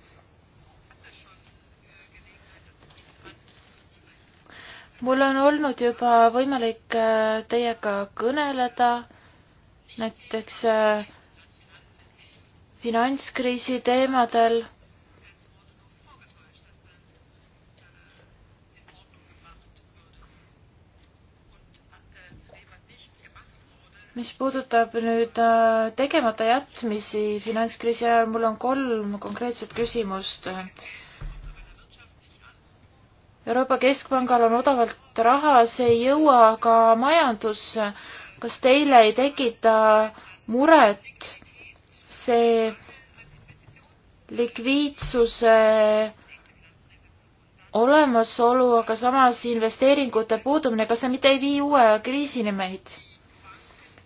mul on olnud juba võimalik äh, teiega kõneleda näiteks äh, finantskriisi teemadel. mis puudutab nüüd äh, tegemata jätmisi finantskriisi ajal, mul on kolm konkreetset küsimust. Euroopa Keskpangal on odavalt raha, see ei jõua ka majandusse. kas teile ei tekita muret see likviidsuse olemasolu, aga samas investeeringute puudumine, kas see mitte ei vii uue kriisini meid?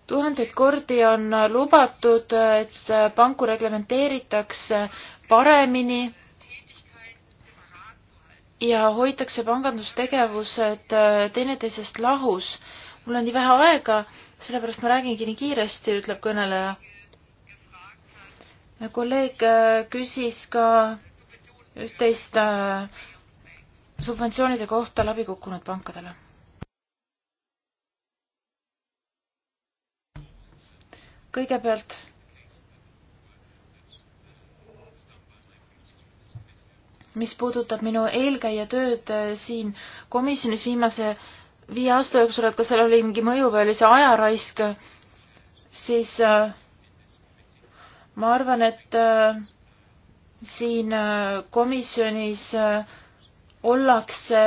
tuhandeid kordi on lubatud, et panku reglementeeritakse paremini ja hoitakse pangandustegevused äh, teineteisest lahus. mul on nii vähe aega, sellepärast ma räägingi nii kiiresti, ütleb kõneleja. kolleeg äh, küsis ka üht-teist äh, subventsioonide kohta läbi kukkunud pankadele. kõigepealt mis puudutab minu eelkäija tööd äh, siin komisjonis viimase viie aasta jooksul, et kas seal oli mingi mõju või oli see ajaraisk, siis äh, ma arvan, et äh, siin komisjonis ollakse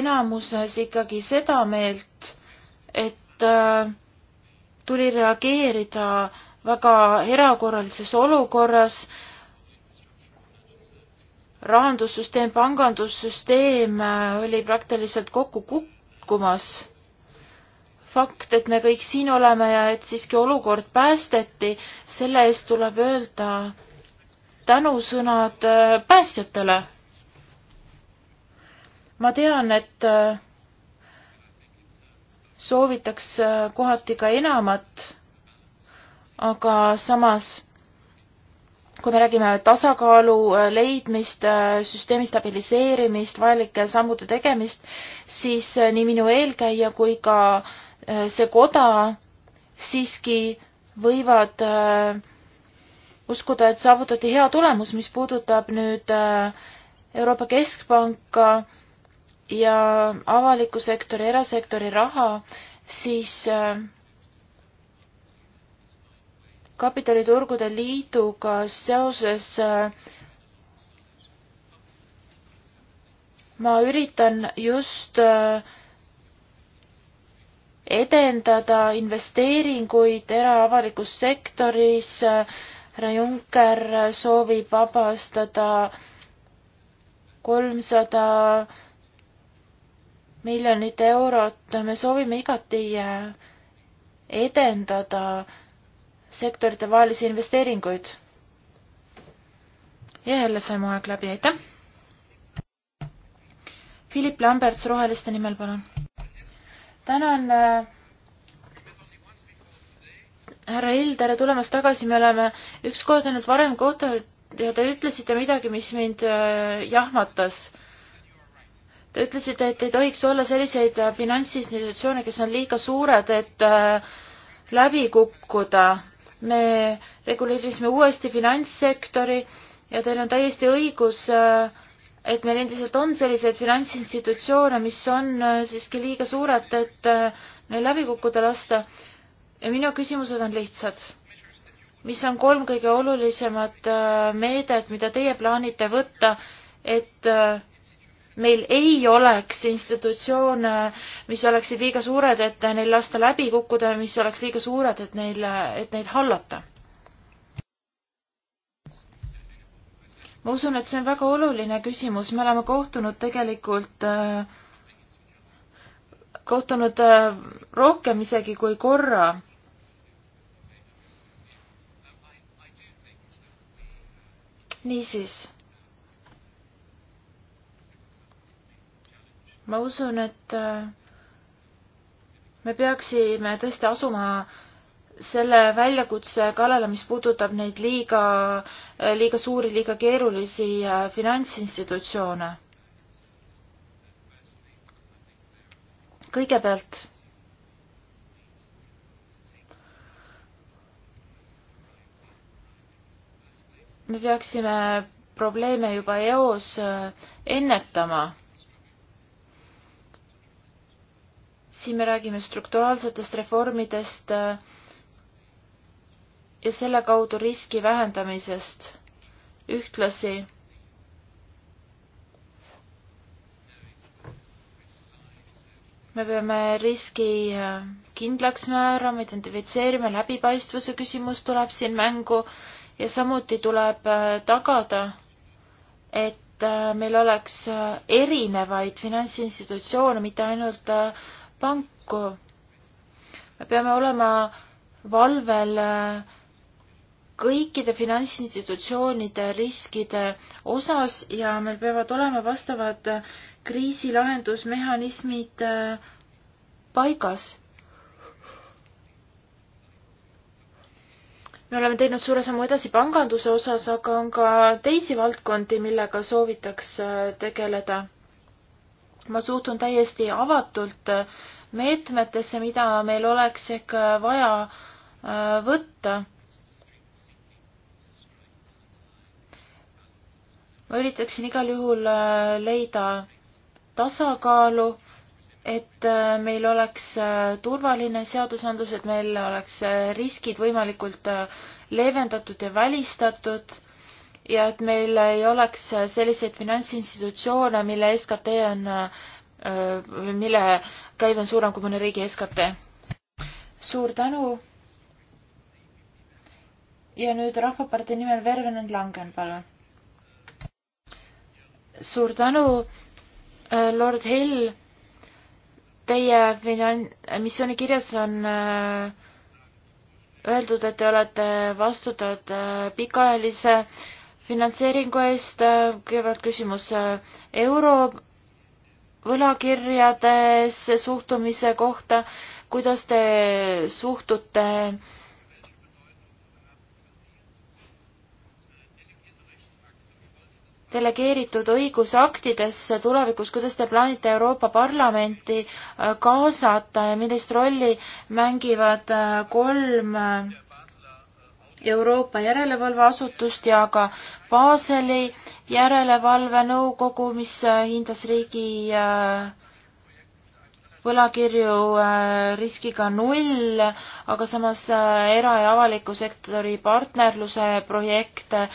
enamuses ikkagi seda meelt, et tuli reageerida väga erakorralises olukorras rahandussüsteem, pangandussüsteem äh, oli praktiliselt kokku kukkumas. fakt, et me kõik siin oleme ja et siiski olukord päästeti, selle eest tuleb öelda tänusõnad äh, päästjatele. ma tean, et äh, soovitaks kohati ka enamat, aga samas kui me räägime tasakaalu äh, leidmist, äh, süsteemi stabiliseerimist, vajalike sammude tegemist, siis äh, nii minu eelkäija kui ka see koda siiski võivad uskuda, et saavutati hea tulemus, mis puudutab nüüd Euroopa Keskpanka ja avaliku sektori, erasektori raha, siis äh, kapitaliturgude liiduga seoses äh, ma üritan just äh, edendada investeeringuid eraavalikus sektoris. härra Juncker soovib vabastada kolmsada miljonit eurot, me soovime igati äh, edendada sektorite vahelisi investeeringuid. ja jälle sai mu aeg läbi, aitäh! Philip Lamberts Roheliste nimel, palun. tänan äh, härra Ill, tere tulemast tagasi, me oleme üks kord ainult varem kohtunud ja te ütlesite midagi, mis mind äh, jahmatas. Te ütlesite, et ei tohiks olla selliseid äh, finantsinstitutsioone, kes on liiga suured, et äh, läbi kukkuda me reguleerisime uuesti finantssektori ja teil on täiesti õigus, äh, et meil endiselt on selliseid finantsinstitutsioone, mis on äh, siiski liiga suured, et äh, neil läbi kukkuda lasta. ja minu küsimused on lihtsad. mis on kolm kõige olulisemat meedet, mida teie plaanite võtta, et meil ei oleks institutsioone, mis oleksid liiga suured, et neil lasta läbi kukkuda, mis oleks liiga suured, et neil, et neid hallata. ma usun, et see on väga oluline küsimus, me oleme kohtunud tegelikult, äh, kohtunud äh, rohkem isegi kui korra. niisiis ma usun, et äh, me peaksime tõesti asuma selle väljakutse kallale, mis puudutab neid liiga, äh, liiga suuri, liiga keerulisi äh, finantsinstitutsioone. kõigepealt me peaksime probleeme juba eos ennetama siin me räägime strukturaalsetest reformidest äh, ja selle kaudu riski vähendamisest. ühtlasi me peame riski äh, kindlaks määrama, identifitseerima, läbipaistvuse küsimus tuleb siin mängu ja samuti tuleb äh, tagada, et meil oleks erinevaid finantsinstitutsioone, mitte ainult panku. me peame olema valvel äh, kõikide finantsinstitutsioonide riskide osas ja meil peavad olema vastavad äh, kriisilahendusmehhanismid äh, paigas. me oleme teinud suure sammu edasi panganduse osas, aga on ka teisi valdkondi, millega soovitaks tegeleda ma suhtun täiesti avatult äh, meetmetesse, mida meil oleks ehk äh, vaja äh, võtta. ma üritaksin igal juhul leida tasakaalu, et meil oleks turvaline seadusandlus, et meil oleks riskid võimalikult leevendatud ja välistatud ja et meil ei oleks selliseid finantsinstitutsioone, mille SKT on, äh, mille käive on suurem kui mõne riigi SKT. suur tänu. ja nüüd Rahvapartei nimel Vervenen Langen, palun. suur tänu, äh, Lord Hill. Teie finan-, missioonikirjas on äh, öeldud, et te olete vastutavad äh, pikaajalise finantseeringu eest. kõigepealt küsimus äh, euro võlakirjadesse suhtumise kohta. kuidas te suhtute delegeeritud õigusaktidesse tulevikus, kuidas te plaanite Euroopa Parlamenti äh, kaasata ja millist rolli mängivad äh, kolm Euroopa järelevalveasutust ja ka Baseli järelevalvenõukogu, mis äh, hindas riigi äh, võlakirju äh, riskiga null, aga samas era- ja avaliku sektori partnerluse projekte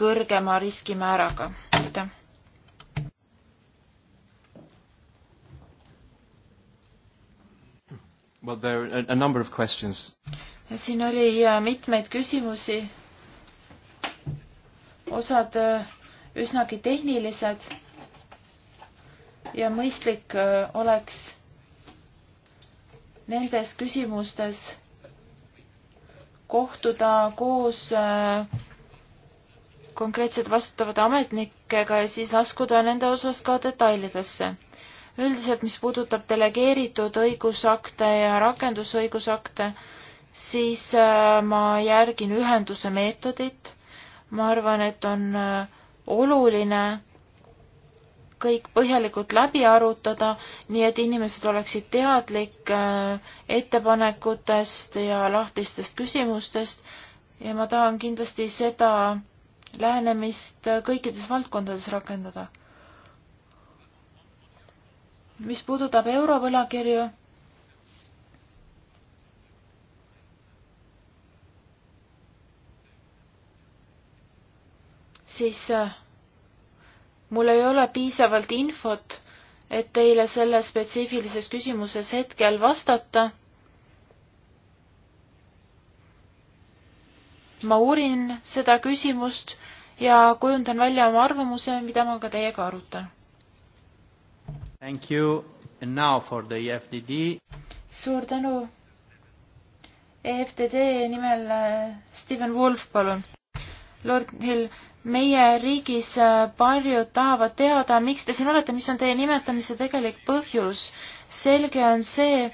kõrgema riskimääraga. aitäh! Well, there are a number of questions siin oli äh, mitmeid küsimusi, osad äh, üsnagi tehnilised ja mõistlik äh, oleks nendes küsimustes kohtuda koos konkreetselt vastutavate ametnikega ja siis laskuda nende osas ka detailidesse. üldiselt, mis puudutab delegeeritud õigusakte ja rakendusõigusakte, siis äh, ma järgin ühenduse meetodit. ma arvan, et on äh, oluline kõik põhjalikult läbi arutada, nii et inimesed oleksid teadlik äh, ettepanekutest ja lahtistest küsimustest ja ma tahan kindlasti seda lähenemist kõikides valdkondades rakendada. mis puudutab eurovõlakirju siis äh, mul ei ole piisavalt infot, et teile selles spetsiifilises küsimuses hetkel vastata. ma uurin seda küsimust ja kujundan välja oma arvamuse, mida ma ka teiega arutan. Thank you and now for the EFDD. suur tänu. EFDD nimel äh, Steven Wolf, palun. Lord Hill, meie riigis äh, paljud tahavad teada, miks te siin olete, mis on teie nimetamise tegelik põhjus. selge on see,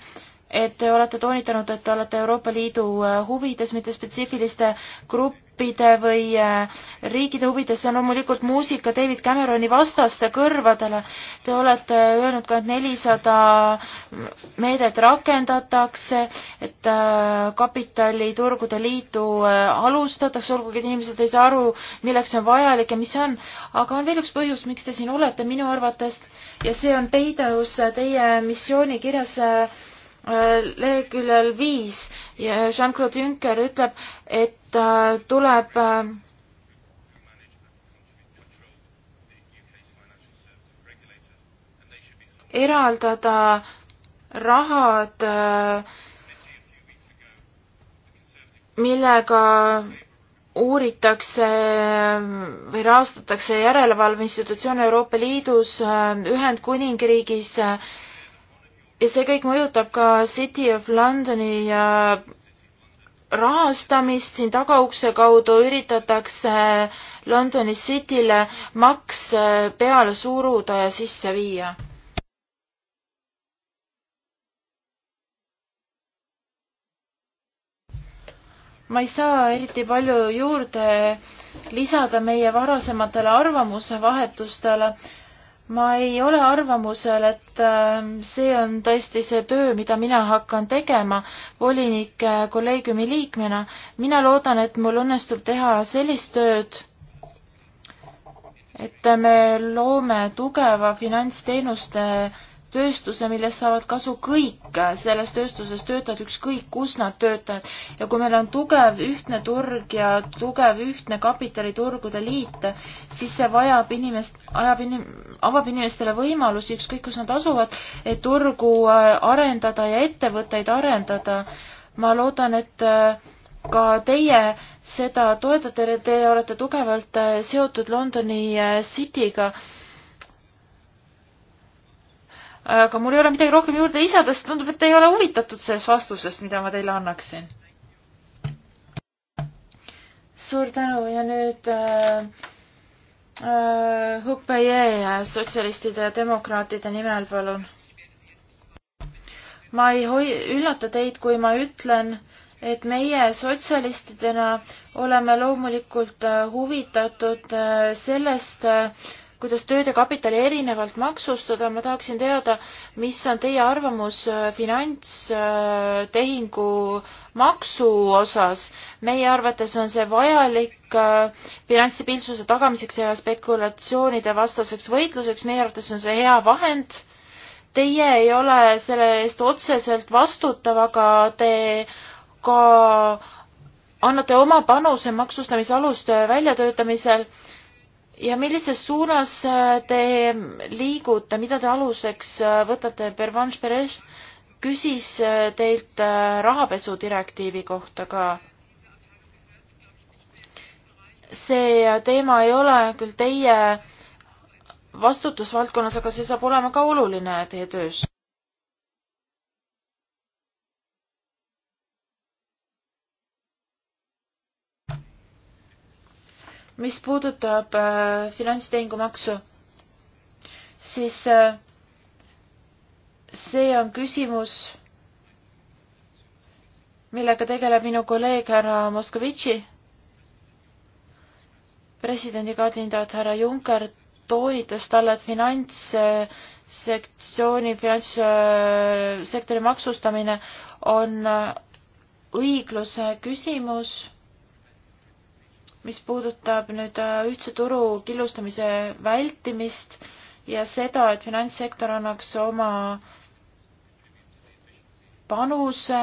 et te olete toonitanud, et te olete Euroopa Liidu äh, huvides, mitte spetsiifiliste gruppide või äh, riikide huvides, see on loomulikult muusika David Cameroni vastaste kõrvadele. Te olete öelnud ka, et nelisada meedet rakendatakse, et äh, kapitaliturgude liitu alustatakse, olgugi et inimesed ei saa aru, milleks see on vajalik ja mis see on. aga on veel üks põhjus, miks te siin olete minu arvates ja see on peidus teie missioonikirjas Äh, leheküljel viis Jean-Claude Juncker ütleb, et äh, tuleb äh, eraldada rahad, millega uuritakse või rahastatakse järelevalveinstitutsioone Euroopa Liidus, Ühendkuningriigis äh, ja see kõik mõjutab ka City of Londoni rahastamist, siin tagaukse kaudu üritatakse Londoni Cityle maks äh, peale suruda ja sisse viia ma ei saa eriti palju juurde lisada meie varasematele arvamuse vahetustele, ma ei ole arvamusel, et äh, see on tõesti see töö, mida mina hakkan tegema volinike kolleegiumi liikmena. mina loodan, et mul õnnestub teha sellist tööd, et me loome tugeva finantsteenuste tööstuse, millest saavad kasu kõik, selles tööstuses töötavad ükskõik, kus nad töötavad. ja kui meil on tugev ühtne turg ja tugev ühtne kapitaliturgude liit, siis see vajab inimest, ajab inim-, avab inimestele võimalusi, ükskõik kus nad asuvad, et turgu äh, arendada ja ettevõtteid arendada. ma loodan, et äh, ka teie seda toetate, te olete tugevalt äh, seotud Londoni City'ga aga mul ei ole midagi rohkem juurde lisada, sest tundub, et te ei ole huvitatud sellest vastusest, mida ma teile annaksin. suur tänu ja nüüd äh, äh, HPE sotsialistide ja demokraatide nimel, palun. ma ei hoi-, üllata teid, kui ma ütlen, et meie sotsialistidena oleme loomulikult äh, huvitatud äh, sellest äh, kuidas tööd ja kapitali erinevalt maksustada, ma tahaksin teada, mis on teie arvamus äh, finantstehingu äh, maksu osas. meie arvates on see vajalik äh, finantsstabiilsuse tagamiseks ja spekulatsioonide vastaseks võitluseks, meie arvates on see hea vahend. Teie ei ole selle eest otseselt vastutav, aga te ka annate oma panuse maksustamisaluste väljatöötamisel ja millises suunas äh, te liigute, mida te aluseks äh, võtate, Pervanš Perez küsis äh, teilt rahapesu direktiivi kohta ka. see teema ei ole küll teie vastutusvaldkonnas, aga see saab olema ka oluline teie töös. mis puudutab äh, finantstehingumaksu, siis äh, see on küsimus, millega tegeleb minu kolleeg härra Moskovitši. presidendikandidaat härra Juncker toonitas talle, et finantssektsiooni, finantssektori maksustamine on äh, õigluse küsimus mis puudutab nüüd äh, ühtse turu killustamise vältimist ja seda, et finantssektor annaks oma panuse,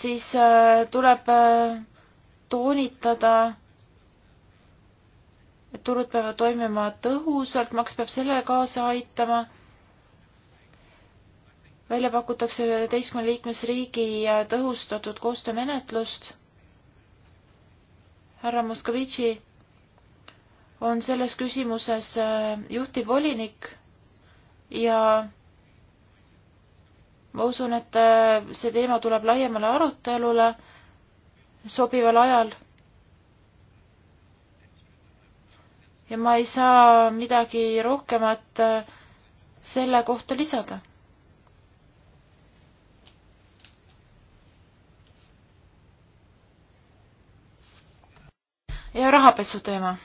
siis äh, tuleb äh, toonitada, et turud peavad toimima tõhusalt, maks peab sellele kaasa aitama. välja pakutakse üheteistkümne liikmesriigi tõhustatud koostöömenetlust härra Moskovitši on selles küsimuses äh, juhtivvolinik ja ma usun, et äh, see teema tuleb laiemale arutelule sobival ajal. ja ma ei saa midagi rohkemat äh, selle kohta lisada ja rahapesu teema.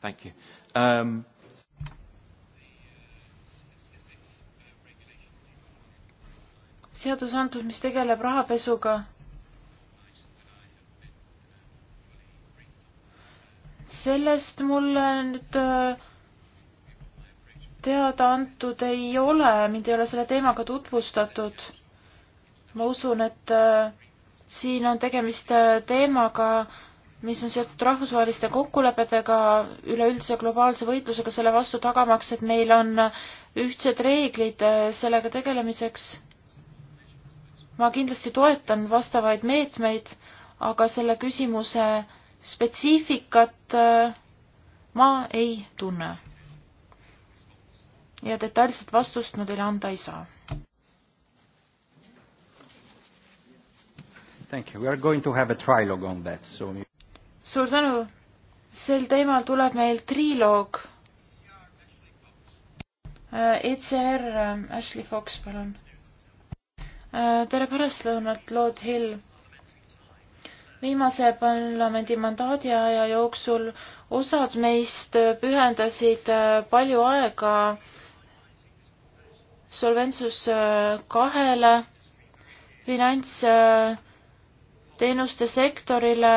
Thank you um.... seadusandlus, mis tegeleb rahapesuga. sellest mulle nüüd äh, teada antud ei ole, mind ei ole selle teemaga tutvustatud ma usun, et äh, siin on tegemist äh, teemaga, mis on seotud rahvusvaheliste kokkulepetega, üleüldse globaalse võitlusega selle vastu tagamaks, et meil on äh, ühtsed reeglid sellega tegelemiseks. ma kindlasti toetan vastavaid meetmeid, aga selle küsimuse spetsiifikat ma ei tunne. ja detailset vastust ma teile anda ei saa Thank you. We are going to have a trilogue on that soon. suur tänu. sel teemal tuleb meil triloog. Äh, ECR äh, Ashley Fox, palun. Äh, tere pärastlõunat, Lord Hill. viimase parlamendi mandaadi aja jooksul osad meist pühendasid palju aega Solventsus kahele finants äh, teenuste sektorile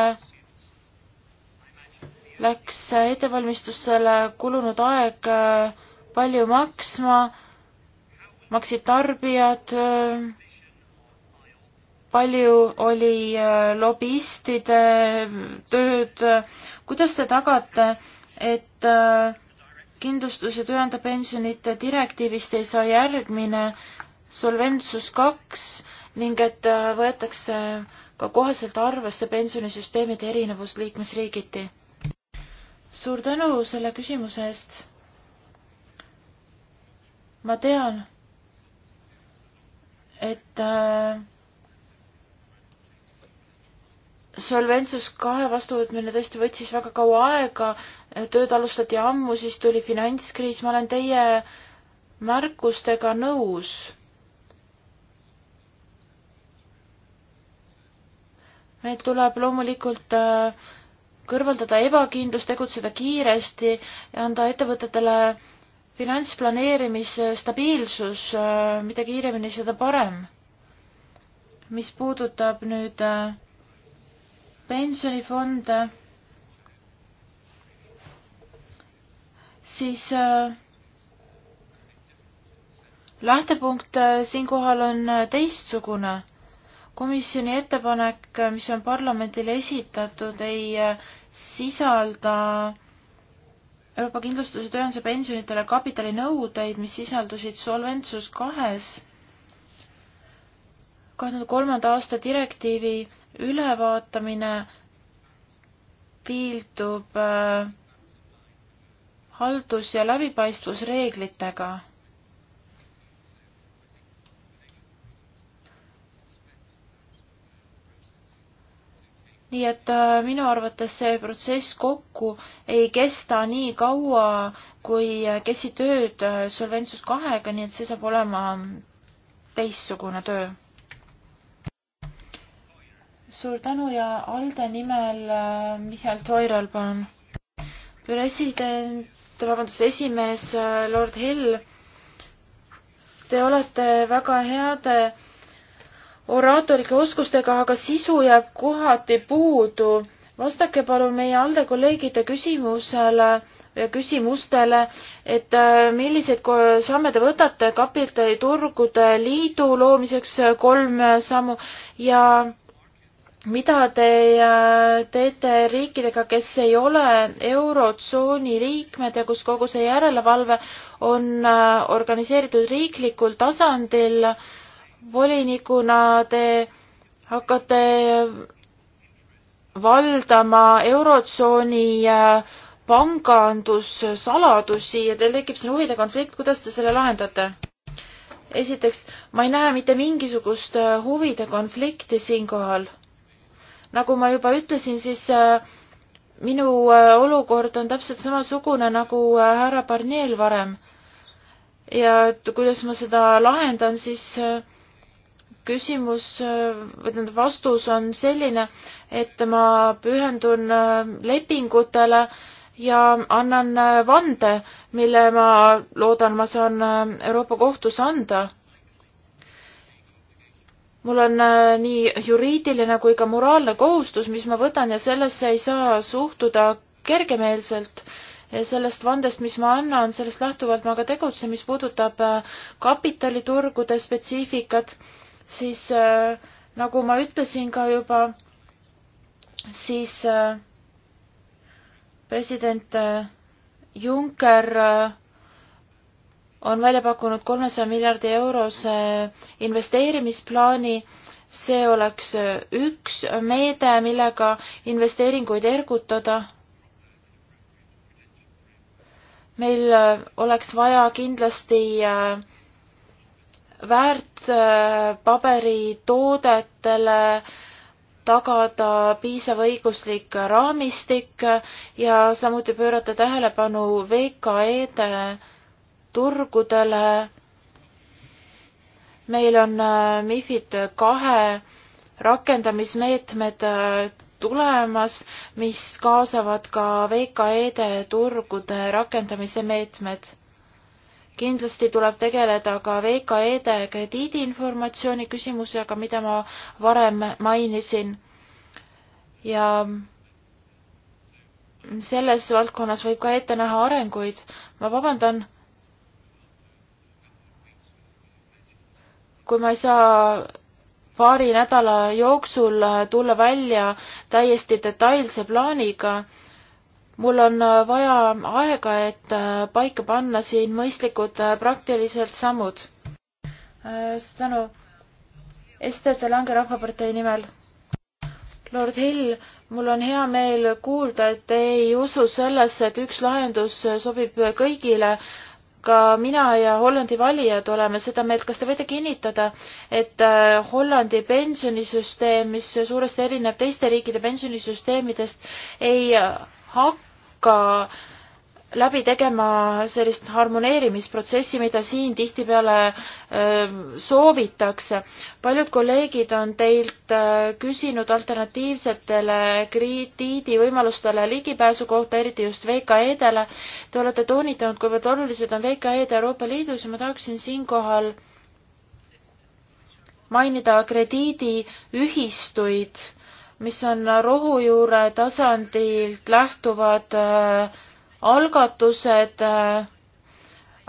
läks ettevalmistusele kulunud aeg äh, palju maksma, maksid tarbijad, äh, palju oli äh, lobistide tööd, kuidas te tagate, et kindlustus- ja tööandjapensionite direktiivist ei saa järgmine Solventsus kaks ning et võetakse äh, ka koheselt arvesse pensionisüsteemide erinevus liikmesriigiti? suur tänu selle küsimuse eest. ma tean, et äh, Solventsus kahe vastuvõtmine tõesti võttis väga kaua aega, tööd alustati ammu, siis tuli finantskriis, ma olen teie märkustega nõus Need tuleb loomulikult äh, kõrvaldada ebakindlus, tegutseda kiiresti ja anda ettevõtetele finantsplaneerimisstabiilsus, äh, äh, mida kiiremini, seda parem. mis puudutab nüüd pensionifonde, siis lähtepunkt siinkohal on teistsugune komisjoni ettepanek, mis on parlamendile esitatud, ei äh, sisalda Euroopa kindlustuse tööandja pensionitele kapitalinõudeid, mis sisaldusid Solventsus kahes kahe tuhande kolmanda aasta direktiivi ülevaatamine piildub äh, haldus- ja läbipaistvusreeglitega nii et äh, minu arvates see protsess kokku ei kesta nii kaua, kui äh, käsi tööd äh, Solventsus kahega, nii et see saab olema teistsugune töö. suur tänu ja Alde nimel Mihhail Toiral, palun. president, vabandust, esimees Lord Hill, te olete väga heade oraatorlike oskustega, aga sisu jääb kohati puudu. vastake palun meie ALDE kolleegide küsimusele ja küsimustele, et äh, milliseid samme te võtate kapitaliturgude liidu loomiseks äh, kolm äh, sammu ja mida te teete riikidega, kes ei ole Eurotsooni liikmed ja kus kogu see järelevalve on organiseeritud riiklikul tasandil äh, volinikuna te hakkate valdama Eurotsooni äh, pangandussaladusi ja teil tekib siin huvide konflikt, kuidas te selle lahendate? esiteks, ma ei näe mitte mingisugust äh, huvide konflikti siinkohal. nagu ma juba ütlesin, siis äh, minu olukord on täpselt samasugune nagu härra Barniel varem. ja et kuidas ma seda lahendan, siis äh, küsimus või tähendab, vastus on selline, et ma pühendun äh, lepingutele ja annan äh, vande, mille ma loodan, ma saan äh, Euroopa Kohtus anda. mul on nii juriidiline kui ka moraalne kohustus, mis ma võtan ja sellesse ei saa suhtuda kergemeelselt ja sellest vandest, mis ma annan, sellest lähtuvalt ma ka tegutsen, mis puudutab kapitaliturgude spetsiifikat siis äh, nagu ma ütlesin ka juba, siis äh, president äh, Juncker on välja pakkunud kolmesaja miljardi eurose investeerimisplaani. see oleks üks meede, millega investeeringuid ergutada. meil oleks vaja kindlasti äh, väärtpaberitoodetele tagada piisav õiguslik raamistik ja samuti pöörata tähelepanu VKE-de turgudele. meil on äh, MIFID kahe rakendamismeetmed äh, tulemas, mis kaasavad ka VKE-de turgude rakendamise meetmed kindlasti tuleb tegeleda ka VKE-de krediidiinformatsiooni küsimusega, mida ma varem mainisin. ja selles valdkonnas võib ka ette näha arenguid. ma vabandan, kui ma ei saa paari nädala jooksul tulla välja täiesti detailse plaaniga mul on äh, vaja aega, et äh, paika panna siin mõistlikud äh, praktilised sammud. suur tänu. Ester Telange Rahvapartei nimel. Lord Hill, mul on hea meel kuulda, et te ei usu sellesse, et üks lahendus sobib kõigile. ka mina ja Hollandi valijad oleme seda meelt. kas te võite kinnitada, et Hollandi pensionisüsteem, mis suuresti erineb teiste riikide pensionisüsteemidest, ei hakka läbi tegema sellist harmoneerimisprotsessi, mida siin tihtipeale ähm, soovitakse. paljud kolleegid on teilt äh, küsinud alternatiivsetele krediidivõimalustele ligipääsu kohta, eriti just VKE-dele. Te olete toonitanud, kuivõrd olulised on VKE-d Euroopa Liidus ja ma tahaksin siinkohal mainida krediidiühistuid mis on rohujuure tasandilt lähtuvad äh, algatused äh,,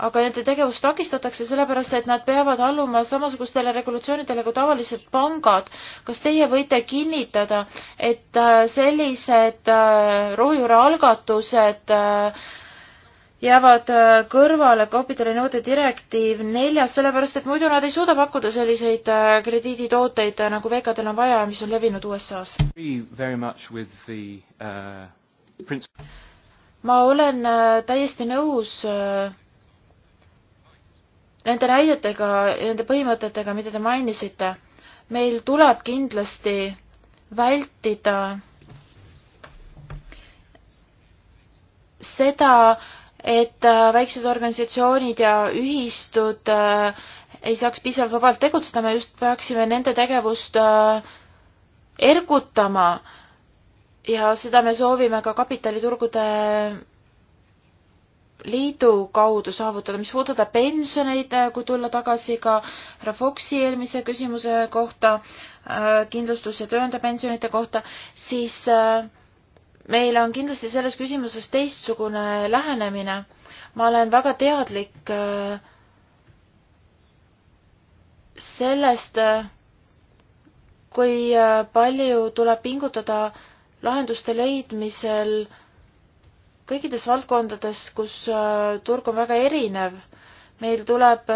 aga nende tegevust takistatakse sellepärast, et nad peavad alluma samasugustele regulatsioonidele kui tavalised pangad. kas teie võite kinnitada, et äh, sellised äh, rohujuure algatused äh, jäävad äh, kõrvale kapitalinõude direktiiv neljas, sellepärast et muidu nad ei suuda pakkuda selliseid äh, krediiditooteid, äh, nagu VKD-l on vaja ja mis on levinud USA-s. ma olen täiesti nõus nende näidetega ja nende põhimõtetega, mida te mainisite. meil tuleb kindlasti vältida seda, et äh, väiksed organisatsioonid ja ühistud äh, ei saaks piisavalt vabalt tegutseda, me just peaksime nende tegevust äh, ergutama ja seda me soovime ka kapitaliturgude liidu kaudu saavutada, mis puudutab pensioneid, kui tulla tagasi ka härra Foxi eelmise küsimuse kohta, kindlustus- ja tööandjapensionite kohta, siis äh, meil on kindlasti selles küsimuses teistsugune lähenemine. ma olen väga teadlik äh, sellest, äh, kui äh, palju tuleb pingutada lahenduste leidmisel kõikides valdkondades, kus turg on väga erinev. meil tuleb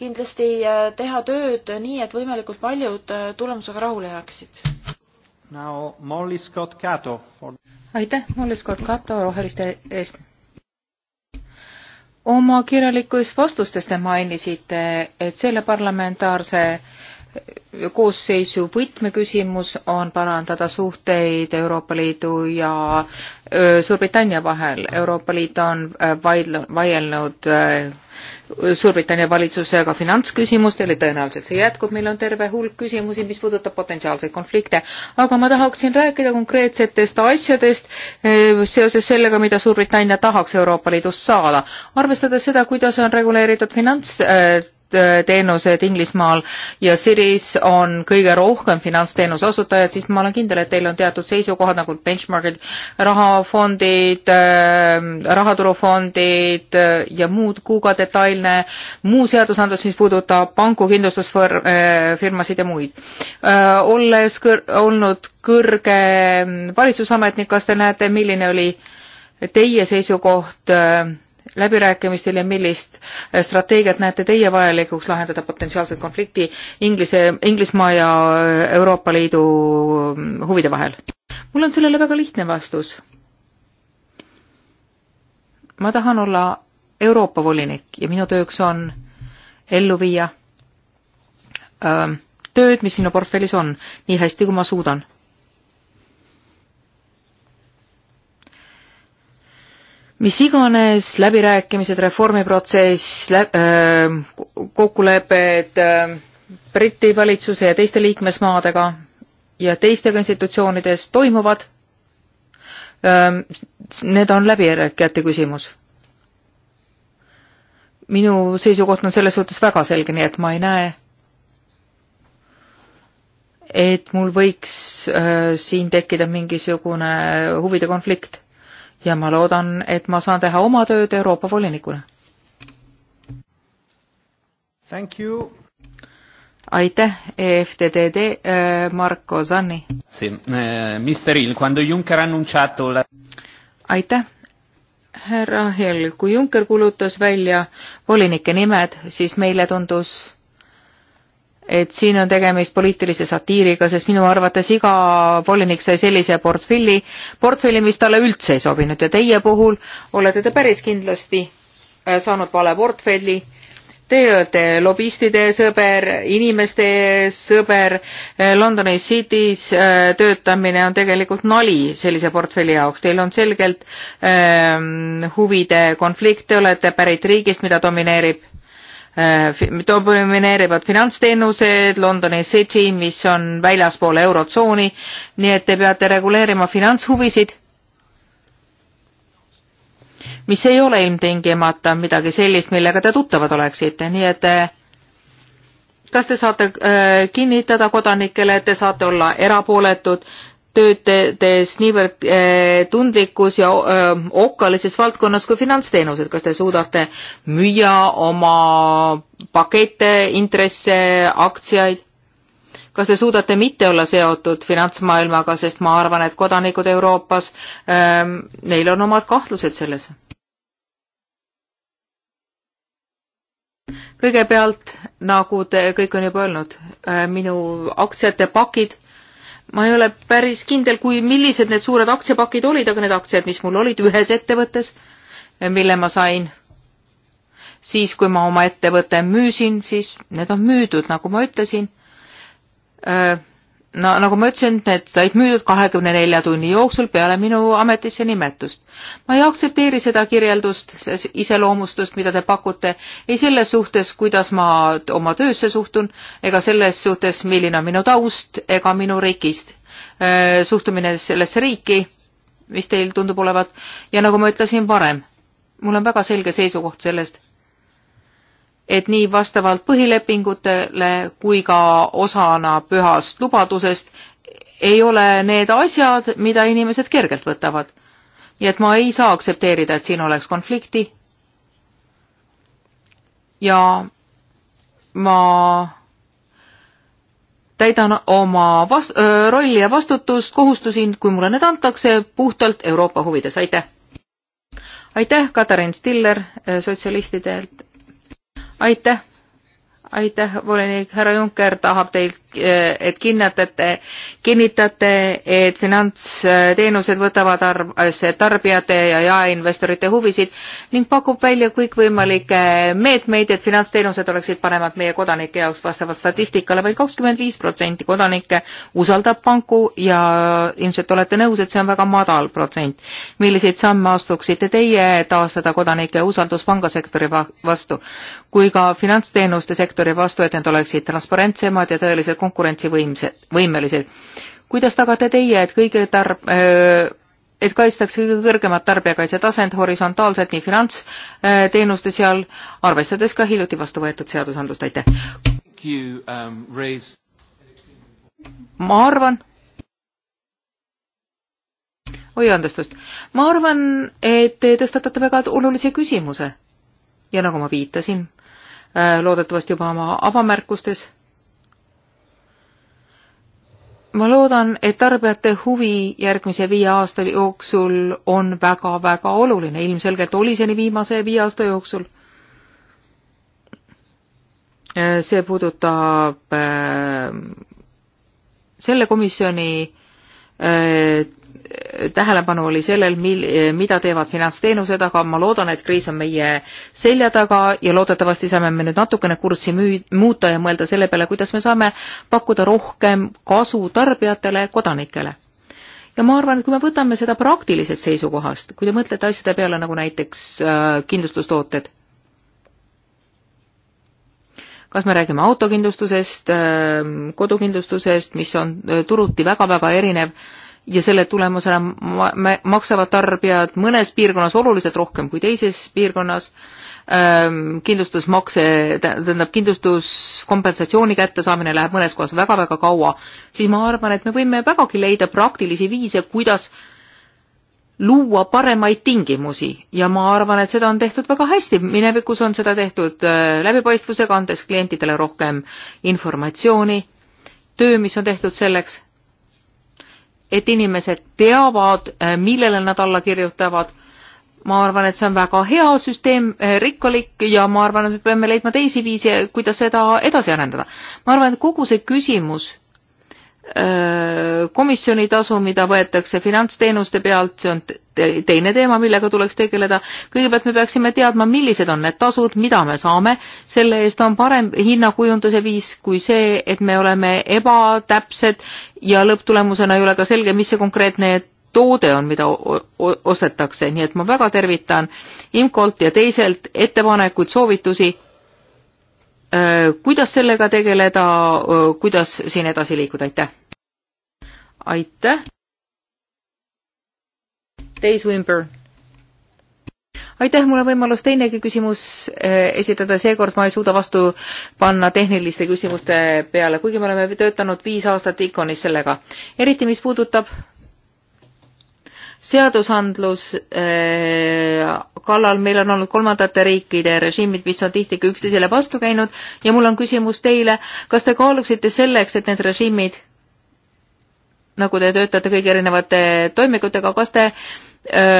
kindlasti äh, teha tööd nii, et võimalikult paljud äh, tulemusega rahule jääksid. Now Molly Scott Cato for.... aitäh, Molly Scott Cato Roheliste eest. oma kirjalikus vastustes te mainisite, et selle parlamentaarse koosseisu võtmeküsimus on parandada suhteid Euroopa Liidu ja äh, Suurbritannia vahel. Euroopa Liit on vaidl-, vaielnud Suurbritannia valitsusega finantsküsimustel ja tõenäoliselt see jätkub, meil on terve hulk küsimusi, mis puudutab potentsiaalseid konflikte, aga ma tahaksin rääkida konkreetsetest asjadest eh, seoses sellega, mida Suurbritannia tahaks Euroopa Liidust saada. arvestades seda, kuidas on reguleeritud finants eh, finantsteenused äh, Inglismaal ja Siris on kõige rohkem finantsteenuse osutajad, siis ma olen kindel, et teil on teatud seisukohad nagu benchmarkid, rahafondid, ähm, rahaturufondid äh, ja muud kuu ka detailne muu seadusandlus, mis puudutab panku, kindlustusfirmasid äh, ja muid. olles kõr-, olnud kõrge ähm, valitsusametnik, kas te näete, milline oli teie seisukoht läbirääkimistel ja millist äh, strateegiat näete teie vajalikuks lahendada potentsiaalset konflikti Inglise, Inglismaa ja äh, Euroopa Liidu mm, huvide vahel? mul on sellele väga lihtne vastus. ma tahan olla Euroopa volinik ja minu tööks on ellu viia öö, ähm, tööd, mis minu portfellis on, nii hästi kui ma suudan mis iganes läbirääkimised, reformiprotsess lä, kokkulepped Briti valitsuse ja teiste liikmesmaadega ja teistega institutsioonides toimuvad, need on läbirääkijate küsimus. minu seisukoht on selles suhtes väga selge, nii et ma ei näe, et mul võiks äh, siin tekkida mingisugune huvide konflikt ja ma loodan, et ma saan teha oma tööd Euroopa volinikuna. aitäh, EFTTD äh,, Marko Zanni. Eh, aitäh, härra Hill, kui Juncker kuulutas välja volinike nimed, siis meile tundus et siin on tegemist poliitilise satiiriga, sest minu arvates iga volinik sai sellise portfelli, portfelli, mis talle üldse ei sobinud ja teie puhul olete te päris kindlasti äh, saanud vale portfelli. Teie olete lobistide sõber, inimeste sõber, äh, Londoni City's äh, töötamine on tegelikult nali sellise portfelli jaoks, teil on selgelt ähm, huvide konflikt, te olete pärit riigist, mida domineerib Äh, domineerivad finantsteenused, Londoni City, mis on väljaspool Eurotsooni, nii et te peate reguleerima finantshuvisid, mis ei ole ilmtingimata midagi sellist, millega te tuttavad oleksite, nii et äh, kas te saate äh, kinnitada kodanikele, et te saate olla erapooletud tööd tehes niivõrd eh, tundlikus ja eh, okkalises valdkonnas kui finantsteenused, kas te suudate müüa oma pakette, intresse, aktsiaid? kas te suudate mitte olla seotud finantsmaailmaga, sest ma arvan, et kodanikud Euroopas, ehm, neil on omad kahtlused selles? kõigepealt, nagu te kõik on juba öelnud, eh, minu aktsiate pakid ma ei ole päris kindel, kui, millised need suured aktsiapakid olid, aga need aktsiad, mis mul olid ühes ettevõttes, mille ma sain siis, kui ma oma ettevõtte müüsin, siis need on müüdud, nagu ma ütlesin no nagu ma ütlesin, need said müüdud kahekümne nelja tunni jooksul peale minu ametisse nimetust. ma ei aktsepteeri seda kirjeldust, iseloomustust, mida te pakute, ei selles suhtes, kuidas ma oma töösse suhtun, ega selles suhtes, milline on minu taust ega minu riigist. suhtumine sellesse riiki, mis teil tundub olevat, ja nagu ma ütlesin varem, mul on väga selge seisukoht sellest et nii vastavalt põhilepingutele kui ka osana pühast lubadusest ei ole need asjad, mida inimesed kergelt võtavad. nii et ma ei saa aktsepteerida, et siin oleks konflikti. ja ma täidan oma vast-, rolli ja vastutust, kohustusi, kui mulle need antakse, puhtalt Euroopa huvides, aitäh! aitäh, Katariin Stiller sotsialistidelt aitäh, aitäh, volinik, härra Juncker tahab teilt Eh, et kinnatate, kinnitate, et finantsteenused võtavad arvesse tarbijate ja jaeinvestorite huvisid ning pakub välja kõikvõimalikke meetmeid, et finantsteenused oleksid paremad meie kodanike jaoks vastavalt statistikale. vaid kakskümmend viis protsenti kodanikke usaldab panku ja ilmselt olete nõus, et see on väga madal protsent. milliseid samme astuksite teie, et taastada kodanike usaldus pangasektori vastu kui ka finantsteenuste sektori vastu, et need oleksid transparentsemad ja tõeliselt konkurentsivõimelised. kuidas tagate teie, et kõige tarb-, äh, et kaitstakse kõige kõrgemat tarbijakaitse tasand horisontaalselt nii finantsteenuste seal, arvestades ka hiljuti vastu võetud seadusandlust, aitäh! Um, ma arvan, oi andestust, ma arvan, et te tõstatate väga olulise küsimuse. ja nagu ma viitasin, äh, loodetavasti juba oma avamärkustes ma loodan, et tarbijate huvi järgmise viie aasta jooksul on väga-väga oluline, ilmselgelt oli see nii viimase viie aasta jooksul. see puudutab äh, selle komisjoni äh, tähelepanu oli sellel, mil-, mida teevad finantsteenused, aga ma loodan, et kriis on meie selja taga ja loodetavasti saame me nüüd natukene kurssi müü-, muuta ja mõelda selle peale, kuidas me saame pakkuda rohkem kasu tarbijatele, kodanikele. ja ma arvan, et kui me võtame seda praktilisest seisukohast, kui te mõtlete asjade peale nagu näiteks äh, kindlustustooted, kas me räägime autokindlustusest, äh, kodukindlustusest, mis on äh, turuti väga-väga erinev äh, ja selle tulemusena maksavad tarbijad mõnes piirkonnas oluliselt rohkem kui teises piirkonnas ähm, kindlustusmakse, tähendab kindlustuskompensatsiooni kättesaamine läheb mõnes kohas väga-väga kaua, siis ma arvan, et me võime vägagi leida praktilisi viise, kuidas luua paremaid tingimusi ja ma arvan, et seda on tehtud väga hästi, minevikus on seda tehtud äh, läbipaistvusega, andes klientidele rohkem informatsiooni, töö, mis on tehtud selleks, et inimesed teavad, äh, millele nad alla kirjutavad. ma arvan, et see on väga hea süsteem, äh, rikkalik ja ma arvan, et me peame leidma teisi viise, kuidas seda edasi arendada. ma arvan, et kogu see küsimus Äh, komisjoni tasu, mida võetakse finantsteenuste pealt, see on teine teema, millega tuleks tegeleda. kõigepealt me peaksime teadma, millised on need tasud, mida me saame, selle eest on parem hinnakujunduse viis kui see, et me oleme ebatäpsed ja lõpptulemusena ei ole ka selge, mis see konkreetne toode on, mida ostetakse, nii et ma väga tervitan IMCO-lt ja teiselt ettepanekuid, soovitusi Äh, kuidas sellega tegeleda, äh, kuidas siin edasi liikuda, aitäh! aitäh! Days Wimber. aitäh, mul on võimalus teinegi küsimus äh, esitada, seekord ma ei suuda vastu panna tehniliste küsimuste peale, kuigi me oleme töötanud viis aastat Iconis sellega. eriti, mis puudutab seadusandlus eh, kallal meil on olnud kolmandate riikide režiimid, mis on tihti ka üksteisele vastu käinud ja mul on küsimus teile, kas te kaaluksite selleks, et need režiimid, nagu te töötate kõigi erinevate toimikutega, kas te eh,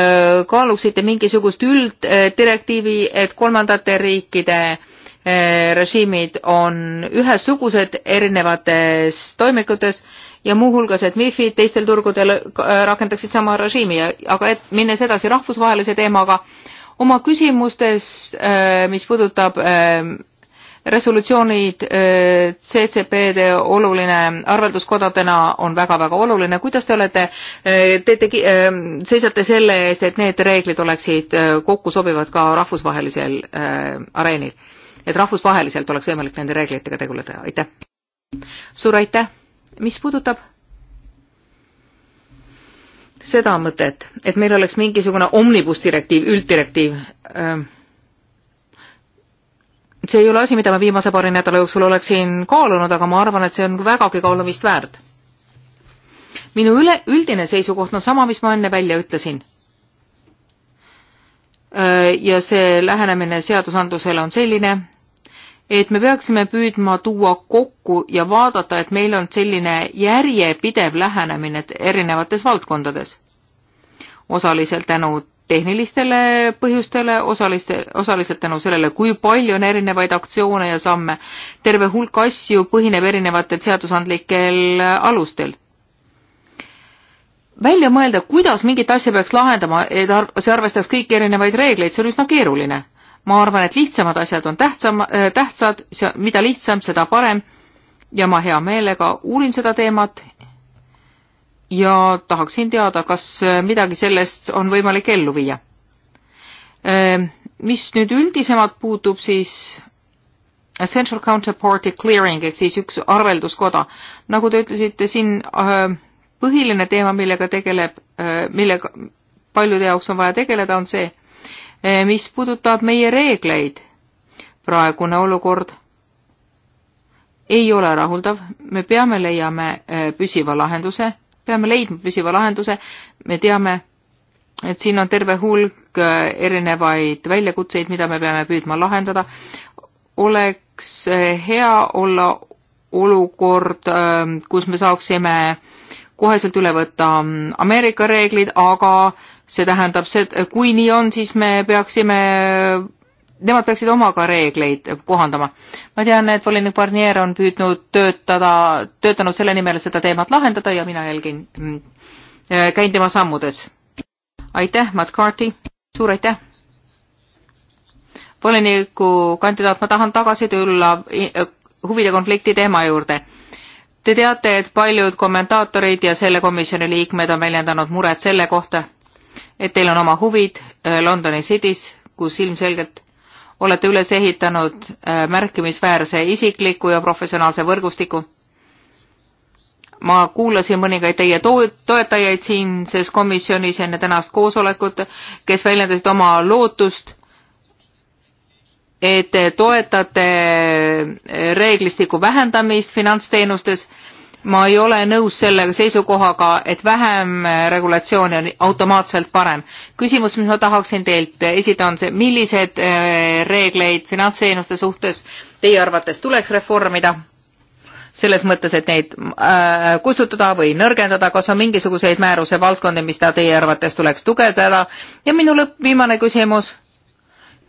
kaaluksite mingisugust ülddirektiivi, et kolmandate riikide eh, režiimid on ühesugused erinevates toimikutes ja muuhulgas, et MIFID teistel turgudel äh, rakendaksid sama režiimi, aga et minnes edasi rahvusvahelise teemaga, oma küsimustes, äh, mis puudutab äh, resolutsioonid CCP-de oluline arvelduskodadena on väga-väga oluline. kuidas te olete, teete, seisate selle eest, et need reeglid oleksid kokku sobivad ka rahvusvahelisel areenil? et rahvusvaheliselt oleks võimalik nende reeglitega tegeleda, aitäh! suur aitäh! mis puudutab seda mõtet, et meil oleks mingisugune omnibus direktiiv, ülddirektiiv, ähm, see ei ole asi, mida ma viimase paari nädala jooksul oleksin kaalunud, aga ma arvan, et see on vägagi kaalumist väärt. minu üle, üldine seisukoht on sama, mis ma enne välja ütlesin. Äh, ja see lähenemine seadusandlusele on selline et me peaksime püüdma tuua kokku ja vaadata, et meil on selline järjepidev lähenemine erinevates valdkondades. osaliselt tänu tehnilistele põhjustele, osaliste, osaliselt tänu sellele, kui palju on erinevaid aktsioone ja samme. terve hulk asju põhineb erinevatel seadusandlikel alustel. välja mõelda, kuidas mingit asja peaks lahendama, et see arvestaks kõiki erinevaid reegleid, see on üsna keeruline ma arvan, et lihtsamad asjad on tähtsam, äh, tähtsad, mida lihtsam, seda parem ja ma hea meelega uurin seda teemat ja tahaksin teada, kas äh, midagi sellest on võimalik ellu viia. Äh, mis nüüd üldisemalt puutub, siis Essential Counterparty Clearing ehk siis üks arvelduskoda. nagu te ütlesite, siin põhiline teema, millega tegeleb, millega paljude jaoks on vaja tegeleda, on see, Eh, mis puudutab meie reegleid. praegune olukord ei ole rahuldav, me peame leiame eh, püsiva lahenduse, peame leidma püsiva lahenduse, me teame, et siin on terve hulk eh, erinevaid väljakutseid, mida me peame püüdma lahendada. oleks hea olla olukord, kus me saaksime koheselt üle võtta mm, Ameerika reeglid, aga see tähendab, see, kui nii on, siis me peaksime, nemad peaksid omaga reegleid kohandama. ma tean, et volinik Barnier on püüdnud töötada, töötanud selle nimel seda teemat lahendada ja mina jälgin, mm, eh, käin tema sammudes. aitäh, Matt Carty, suur aitäh! voliniku kandidaat, ma tahan tagasi tulla eh, huvide konflikti teema juurde Te teate, et paljud kommentaatorid ja selle komisjoni liikmed on väljendanud muret selle kohta, et teil on oma huvid äh, Londoni City's, kus ilmselgelt olete üles ehitanud äh, märkimisväärse isikliku ja professionaalse võrgustiku. ma kuulasin mõningaid teie toetajaid siinses komisjonis enne tänast koosolekut, kes väljendasid oma lootust, et te toetate äh, reeglistiku vähendamist finantsteenustes ma ei ole nõus selle seisukohaga, et vähem regulatsiooni on automaatselt parem. küsimus, mis ma tahaksin teilt esida, on see, millised äh, reegleid finantsteenuste suhtes teie arvates tuleks reformida? selles mõttes, et neid äh, kustutada või nõrgendada, kas on mingisuguseid määruse valdkondi, mis ta teie arvates tuleks tugevdada ja minu lõpp, viimane küsimus,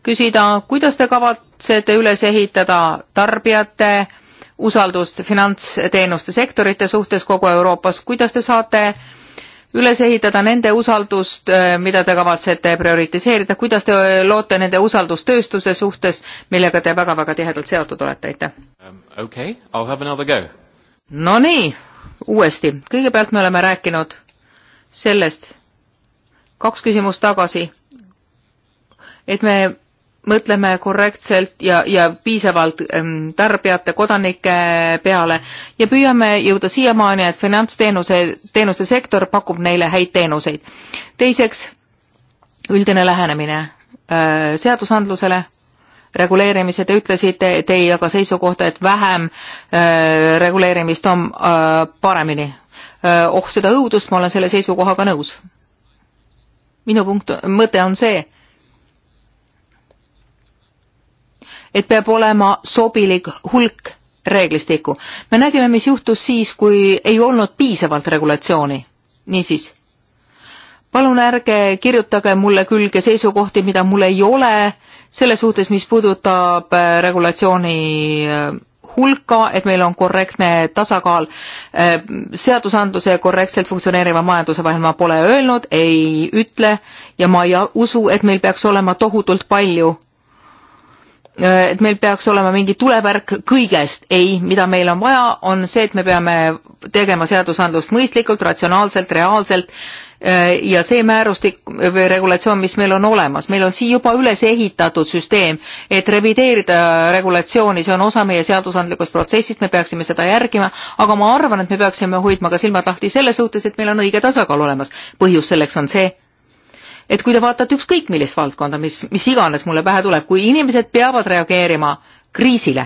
küsida, kuidas te kavatsete üles ehitada tarbijate äh, usaldust finantsteenuste sektorite suhtes kogu Euroopas, kuidas te saate üles ehitada nende usaldust, äh, mida te kavatsete prioritiseerida, kuidas te loote nende usaldust tööstuse suhtes, millega te väga-väga tihedalt seotud olete, aitäh um,! Okay, I will have another go. Nonii, uuesti, kõigepealt me oleme rääkinud sellest kaks küsimust tagasi, et me mõtleme korrektselt ja, ja piisavalt tarbijate, kodanike peale ja püüame jõuda siiamaani, et finantsteenuse, teenuste sektor pakub neile häid teenuseid. teiseks, üldine lähenemine äh, seadusandlusele, reguleerimise, te ütlesite, te ei jaga seisukohta, et vähem äh, reguleerimist on äh, paremini. oh seda õudust, ma olen selle seisukohaga nõus. minu punkt, mõte on see et peab olema sobilik hulk reeglistikku. me nägime, mis juhtus siis, kui ei olnud piisavalt regulatsiooni. niisiis, palun ärge kirjutage mulle külge seisukohti, mida mul ei ole selles suhtes, mis puudutab äh, regulatsiooni äh, hulka, et meil on korrektne tasakaal äh, seadusandluse ja korrektselt funktsioneeriva majanduse vahel, ma pole öelnud, ei ütle ja ma ei usu, et meil peaks olema tohutult palju Äh, et meil peaks olema mingi tulevärk kõigest. ei, mida meil on vaja, on see, et me peame tegema seadusandlust mõistlikult, ratsionaalselt, reaalselt äh, ja see määrustik või regulatsioon, mis meil on olemas, meil on siia juba üles ehitatud süsteem, et revideerida regulatsiooni, see on osa meie seadusandlikust protsessist, me peaksime seda järgima, aga ma arvan, et me peaksime hoidma ka silmad lahti selle suhtes, et meil on õige tasakaal olemas. põhjus selleks on see, et kui te vaatate ükskõik millist valdkonda, mis, mis iganes mulle pähe tuleb, kui inimesed peavad reageerima kriisile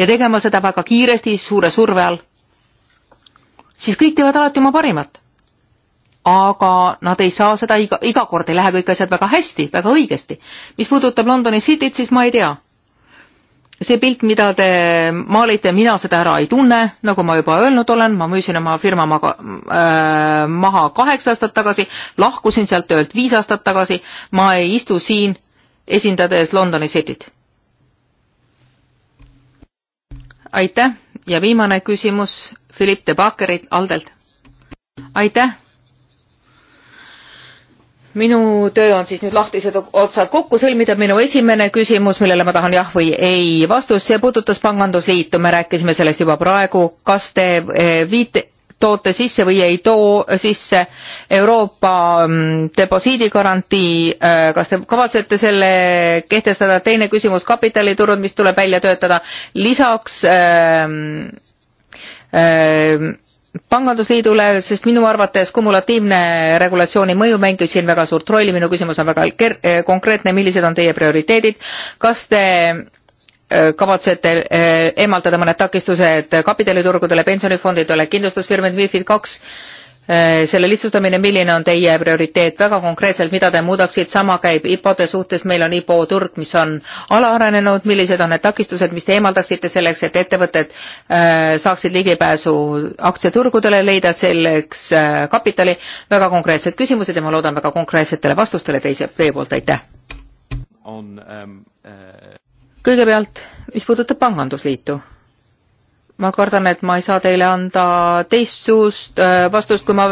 ja tegema seda väga kiiresti, suure surve all, siis kõik teevad alati oma parimat. aga nad ei saa seda iga, iga kord ei lähe kõik asjad väga hästi, väga õigesti. mis puudutab Londoni Cityt, siis ma ei tea see pilt, mida te maalite, mina seda ära ei tunne, nagu ma juba öelnud olen, ma müüsin oma firma maga, äh, maha kaheksa aastat tagasi, lahkusin sealt töölt viis aastat tagasi, ma ei istu siin esindades Londoni Cityt. aitäh ja viimane küsimus Philipp de Bakkerilt Aldelt. aitäh minu töö on siis nüüd lahtised otsad kokku sõlmida. minu esimene küsimus, millele ma tahan jah või ei vastust, see puudutas pangandusliitu, me rääkisime sellest juba praegu. kas te eh, viite, toote sisse või ei too sisse Euroopa mm, deposiidigarantii, eh, kas te kavatsete selle kehtestada, teine küsimus, kapitaliturud, mis tuleb välja töötada, lisaks ähm, ähm, pangandusliidule, sest minu arvates kumulatiivne regulatsiooni mõju mängib siin väga suurt rolli, minu küsimus on väga ker-, eh, konkreetne, millised on teie prioriteedid, kas te eh, kavatsete eh, eemaldada mõned takistused kapitaliturgudele, pensionifondidele, kindlustusfirmid, MIFID kaks, Eh, selle lihtsustamine, milline on teie prioriteet väga konkreetselt, mida te muudaksite, sama käib IPO-de suhtes, meil on IPO turg, mis on alaarenenud, millised on need takistused, mis te eemaldaksite selleks, et ettevõtted eh, saaksid ligipääsu aktsiaturgudele, leida selleks eh, kapitali, väga konkreetsed küsimused ja ma loodan väga konkreetsetele vastustele teise, teie poolt, aitäh! Um, uh... kõigepealt, mis puudutab pangandusliitu ma kardan, et ma ei saa teile anda teistsugust äh, vastust, kui ma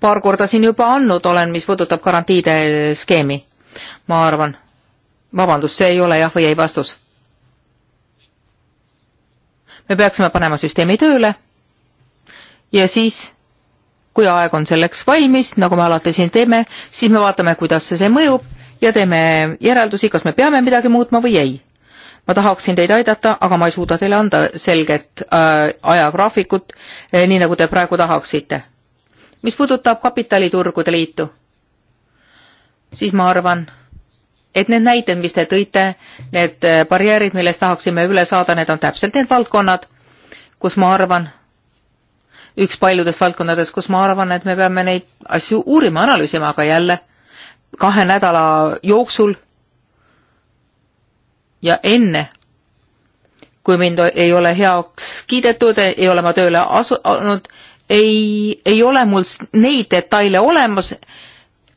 paar korda siin juba andnud olen, mis puudutab garantiide skeemi. ma arvan. vabandust, see ei ole jah või ei vastus. me peaksime panema süsteemi tööle ja siis, kui aeg on selleks valmis, nagu me alati siin teeme, siis me vaatame, kuidas see, see mõjub ja teeme järeldusi, kas me peame midagi muutma või ei ma tahaksin teid aidata, aga ma ei suuda teile anda selget äh, ajagraafikut eh,, nii nagu te praegu tahaksite. mis puudutab kapitaliturgude liitu, siis ma arvan, et need näited, mis te tõite, need äh, barjäärid, millest tahaksime üle saada, need on täpselt need valdkonnad, kus ma arvan, üks paljudest valdkondadest, kus ma arvan, et me peame neid asju uurima, analüüsima, aga jälle kahe nädala jooksul ja enne, kui mind ei ole heaks kiidetud, ei ole ma tööle asunud, ei, ei ole mul neid detaile olemas,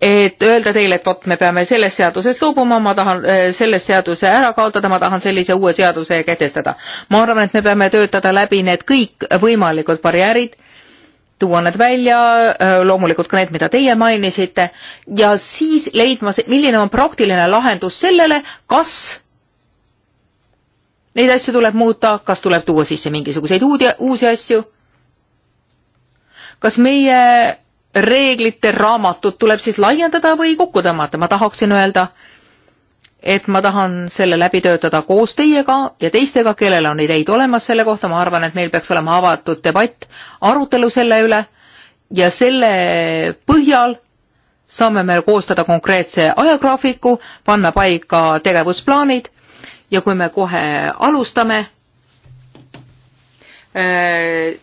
et öelda teile, et vot, me peame sellest seadusest loobuma, ma tahan äh, selle seaduse ära kaotada, ma tahan sellise uue seaduse kehtestada. ma arvan, et me peame töötada läbi need kõik võimalikud barjäärid, tuua need välja, äh, loomulikult ka need, mida teie mainisite, ja siis leidma, milline on praktiline lahendus sellele, kas Neid asju tuleb muuta, kas tuleb tuua sisse mingisuguseid uudi, uusi asju? kas meie reeglite raamatut tuleb siis laiendada või kokku tõmmata, ma tahaksin öelda, et ma tahan selle läbi töötada koos teiega ja teistega, kellel on ideid olemas selle kohta, ma arvan, et meil peaks olema avatud debatt, arutelu selle üle ja selle põhjal saame me koostada konkreetse ajagraafiku, panna paika tegevusplaanid ja kui me kohe alustame äh,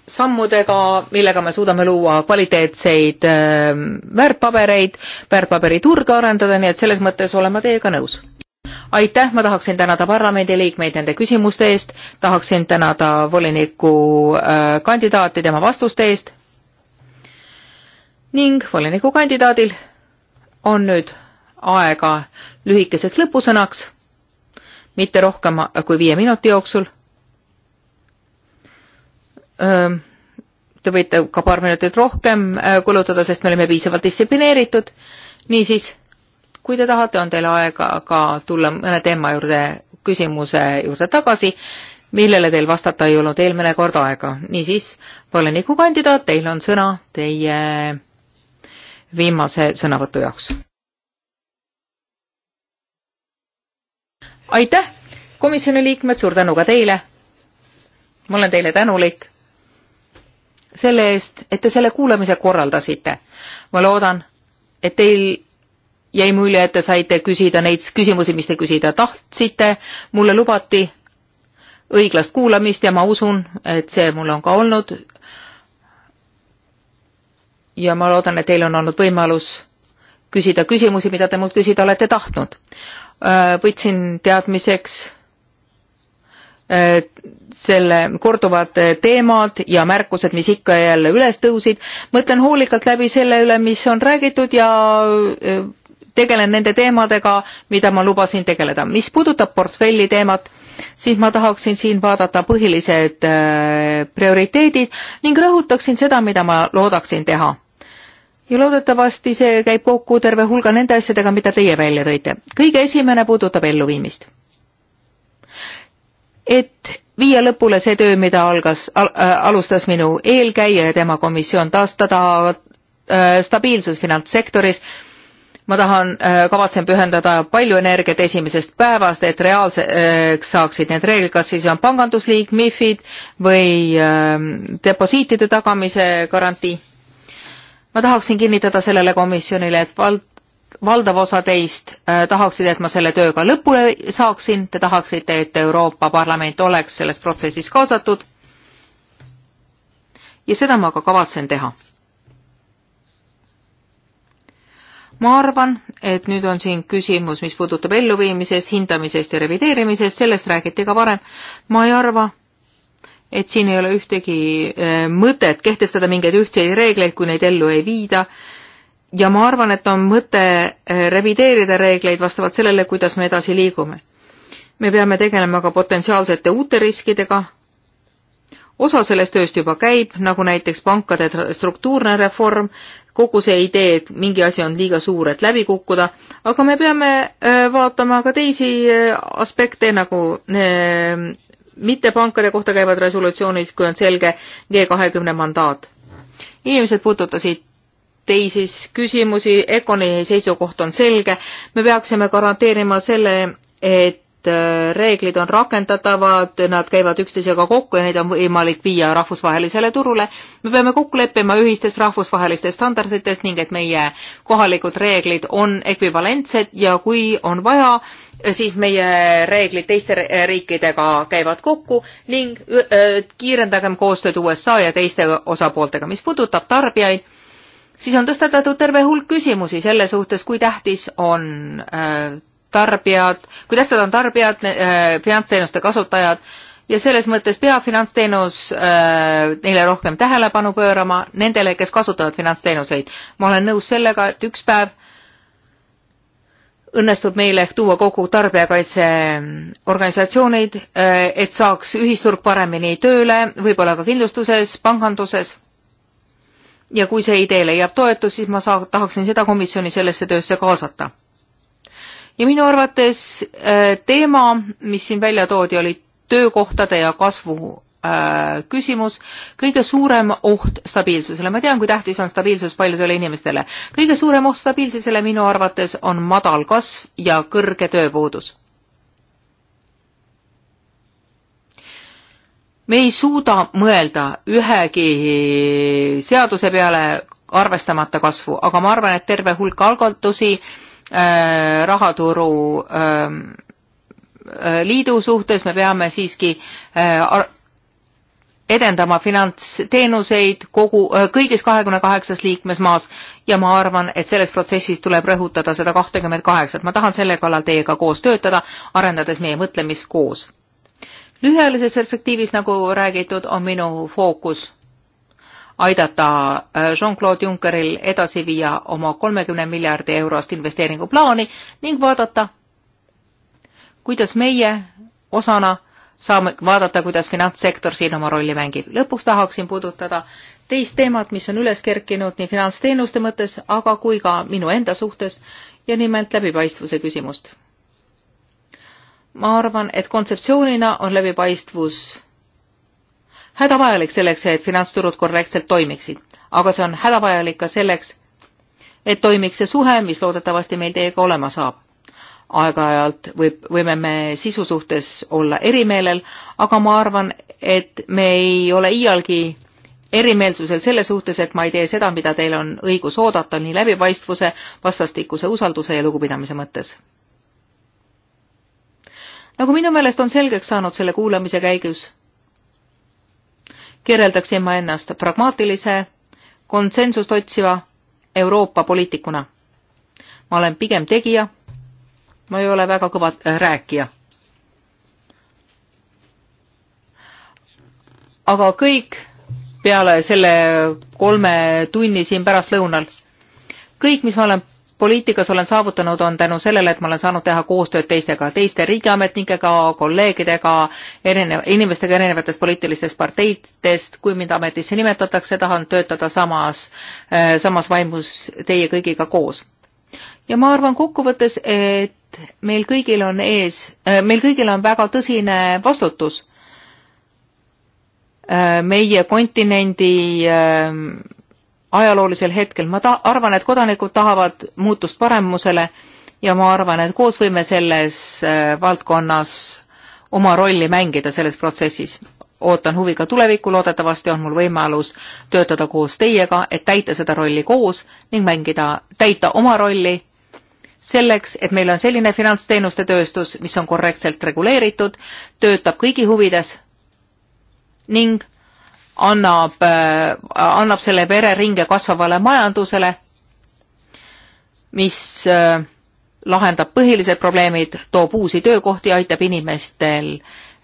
sammudega, millega me suudame luua kvaliteetseid äh, väärtpabereid, väärtpaberiturge arendada, nii et selles mõttes olen ma teiega nõus. aitäh, ma tahaksin tänada parlamendiliikmeid nende küsimuste eest, tahaksin tänada voliniku äh, kandidaati tema vastuste eest ning voliniku kandidaadil on nüüd aega lühikeseks lõpusõnaks mitte rohkem kui viie minuti jooksul. Te võite ka paar minutit rohkem kulutada, sest me olime piisavalt distsiplineeritud. niisiis, kui te tahate, on teil aega ka tulla mõne teema juurde, küsimuse juurde tagasi, millele teil vastata ei olnud eelmine kord aega. niisiis, volinikukandidaat, teil on sõna teie viimase sõnavõtu jaoks. aitäh, komisjoni liikmed, suur tänu ka teile. ma olen teile tänulik selle eest, et te selle kuulamise korraldasite. ma loodan, et teil jäi mulje, et te saite küsida neid küsimusi, mis te küsida tahtsite. mulle lubati õiglast kuulamist ja ma usun, et see mul on ka olnud. ja ma loodan, et teil on olnud võimalus küsida küsimusi, mida te mult küsida olete tahtnud. Äh, võtsin teadmiseks äh, selle korduvad äh, teemad ja märkused, mis ikka ja jälle üles tõusid. mõtlen hoolikalt läbi selle üle, mis on räägitud ja tegelen nende teemadega, mida ma lubasin tegeleda. mis puudutab portfelli teemat, siis ma tahaksin siin vaadata põhilised prioriteedid ning rõhutaksin seda, mida ma loodaksin teha ja loodetavasti see käib kokku terve hulga nende asjadega, mida teie välja tõite. kõige esimene puudutab elluviimist. et viia lõpule see töö, mida algas al,, äh, alustas minu eelkäija ja tema komisjon, taastada äh, stabiilsus finantssektoris. ma tahan äh,, kavatsen pühendada palju energiat esimesest päevast, et reaalseks äh, saaksid need reeglid, kas siis on pangandusliik, MIFID või ähm, deposiitide tagamise garantii ma tahaksin kinnitada sellele komisjonile, et vald, valdav osa teist äh, tahaksid, et ma selle tööga lõpule saaksin, te tahaksite, et Euroopa Parlament oleks selles protsessis kaasatud. ja seda ma ka kavatsen teha. ma arvan, et nüüd on siin küsimus, mis puudutab elluviimisest, hindamisest ja revideerimisest, sellest räägiti ka varem. ma ei arva, et siin ei ole ühtegi äh, mõtet kehtestada mingeid ühtseid reegleid, kui neid ellu ei viida. ja ma arvan, et on mõte äh, revideerida reegleid vastavalt sellele, kuidas me edasi liigume. me peame tegelema ka potentsiaalsete uute riskidega. osa sellest tööst juba käib, nagu näiteks pankade struktuurne reform, kogu see idee, et mingi asi on liiga suur, et läbi kukkuda, aga me peame äh, vaatama ka teisi aspekte nagu mittepankade kohta käivad resolutsioonid, kui on selge G kahekümne mandaat. inimesed puudutasid teisis küsimusi, Econi seisukoht on selge, me peaksime garanteerima selle, et Äh, reeglid on rakendatavad, nad käivad üksteisega kokku ja neid on võimalik viia rahvusvahelisele turule. me peame kokku leppima ühistes rahvusvahelistes standardites ning et meie kohalikud reeglid on ekvivalentsed ja kui on vaja, siis meie reeglid teiste riikidega käivad kokku ning äh, kiirendagem koostööd USA ja teiste osapooltega. mis puudutab tarbijaid, siis on tõstatatud terve hulk küsimusi selle suhtes, kui tähtis on äh, tarbijad, kuidas nad on tarbijad äh,, finantsteenuste kasutajad ja selles mõttes peab finantsteenus äh, neile rohkem tähelepanu pöörama, nendele, kes kasutavad finantsteenuseid. ma olen nõus sellega, et üks päev õnnestub meile ehk tuua kokku tarbijakaitseorganisatsioonid, ähm, äh, et saaks ühisturg paremini tööle, võib-olla ka kindlustuses, panganduses. ja kui see idee leiab toetust, siis ma saa-, tahaksin seda komisjoni sellesse töösse kaasata ja minu arvates äh, teema, mis siin välja toodi, oli töökohtade ja kasvu äh, küsimus, kõige suurem oht stabiilsusele, ma tean, kui tähtis on stabiilsus paljudele inimestele, kõige suurem oht stabiilsusele minu arvates on madal kasv ja kõrge tööpuudus. me ei suuda mõelda ühegi seaduse peale arvestamata kasvu, aga ma arvan, et terve hulk algatusi äh, Äh, rahaturu ähm, äh, liidu suhtes, me peame siiski äh, edendama finantsteenuseid kogu, kõigis kahekümne kaheksas liikmesmaas ja ma arvan, et selles protsessis tuleb rõhutada seda kahtekümmet kaheksat. ma tahan selle kallal teiega koos töötada, arendades meie mõtlemist koos. lühiajalises perspektiivis, nagu räägitud, on minu fookus aidata äh, Jean-Claude Junckeril edasi viia oma kolmekümne miljardi eurost investeeringuplaani ning vaadata, kuidas meie osana saame vaadata, kuidas finantssektor siin oma rolli mängib. lõpuks tahaksin puudutada teist teemat, mis on üles kerkinud nii finantsteenuste mõttes, aga kui ka minu enda suhtes ja nimelt läbipaistvuse küsimust. ma arvan, et kontseptsioonina on läbipaistvus hädavajalik selleks, et finantsturud korrektselt toimiksid, aga see on hädavajalik ka selleks, et toimiks see suhe, mis loodetavasti meil teiega olema saab. aeg-ajalt võib, võime me sisu suhtes olla erimeelel, aga ma arvan, et me ei ole iialgi erimeelsusel selles suhtes, et ma ei tee seda, mida teil on õigus oodata nii läbipaistvuse, vastastikuse usalduse ja lugupidamise mõttes. nagu minu meelest on selgeks saanud selle kuulamise käigus, kirjeldaksin ma ennast pragmaatilise, konsensust otsiva Euroopa poliitikuna. ma olen pigem tegija, ma ei ole väga kõva äh, rääkija. aga kõik peale selle kolme tunni siin pärastlõunal, kõik, mis ma olen poliitikas olen saavutanud, on tänu sellele, et ma olen saanud teha koostööd teistega, teiste riigiametnikega, kolleegidega, erineva, inimestega erinevatest poliitilistest parteidest, kui mind ametisse nimetatakse, tahan töötada samas, äh, samas vaimus teie kõigiga koos. ja ma arvan kokkuvõttes, et meil kõigil on ees, äh, meil kõigil on väga tõsine vastutus äh, meie kontinendi ajaloolisel hetkel. ma ta-, arvan, et kodanikud tahavad muutust paremusele ja ma arvan, et koos võime selles äh, valdkonnas oma rolli mängida selles protsessis. ootan huviga tulevikku, loodetavasti on mul võimalus töötada koos teiega, et täita seda rolli koos ning mängida, täita oma rolli selleks, et meil on selline finantsteenuste tööstus, mis on korrektselt reguleeritud, töötab kõigi huvides ning annab, äh, annab selle pere ringe kasvavale majandusele, mis äh, lahendab põhilised probleemid, toob uusi töökohti, aitab inimestel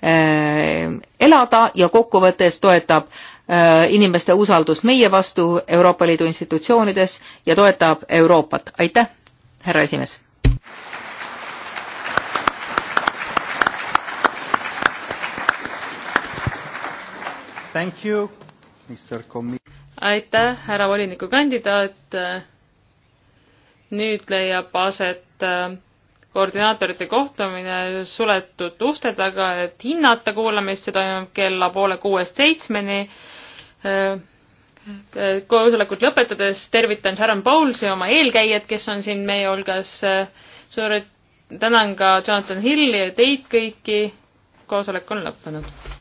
äh, elada ja kokkuvõttes toetab inimeste usaldust meie vastu Euroopa Liidu institutsioonides ja toetab Euroopat. aitäh, härra esimees! Thank you, Mr Commi-. aitäh, härra volinikukandidaat. nüüd leiab aset äh, koordinaatorite kohtumine suletud uste taga, et hinnata kuulamist, see toimub kella poole kuuest seitsmeni. Äh, äh, koosolekut lõpetades tervitan Sharon Bowles'i, oma eelkäijat, kes on siin meie hulgas. suur tänan ka Jonathan Hilli ja teid kõiki. koosolek on lõppenud.